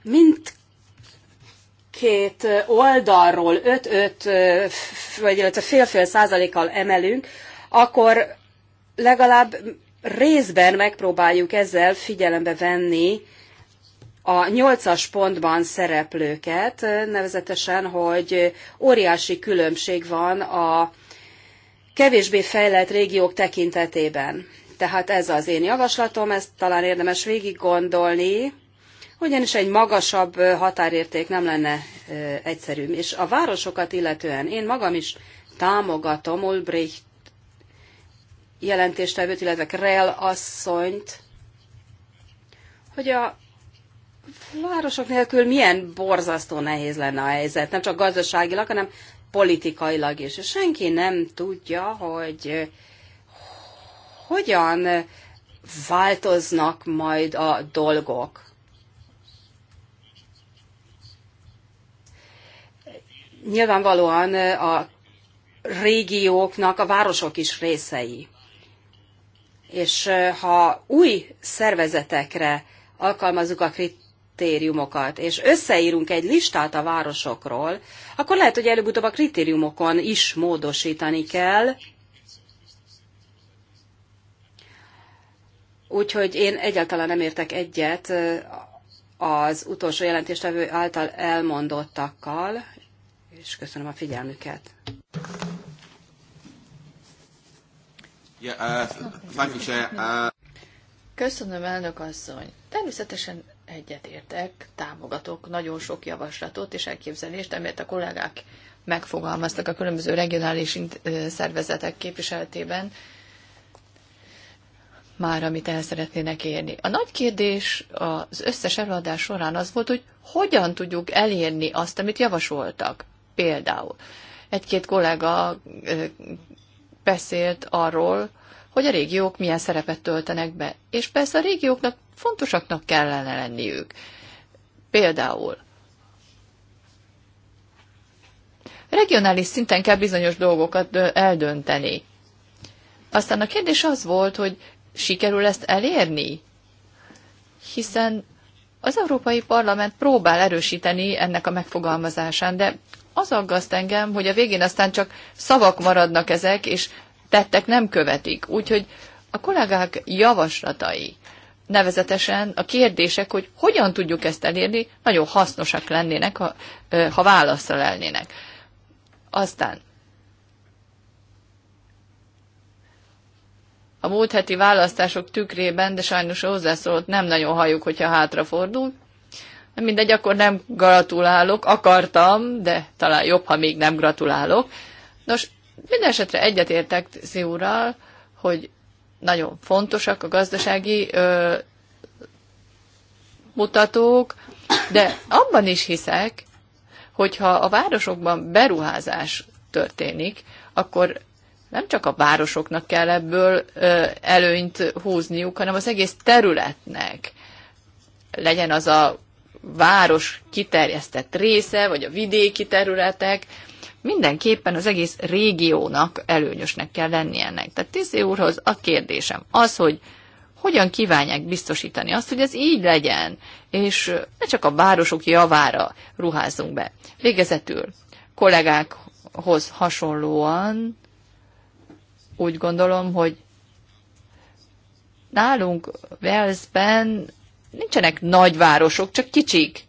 mindkét oldalról 5-5, vagy illetve fél-fél százalékkal emelünk, akkor legalább részben megpróbáljuk ezzel figyelembe venni a nyolcas pontban szereplőket, nevezetesen, hogy óriási különbség van a kevésbé fejlett régiók tekintetében. Tehát ez az én javaslatom, ezt talán érdemes végig gondolni, ugyanis egy magasabb határérték nem lenne egyszerű. És a városokat illetően én magam is támogatom Ulbricht jelentéstevőt, illetve Krell asszonyt, hogy a városok nélkül milyen borzasztó nehéz lenne a helyzet, nem csak gazdaságilag, hanem politikailag is. És senki nem tudja, hogy hogyan változnak majd a dolgok. Nyilvánvalóan a régióknak a városok is részei. És ha új szervezetekre alkalmazzuk a kritériumokat, és összeírunk egy listát a városokról, akkor lehet, hogy előbb-utóbb a kritériumokon is módosítani kell. Úgyhogy én egyáltalán nem értek egyet az utolsó jelentéstevő által elmondottakkal, és köszönöm a figyelmüket. Yeah, uh, uh, Köszönöm, elnök asszony. Természetesen egyetértek, támogatok nagyon sok javaslatot és elképzelést, amelyet a kollégák megfogalmaztak a különböző regionális szervezetek képviseletében, már amit el szeretnének érni. A nagy kérdés az összes előadás során az volt, hogy hogyan tudjuk elérni azt, amit javasoltak. Például egy-két kollega beszélt arról, hogy a régiók milyen szerepet töltenek be. És persze a régióknak fontosaknak kellene lenniük. Például regionális szinten kell bizonyos dolgokat eldönteni. Aztán a kérdés az volt, hogy sikerül ezt elérni? Hiszen az Európai Parlament próbál erősíteni ennek a megfogalmazásán, de az aggaszt engem, hogy a végén aztán csak szavak maradnak ezek, és tettek nem követik. Úgyhogy a kollégák javaslatai, nevezetesen a kérdések, hogy hogyan tudjuk ezt elérni, nagyon hasznosak lennének, ha, ha válaszra lennének. Aztán a múlt heti választások tükrében, de sajnos hozzászólott, nem nagyon halljuk, hogyha hátrafordul, mindegy, akkor nem gratulálok, akartam, de talán jobb, ha még nem gratulálok. Nos, minden esetre egyetértek Ziúrral, hogy nagyon fontosak a gazdasági ö, mutatók, de abban is hiszek, hogyha a városokban beruházás történik, akkor nem csak a városoknak kell ebből ö, előnyt húzniuk, hanem az egész területnek legyen az a város kiterjesztett része, vagy a vidéki területek, mindenképpen az egész régiónak előnyösnek kell lenni ennek. Tehát Tiszi úrhoz a kérdésem az, hogy hogyan kívánják biztosítani azt, hogy ez így legyen, és ne csak a városok javára ruházzunk be. Végezetül kollégákhoz hasonlóan úgy gondolom, hogy nálunk Velszben nincsenek nagyvárosok, csak kicsik.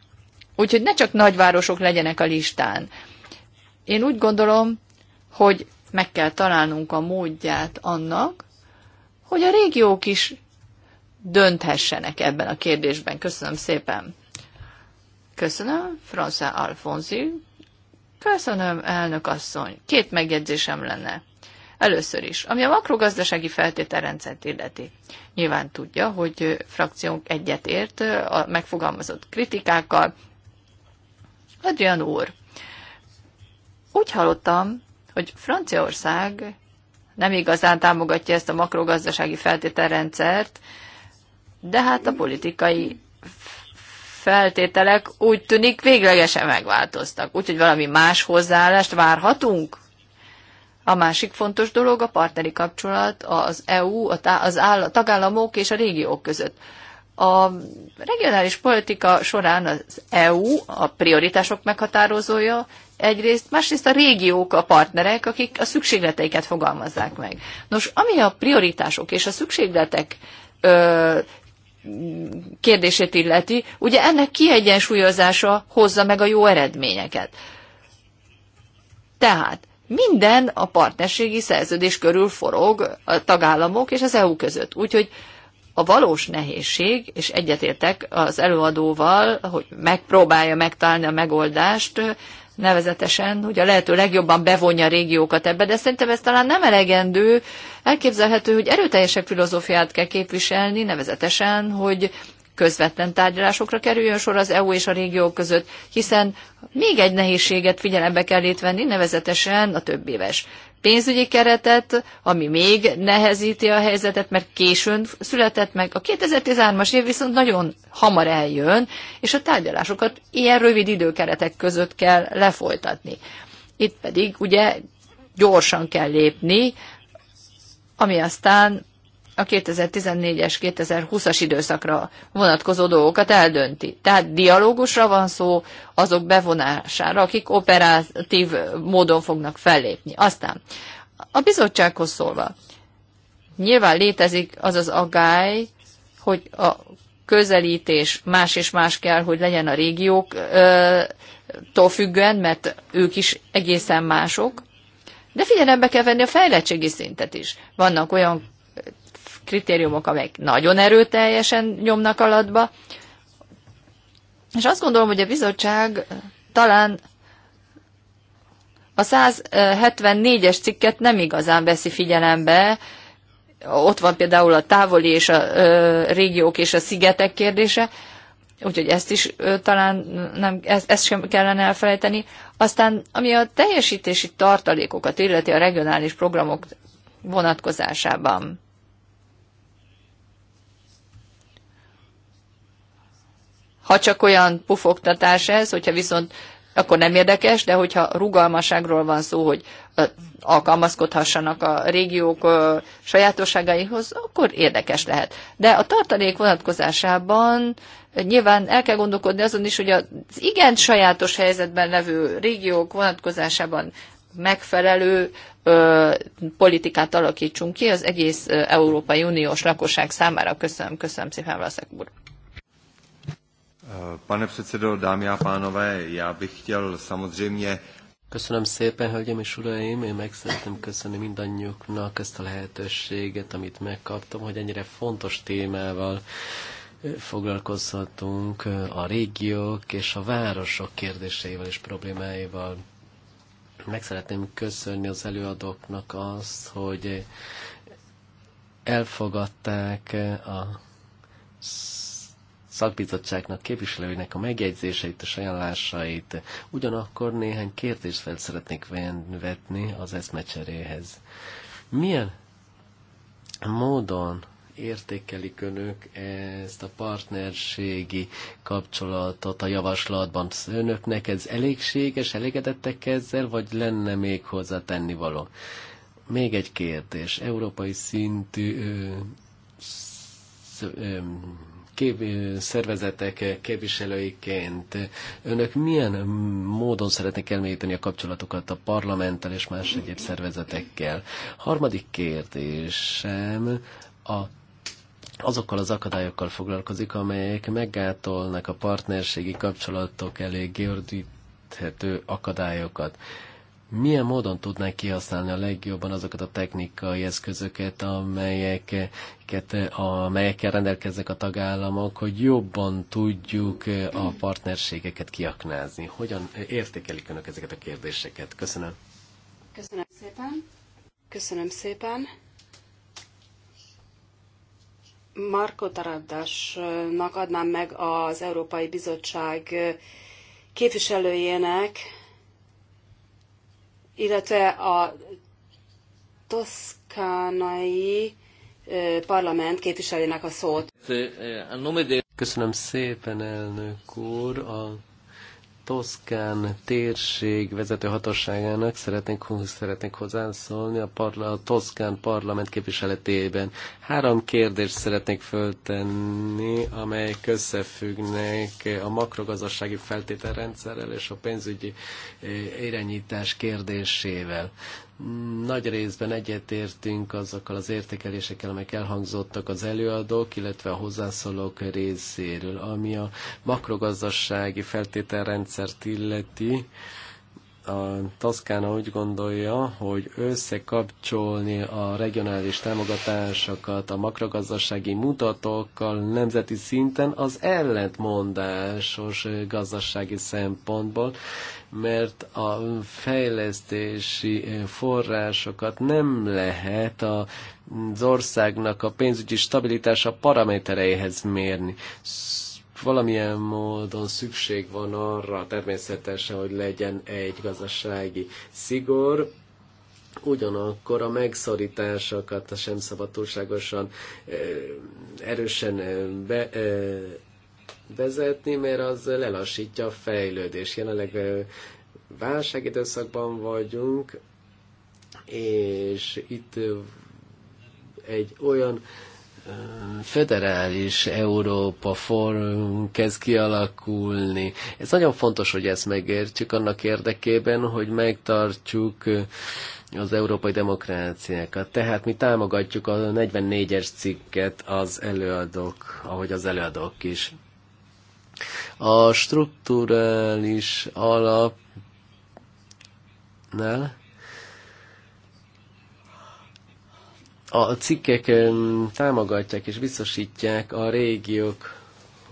Úgyhogy ne csak nagyvárosok legyenek a listán. Én úgy gondolom, hogy meg kell találnunk a módját annak, hogy a régiók is dönthessenek ebben a kérdésben. Köszönöm szépen. Köszönöm, François Alfonzi. Köszönöm, elnök asszony. Két megjegyzésem lenne. Először is, ami a makrogazdasági feltételrendszert illeti. Nyilván tudja, hogy frakciónk egyetért a megfogalmazott kritikákkal. Adrian úr, úgy hallottam, hogy Franciaország nem igazán támogatja ezt a makrogazdasági feltételrendszert, de hát a politikai feltételek úgy tűnik véglegesen megváltoztak. Úgyhogy valami más hozzáállást várhatunk? A másik fontos dolog a partneri kapcsolat az EU, az áll, a tagállamok és a régiók között. A regionális politika során az EU a prioritások meghatározója egyrészt, másrészt a régiók a partnerek, akik a szükségleteiket fogalmazzák meg. Nos, ami a prioritások és a szükségletek ö, kérdését illeti, ugye ennek kiegyensúlyozása hozza meg a jó eredményeket. Tehát minden a partnerségi szerződés körül forog a tagállamok és az EU között. Úgyhogy a valós nehézség, és egyetértek az előadóval, hogy megpróbálja megtalálni a megoldást, nevezetesen, hogy a lehető legjobban bevonja a régiókat ebbe, de szerintem ez talán nem elegendő. Elképzelhető, hogy erőteljesebb filozófiát kell képviselni, nevezetesen, hogy közvetlen tárgyalásokra kerüljön sor az EU és a régió között, hiszen még egy nehézséget figyelembe kell venni, nevezetesen a több éves pénzügyi keretet, ami még nehezíti a helyzetet, mert későn született meg. A 2013-as év viszont nagyon hamar eljön, és a tárgyalásokat ilyen rövid időkeretek között kell lefolytatni. Itt pedig ugye gyorsan kell lépni, ami aztán a 2014-es, 2020-as időszakra vonatkozó dolgokat eldönti. Tehát dialógusra van szó azok bevonására, akik operatív módon fognak fellépni. Aztán a bizottsághoz szólva, nyilván létezik az az agály, hogy a közelítés más és más kell, hogy legyen a régióktól függően, mert ők is egészen mások. De figyelembe kell venni a fejlettségi szintet is. Vannak olyan kritériumok, amelyek nagyon erőteljesen nyomnak alatba. És azt gondolom, hogy a bizottság eh, talán a 174-es cikket nem igazán veszi figyelembe, ott van például a távoli és a ö, eh, régiók és a szigetek kérdése, úgyhogy ezt is ö, eh, talán nem, ezt, ezt sem kellene elfelejteni. Aztán, ami a teljesítési tartalékokat illeti a regionális programok vonatkozásában. ha csak olyan pufogtatás ez, hogyha viszont akkor nem érdekes, de hogyha rugalmaságról van szó, hogy alkalmazkodhassanak a régiók sajátosságaihoz, akkor érdekes lehet. De a tartalék vonatkozásában nyilván el kell gondolkodni azon is, hogy az igen sajátos helyzetben levő régiók vonatkozásában megfelelő ö, politikát alakítsunk ki az egész Európai Uniós lakosság számára. Köszönöm, köszönöm szépen, Vlaszek úr. Pane předsedo, dámy a pánové, já bych chtěl samozřejmě... Köszönöm szépen, hölgyeim és uraim! Én meg szeretném köszönni mindannyiuknak ezt a lehetőséget, amit megkaptam, hogy ennyire fontos témával foglalkozhatunk a régiók és a városok kérdéseivel és problémáival. Meg szeretném köszönni az előadóknak azt, hogy elfogadták a szakbizottságnak, képviselőinek a megjegyzéseit, és ajánlásait. Ugyanakkor néhány kérdést fel szeretnék vetni az eszmecseréhez. Milyen módon értékelik önök ezt a partnerségi kapcsolatot a javaslatban? Önöknek ez elégséges, elégedettek ezzel, vagy lenne még hozzá tennivaló? Még egy kérdés. Európai szintű ö, sz, ö, kép, szervezetek képviselőiként önök milyen módon szeretnék elmélyíteni a kapcsolatokat a parlamenttel és más egyéb szervezetekkel? Harmadik kérdésem a azokkal az akadályokkal foglalkozik, amelyek meggátolnak a partnerségi kapcsolatok elég gördíthető akadályokat milyen módon tudnánk kihasználni a legjobban azokat a technikai eszközöket, amelyeket, amelyekkel rendelkeznek a tagállamok, hogy jobban tudjuk eh, a partnerségeket kiaknázni. Hogyan eh, értékelik önök ezeket a kérdéseket? Köszönöm. Köszönöm szépen. Köszönöm szépen. Marko taradásnak adnám meg az Európai Bizottság eh, képviselőjének illetve a toszkánai parlament képviselőjének a szót. Köszönöm szépen, elnök úr. A Toszkán térség vezető hatóságának szeretnénk, szeretnénk hozzászólni a, parla, a Toszkán parlament képviseletében. Három kérdést szeretnék föltenni, amelyek összefüggnek a makrogazdasági feltételrendszerrel és a pénzügyi eh, irányítás kérdésével. Nagy részben egyetértünk azokkal az értékelésekkel, amelyek elhangzottak az előadók, illetve a hozzászólók részéről, ami a makrogazdasági feltételrendszert illeti a Toszkána úgy gondolja, hogy összekapcsolni a regionális támogatásokat a makrogazdasági mutatókkal nemzeti szinten az ellentmondásos gazdasági szempontból, mert a fejlesztési eh, forrásokat nem lehet az országnak a pénzügyi stabilitása paramétereihez mérni. Valamilyen módon szükség van arra természetesen, hogy legyen egy gazdasági szigor, Ugyanakkor a megszorításokat sem szabad túlságosan eh, erősen eh, be, vezetni, mert az lelassítja a fejlődést. Jelenleg válságidőszakban vagyunk, és itt egy olyan federális Európa forum kezd kialakulni. Ez nagyon fontos, hogy ezt megértjük annak érdekében, hogy megtartjuk az európai demokráciákat. Tehát mi támogatjuk a 44-es cikket az előadók, ahogy az előadók is. A strukturális nál a cikkek támogatják és biztosítják a régiók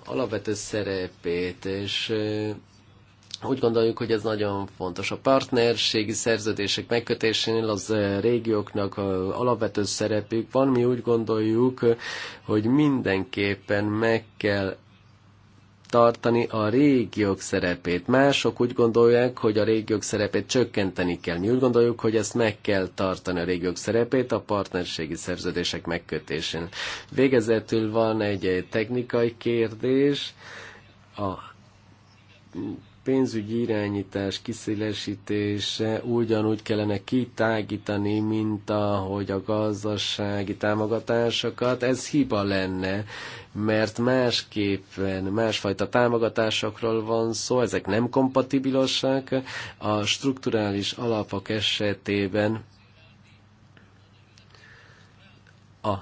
alapvető szerepét, és úgy gondoljuk, hogy ez nagyon fontos. A partnerségi szerződések megkötésénél az régióknak alapvető szerepük van. Mi úgy gondoljuk, hogy mindenképpen meg kell tartani a régiók szerepét. Mások úgy gondolják, hogy a régiók szerepét csökkenteni kell. Mi úgy gondoljuk, hogy ezt meg kell tartani a régiók szerepét a partnerségi szerződések megkötésén. Végezetül van egy technikai kérdés. A pénzügyi irányítás kiszélesítése ugyanúgy kellene kitágítani, mint ahogy a gazdasági támogatásokat. Ez hiba lenne, mert másképpen másfajta támogatásokról van szó, ezek nem kompatibilosak. A strukturális alapok esetében a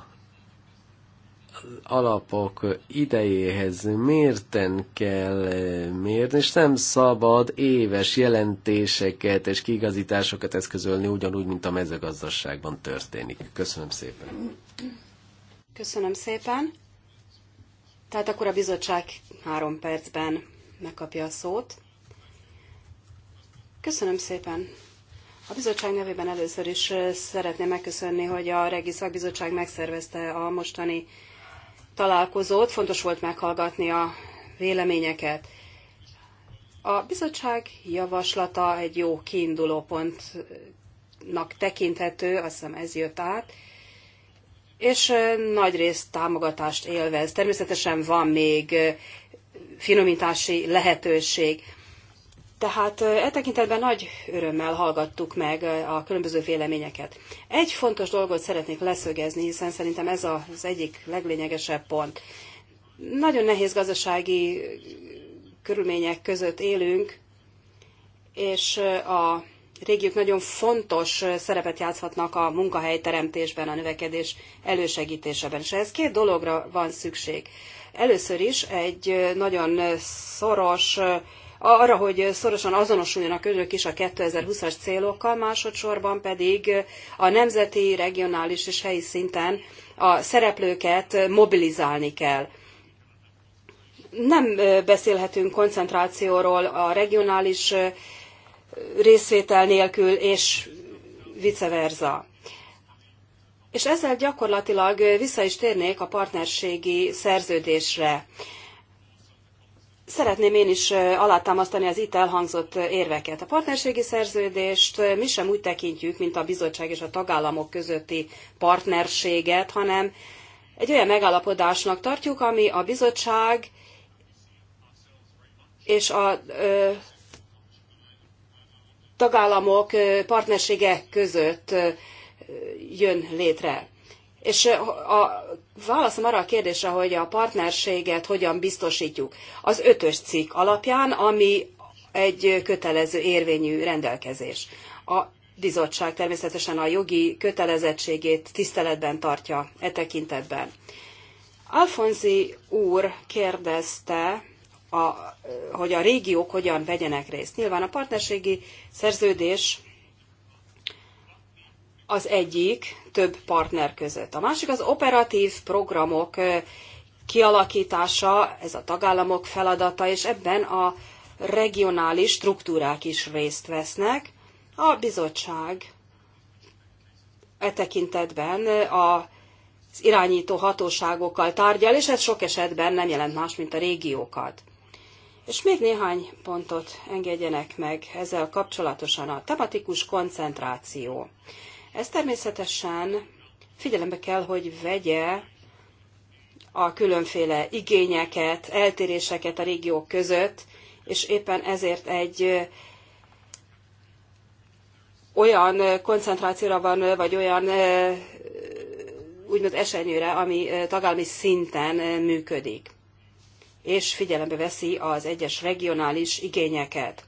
alapok idejéhez mérten kell eh, mérni, és nem szabad éves jelentéseket és kigazításokat eszközölni ugyanúgy, mint a mezőgazdaságban történik. Köszönöm szépen. Köszönöm szépen. Tehát akkor a bizottság három percben megkapja a szót. Köszönöm szépen. A bizottság nevében először is eh, szeretném megköszönni, hogy a Regi Szakbizottság megszervezte a mostani találkozót, fontos volt meghallgatni a véleményeket. A bizottság javaslata egy jó kiinduló pontnak tekinthető, azt hiszem ez jött át, és nagy támogatást élvez. Természetesen van még finomítási lehetőség. Tehát e tekintetben nagy örömmel hallgattuk meg a különböző véleményeket. Egy fontos dolgot szeretnék leszögezni, hiszen szerintem ez az egyik leglényegesebb pont. Nagyon nehéz gazdasági körülmények között élünk, és a régiók nagyon fontos szerepet játszhatnak a munkahelyteremtésben, a növekedés elősegítésében. És ez két dologra van szükség. Először is egy nagyon szoros arra, hogy szorosan azonosuljanak önök is a 2020-as célokkal, másodszorban pedig a nemzeti, regionális és helyi szinten a szereplőket mobilizálni kell. Nem beszélhetünk koncentrációról a regionális részvétel nélkül, és vice versa. És ezzel gyakorlatilag vissza is térnék a partnerségi szerződésre. Szeretném én is alátámasztani az itt elhangzott érveket. A partnerségi szerződést mi sem úgy tekintjük, mint a bizottság és a tagállamok közötti partnerséget, hanem egy olyan megállapodásnak tartjuk, ami a bizottság és a tagállamok partnersége között jön létre. És a válaszom arra a kérdésre, hogy a partnerséget hogyan biztosítjuk. Az ötös cikk alapján, ami egy kötelező érvényű rendelkezés. A bizottság természetesen a jogi kötelezettségét tiszteletben tartja e tekintetben. Alfonzi úr kérdezte, a, hogy a régiók hogyan vegyenek részt. Nyilván a partnerségi szerződés az egyik több partner között. A másik az operatív programok kialakítása, ez a tagállamok feladata, és ebben a regionális struktúrák is részt vesznek. A bizottság e tekintetben az irányító hatóságokkal tárgyal, és ez sok esetben nem jelent más, mint a régiókat. És még néhány pontot engedjenek meg ezzel kapcsolatosan a tematikus koncentráció. Ez természetesen figyelembe kell, hogy vegye a különféle igényeket, eltéréseket a régiók között, és éppen ezért egy olyan koncentrációra van, vagy olyan úgymond esenyőre, ami tagállami szinten működik, és figyelembe veszi az egyes regionális igényeket.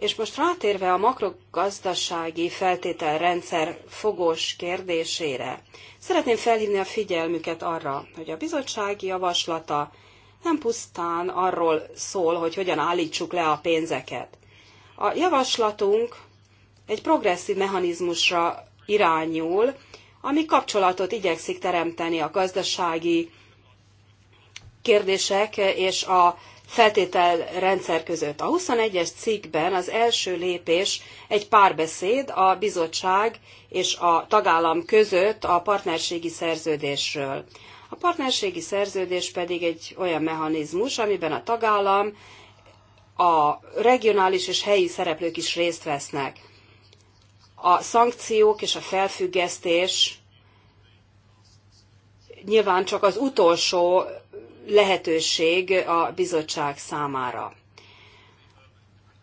És most rátérve a makrogazdasági feltételrendszer fogós kérdésére, szeretném felhívni a figyelmüket arra, hogy a bizottsági javaslata nem pusztán arról szól, hogy hogyan állítsuk le a pénzeket. A javaslatunk egy progresszív mechanizmusra irányul, ami kapcsolatot igyekszik teremteni a gazdasági kérdések és a feltételrendszer között. A 21-es cikkben az első lépés egy párbeszéd a bizottság és a tagállam között a partnerségi szerződésről. A partnerségi szerződés pedig egy olyan mechanizmus, amiben a tagállam, a regionális és helyi szereplők is részt vesznek. A szankciók és a felfüggesztés nyilván csak az utolsó lehetőség a bizottság számára.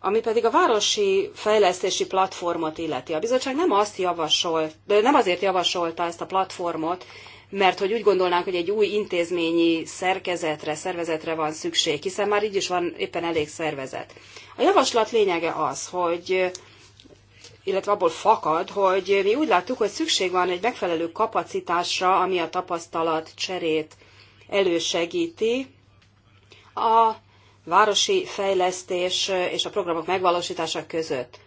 Ami pedig a városi fejlesztési platformot illeti. A bizottság nem azt javasolt, de nem azért javasolta ezt a platformot, mert hogy úgy gondolnánk, hogy egy új intézményi szerkezetre, szervezetre van szükség, hiszen már így is van éppen elég szervezet. A javaslat lényege az, hogy illetve abból fakad, hogy mi úgy láttuk, hogy szükség van egy megfelelő kapacitásra, ami a tapasztalat cserét elősegíti a városi fejlesztés és a programok megvalósítása között.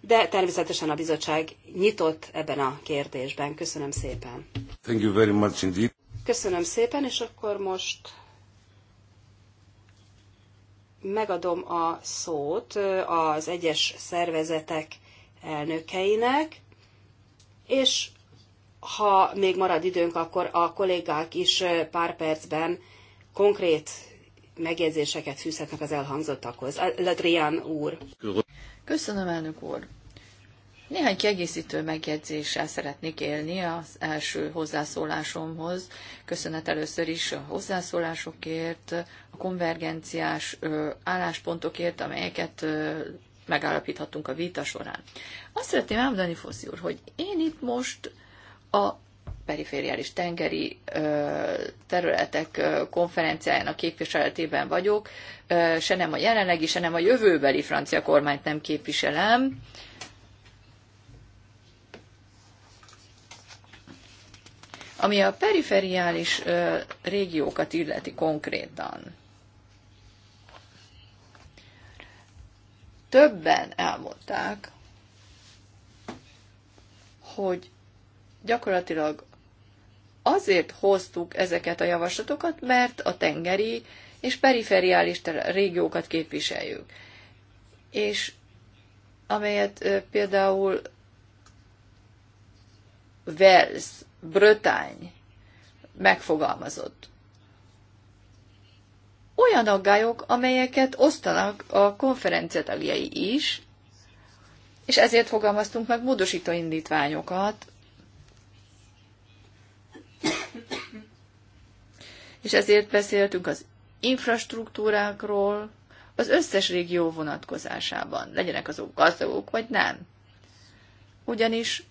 De természetesen a bizottság nyitott ebben a kérdésben. Köszönöm szépen. Thank you very much indeed. Köszönöm szépen, és akkor most megadom a szót az egyes szervezetek elnökeinek, és ha még marad időnk, akkor a kollégák is pár percben konkrét megjegyzéseket fűzhetnek az elhangzottakhoz. Letrián úr. Köszönöm, elnök úr. Néhány kiegészítő megjegyzéssel szeretnék élni az első hozzászólásomhoz. Köszönet először is a hozzászólásokért, a konvergenciás álláspontokért, amelyeket megállapíthatunk a vita során. Azt szeretném elmondani, Foszi úr, hogy én itt most a perifériális tengeri területek konferenciájának képviseletében vagyok, se nem a jelenlegi, se nem a jövőbeli francia kormányt nem képviselem. Ami a perifériális régiókat illeti konkrétan, többen elmondták, hogy gyakorlatilag azért hoztuk ezeket a javaslatokat, mert a tengeri és perifériális régiókat képviseljük. És amelyet például Wales, Brötány megfogalmazott. Olyan aggályok, amelyeket osztanak a konferencia tagjai is, és ezért fogalmaztunk meg módosító indítványokat, és ezért beszéltünk az infrastruktúrákról, az összes régió vonatkozásában, legyenek azok gazdagok vagy nem. Ugyanis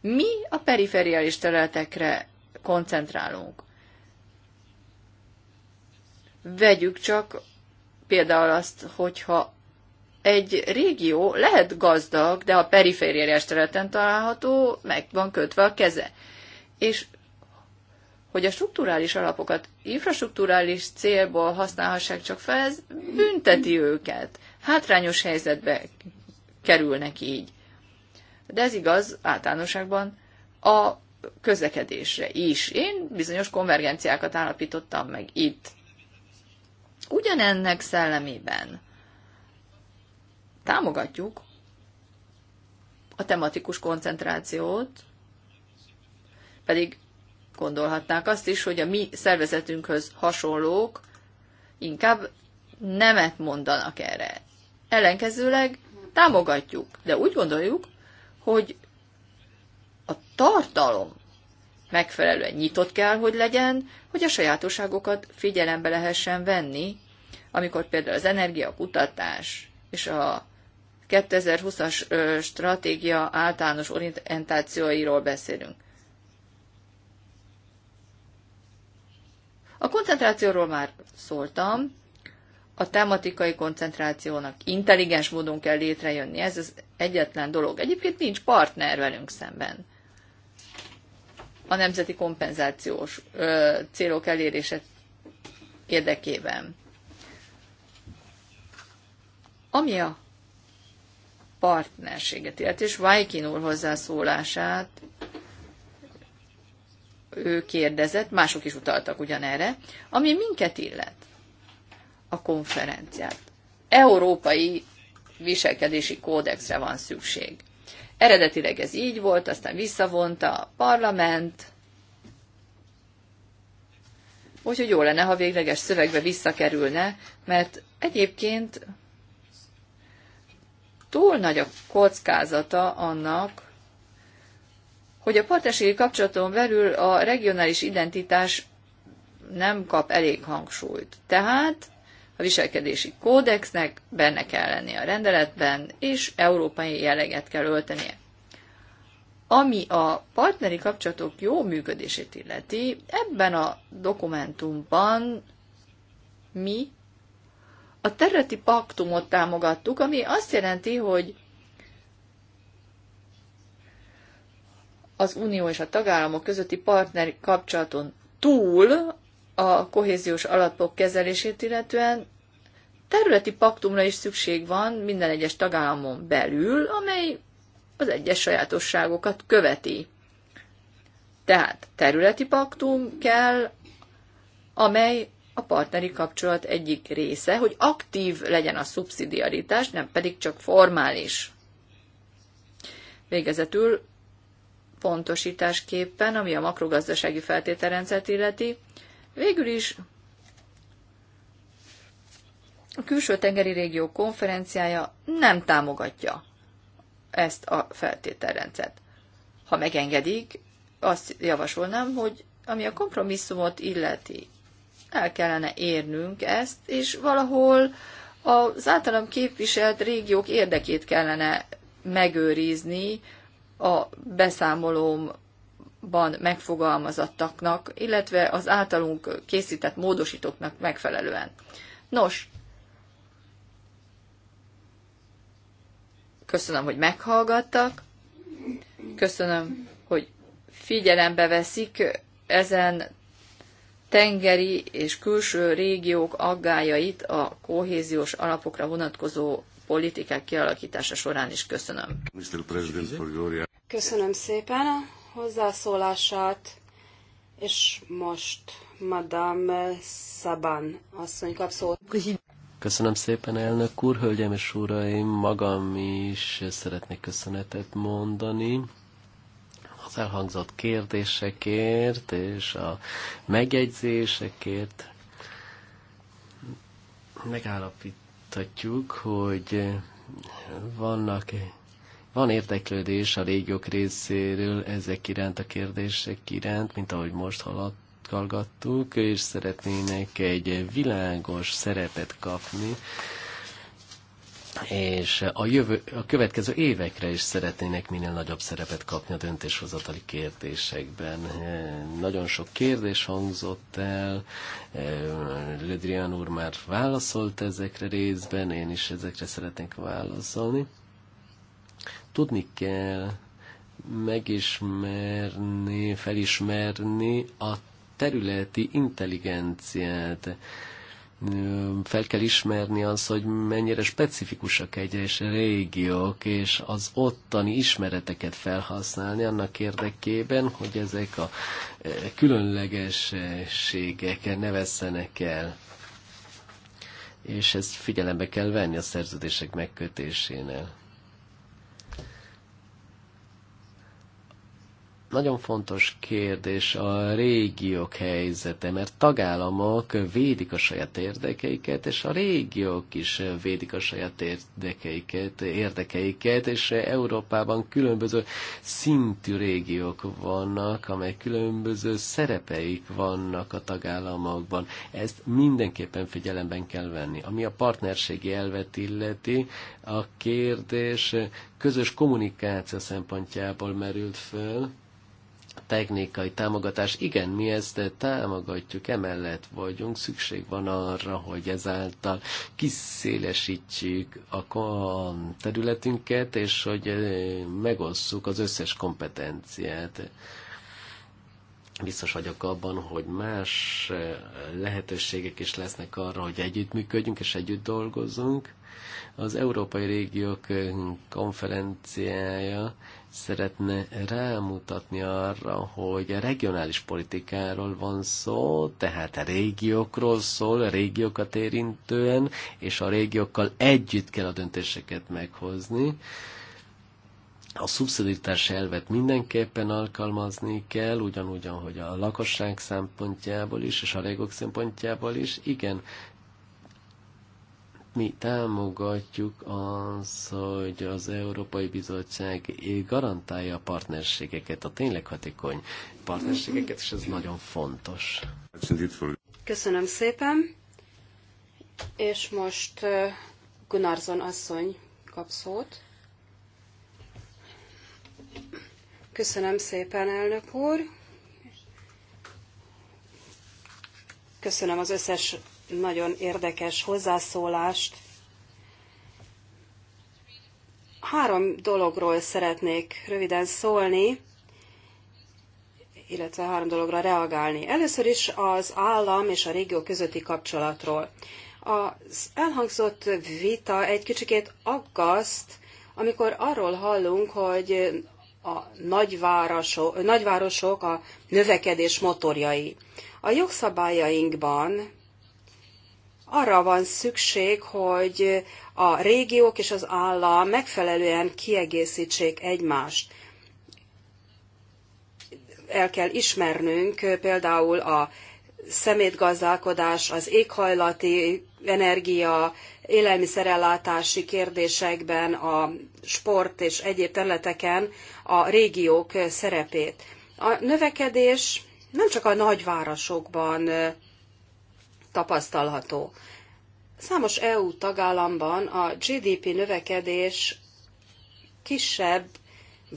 mi a periferiális területekre koncentrálunk. Vegyük csak például azt, hogyha egy régió lehet gazdag, de a perifériás területen található, meg van kötve a keze. És hogy a strukturális alapokat infrastruktúrális célból használhassák csak fel, ez bünteti őket. Hátrányos helyzetbe kerülnek így. De ez igaz általánosságban a közlekedésre is. Én bizonyos konvergenciákat állapítottam meg itt. Ugyanennek szellemében támogatjuk a tematikus koncentrációt, pedig gondolhatnák azt is, hogy a mi szervezetünkhöz hasonlók inkább nemet mondanak erre. Ellenkezőleg támogatjuk, de úgy gondoljuk, hogy a tartalom megfelelően nyitott kell, hogy legyen, hogy a sajátosságokat figyelembe lehessen venni, amikor például az energiakutatás és a 2020-as stratégia általános orientációiról beszélünk. A koncentrációról már szóltam, a tematikai koncentrációnak intelligens módon kell létrejönni, ez az egyetlen dolog. Egyébként nincs partner velünk szemben. A nemzeti kompenzációs ö, célok elérése érdekében. Ami a partnerséget illeti, és Vajkin úr hozzászólását ő kérdezett, mások is utaltak ugyanerre, ami minket illet a konferenciát. Európai viselkedési kódexre van szükség. Eredetileg ez így volt, aztán visszavonta a parlament, úgyhogy jó lenne, ha végleges szövegbe visszakerülne, mert egyébként túl nagy a kockázata annak, hogy a partnerségi kapcsolaton belül a regionális identitás nem kap elég hangsúlyt. Tehát a viselkedési kódexnek benne kell lennie a rendeletben, és európai jelleget kell öltenie. Ami a partneri kapcsolatok jó működését illeti, ebben a dokumentumban mi a területi paktumot támogattuk, ami azt jelenti, hogy az unió és a tagállamok közötti partneri kapcsolaton túl a kohéziós alapok kezelését illetően területi paktumra is szükség van minden egyes tagállamon belül, amely az egyes sajátosságokat követi. Tehát területi paktum kell, amely a partneri kapcsolat egyik része, hogy aktív legyen a szubszidiaritás, nem pedig csak formális. Végezetül pontosításképpen, ami a makrogazdasági feltételrendszert illeti. Végül is a külső tengeri régió konferenciája nem támogatja ezt a feltételrendszert. Ha megengedik, azt javasolnám, hogy ami a kompromisszumot illeti, el kellene érnünk ezt, és valahol az általam képviselt régiók érdekét kellene megőrizni, a beszámolómban megfogalmazottaknak, illetve az általunk készített módosítóknak megfelelően. Nos, köszönöm, hogy meghallgattak, köszönöm, hogy figyelembe veszik ezen tengeri és külső régiók aggájait a kohéziós alapokra vonatkozó politikák kialakítása során is köszönöm. Köszönöm szépen a hozzászólását, és most Madame Saban asszony kap szót. Köszönöm szépen, elnök úr, hölgyem és uraim, magam is szeretnék köszönetet mondani az elhangzott kérdésekért és a megjegyzésekért. Megállapít láthatjuk, hogy vannak van érdeklődés a légiók részéről ezek iránt, a kérdések iránt, mint ahogy most haladt, és szeretnének egy világos szerepet kapni és a, jövő, a következő évekre is szeretnének minél nagyobb szerepet kapni a döntéshozatali kérdésekben. Eh, nagyon sok kérdés hangzott el, eh, Ledrian úr már válaszolt ezekre részben, én is ezekre szeretnék válaszolni. Tudni kell megismerni, felismerni a területi intelligenciát, fel kell ismerni az, hogy mennyire specifikusak egyes régiók, és az ottani ismereteket felhasználni annak érdekében, hogy ezek a e, különlegességek ne vesszenek el. És ezt figyelembe kell venni a szerződések megkötésénél. nagyon fontos kérdés a régiók helyzete, mert tagállamok védik a saját érdekeiket, és a régiók is védik a saját érdekeiket, érdekeiket és Európában különböző szintű régiók vannak, amely különböző szerepeik vannak a tagállamokban. Ezt mindenképpen figyelemben kell venni. Ami a partnerségi elvet illeti, a kérdés közös kommunikáció szempontjából merült föl, technikai támogatás, igen, mi ezt támogatjuk, emellett vagyunk, szükség van arra, hogy ezáltal kiszélesítjük a területünket, és hogy eh, megosszuk az összes kompetenciát biztos vagyok abban, hogy más eh, lehetőségek is lesznek arra, hogy együttműködjünk és együtt dolgozunk Az Európai Régiók eh, konferenciája szeretne rámutatni arra, hogy a regionális politikáról van szó, tehát a régiókról szól, a régiókat érintően, és a régiókkal együtt kell a döntéseket meghozni. A szubszidiaritás elvet mindenképpen alkalmazni kell, ugyanúgy, ahogy a lakosság szempontjából is, és a régok szempontjából is. Igen, mi támogatjuk az, hogy az Európai Bizottság garantálja a partnerségeket, a tényleg hatékony partnerségeket, és ez nagyon fontos. Köszönöm szépen, és most Gunnarzon asszony kap szót. Köszönöm szépen, elnök úr. Köszönöm az összes nagyon érdekes hozzászólást. Három dologról szeretnék röviden szólni, illetve három dologra reagálni. Először is az állam és a régió közötti kapcsolatról. Az elhangzott vita egy kicsikét aggaszt, amikor arról hallunk, hogy a nagyvárosok, nagyvárosok a növekedés motorjai. A jogszabályainkban arra van szükség, hogy a régiók és az állam megfelelően kiegészítsék egymást. El kell ismernünk például a szemétgazdálkodás, az éghajlati energia, élelmiszerellátási kérdésekben, a sport és egyéb területeken a régiók szerepét. A növekedés nem csak a nagyvárosokban tapasztalható. Számos EU tagállamban a GDP növekedés kisebb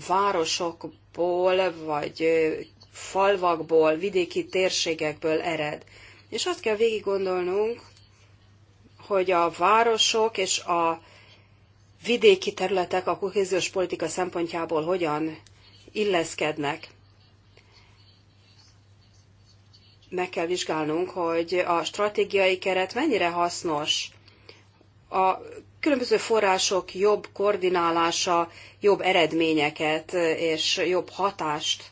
városokból, vagy falvakból, vidéki térségekből ered. És azt kell végig gondolnunk, hogy a városok és a vidéki területek a kohéziós politika szempontjából hogyan illeszkednek. meg kell vizsgálnunk, hogy a stratégiai keret mennyire hasznos. A különböző források jobb koordinálása jobb eredményeket és jobb hatást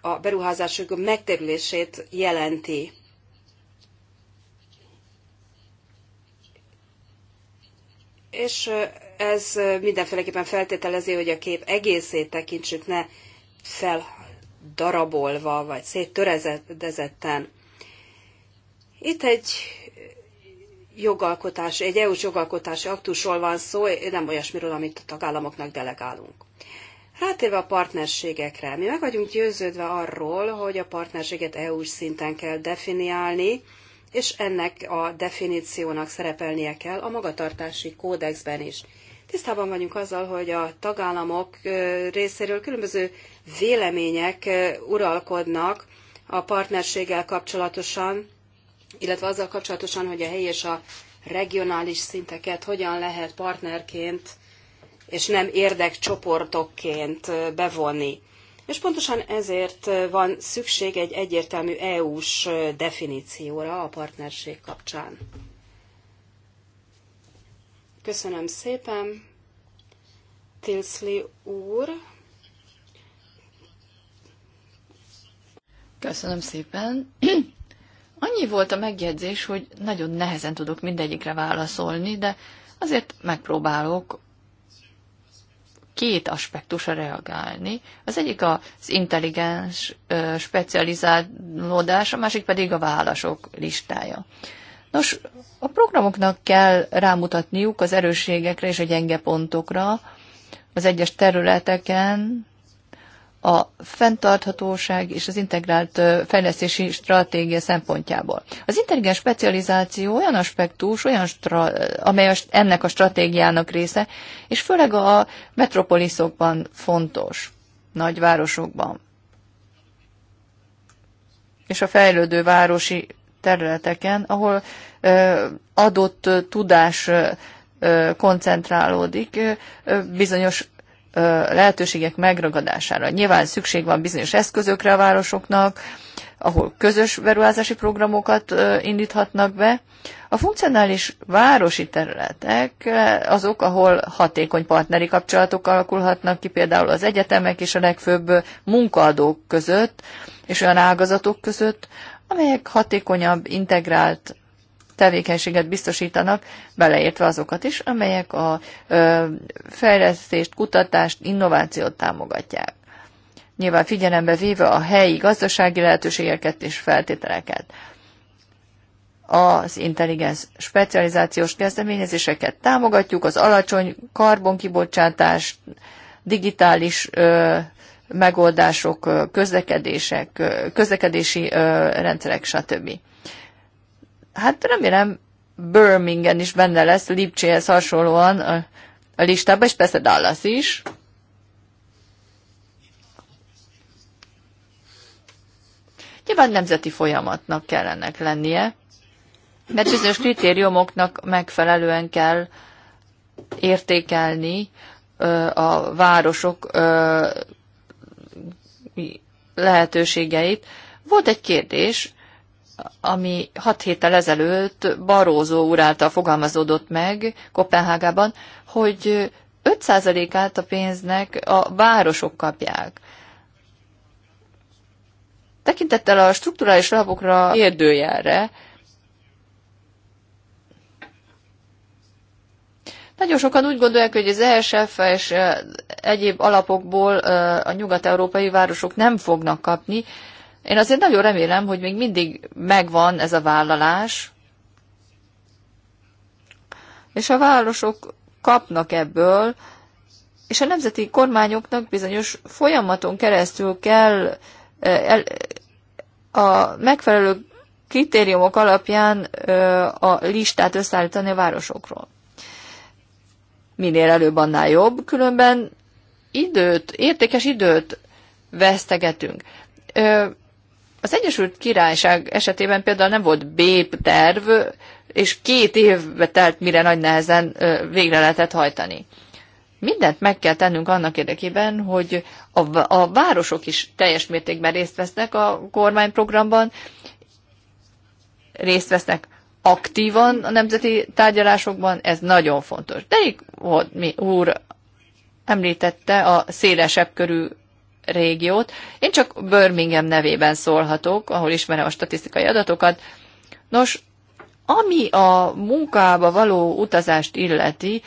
a beruházások megterülését jelenti. És ez mindenféleképpen feltételezi, hogy a kép egészét tekintsük, ne fel darabolva vagy széttörezetten. Itt egy jogalkotás, egy EU-s jogalkotási aktusról van szó, nem olyasmiről, amit a tagállamoknak delegálunk. Rátéve a partnerségekre, mi meg vagyunk győződve arról, hogy a partnerséget EU-s szinten kell definiálni, és ennek a definíciónak szerepelnie kell a magatartási kódexben is. Tisztában vagyunk azzal, hogy a tagállamok részéről különböző vélemények uralkodnak a partnerséggel kapcsolatosan, illetve azzal kapcsolatosan, hogy a helyi és a regionális szinteket hogyan lehet partnerként és nem érdekcsoportokként bevonni. És pontosan ezért van szükség egy egyértelmű EU-s definícióra a partnerség kapcsán. Köszönöm szépen, Tilszli úr. Köszönöm szépen. Annyi volt a megjegyzés, hogy nagyon nehezen tudok mindegyikre válaszolni, de azért megpróbálok két aspektusra reagálni. Az egyik az intelligens specializálódás, a másik pedig a válaszok listája. Nos, a programoknak kell rámutatniuk az erősségekre és a gyenge pontokra az egyes területeken, a fenntarthatóság és az integrált fejlesztési stratégia szempontjából. Az intelligens specializáció olyan aspektus, olyan stra- amely ennek a stratégiának része, és főleg a metropoliszokban fontos, nagyvárosokban, és a fejlődő városi területeken, ahol adott tudás koncentrálódik bizonyos lehetőségek megragadására. Nyilván szükség van bizonyos eszközökre a városoknak, ahol közös beruházási programokat indíthatnak be. A funkcionális városi területek azok, ahol hatékony partneri kapcsolatok alakulhatnak ki, például az egyetemek és a legfőbb munkaadók között, és olyan ágazatok között, amelyek hatékonyabb, integrált tevékenységet biztosítanak, beleértve azokat is, amelyek a fejlesztést, kutatást, innovációt támogatják. Nyilván figyelembe véve a helyi gazdasági lehetőségeket és feltételeket. Az intelligens specializációs kezdeményezéseket támogatjuk, az alacsony karbonkibocsátás, digitális ö, megoldások, közlekedések, közlekedési ö, rendszerek, stb hát remélem Birmingham is benne lesz, Lipcséhez hasonlóan a, a listában, és persze Dallas is. Nyilván nemzeti folyamatnak kell ennek lennie, mert bizonyos kritériumoknak megfelelően kell értékelni a városok lehetőségeit. Volt egy kérdés, ami hat héttel ezelőtt Barózó úr által fogalmazódott meg Kopenhágában, hogy 5%-át a pénznek a városok kapják. Tekintettel a strukturális alapokra érdőjelre, Nagyon sokan úgy gondolják, hogy az ESF és egyéb alapokból a nyugat-európai városok nem fognak kapni, én azért nagyon remélem, hogy még mindig megvan ez a vállalás, és a városok kapnak ebből, és a nemzeti kormányoknak bizonyos folyamaton keresztül kell eh, a megfelelő kritériumok alapján eh, a listát összeállítani a városokról. Minél előbb, annál jobb, különben időt, értékes időt vesztegetünk. Eh, az Egyesült Királyság esetében például nem volt B-terv, és két évbe telt, mire nagy nehezen végre lehetett hajtani. Mindent meg kell tennünk annak érdekében, hogy a, a városok is teljes mértékben részt vesznek a kormányprogramban, részt vesznek aktívan a nemzeti tárgyalásokban, ez nagyon fontos. De úr említette a szélesebb körű régiót. Én csak Birmingham nevében szólhatok, ahol ismerem a statisztikai adatokat. Nos, ami a munkába való utazást illeti,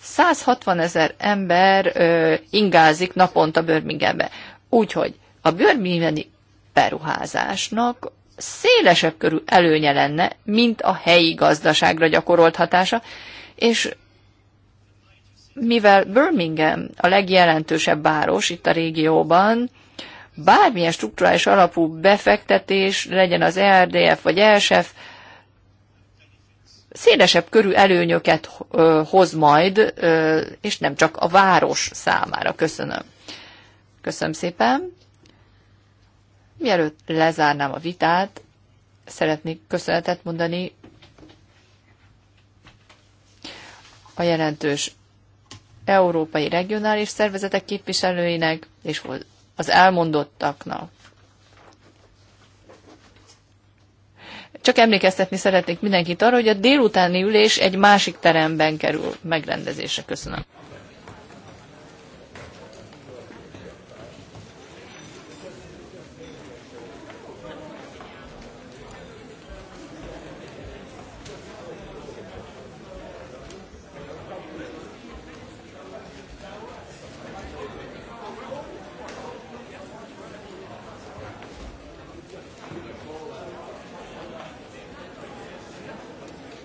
160 ezer ember ö, ingázik naponta Birminghambe. Úgyhogy a birminghami beruházásnak szélesebb körű előnye lenne, mint a helyi gazdaságra gyakorolt hatása, és mivel Birmingham a legjelentősebb város itt a régióban, bármilyen strukturális alapú befektetés, legyen az ERDF vagy ELSEF, szélesebb körű előnyöket hoz majd, és nem csak a város számára. Köszönöm. Köszönöm szépen. Mielőtt lezárnám a vitát, szeretnék köszönetet mondani a jelentős európai regionális szervezetek képviselőinek és az elmondottaknak. Csak emlékeztetni szeretnék mindenkit arra, hogy a délutáni ülés egy másik teremben kerül megrendezésre. Köszönöm.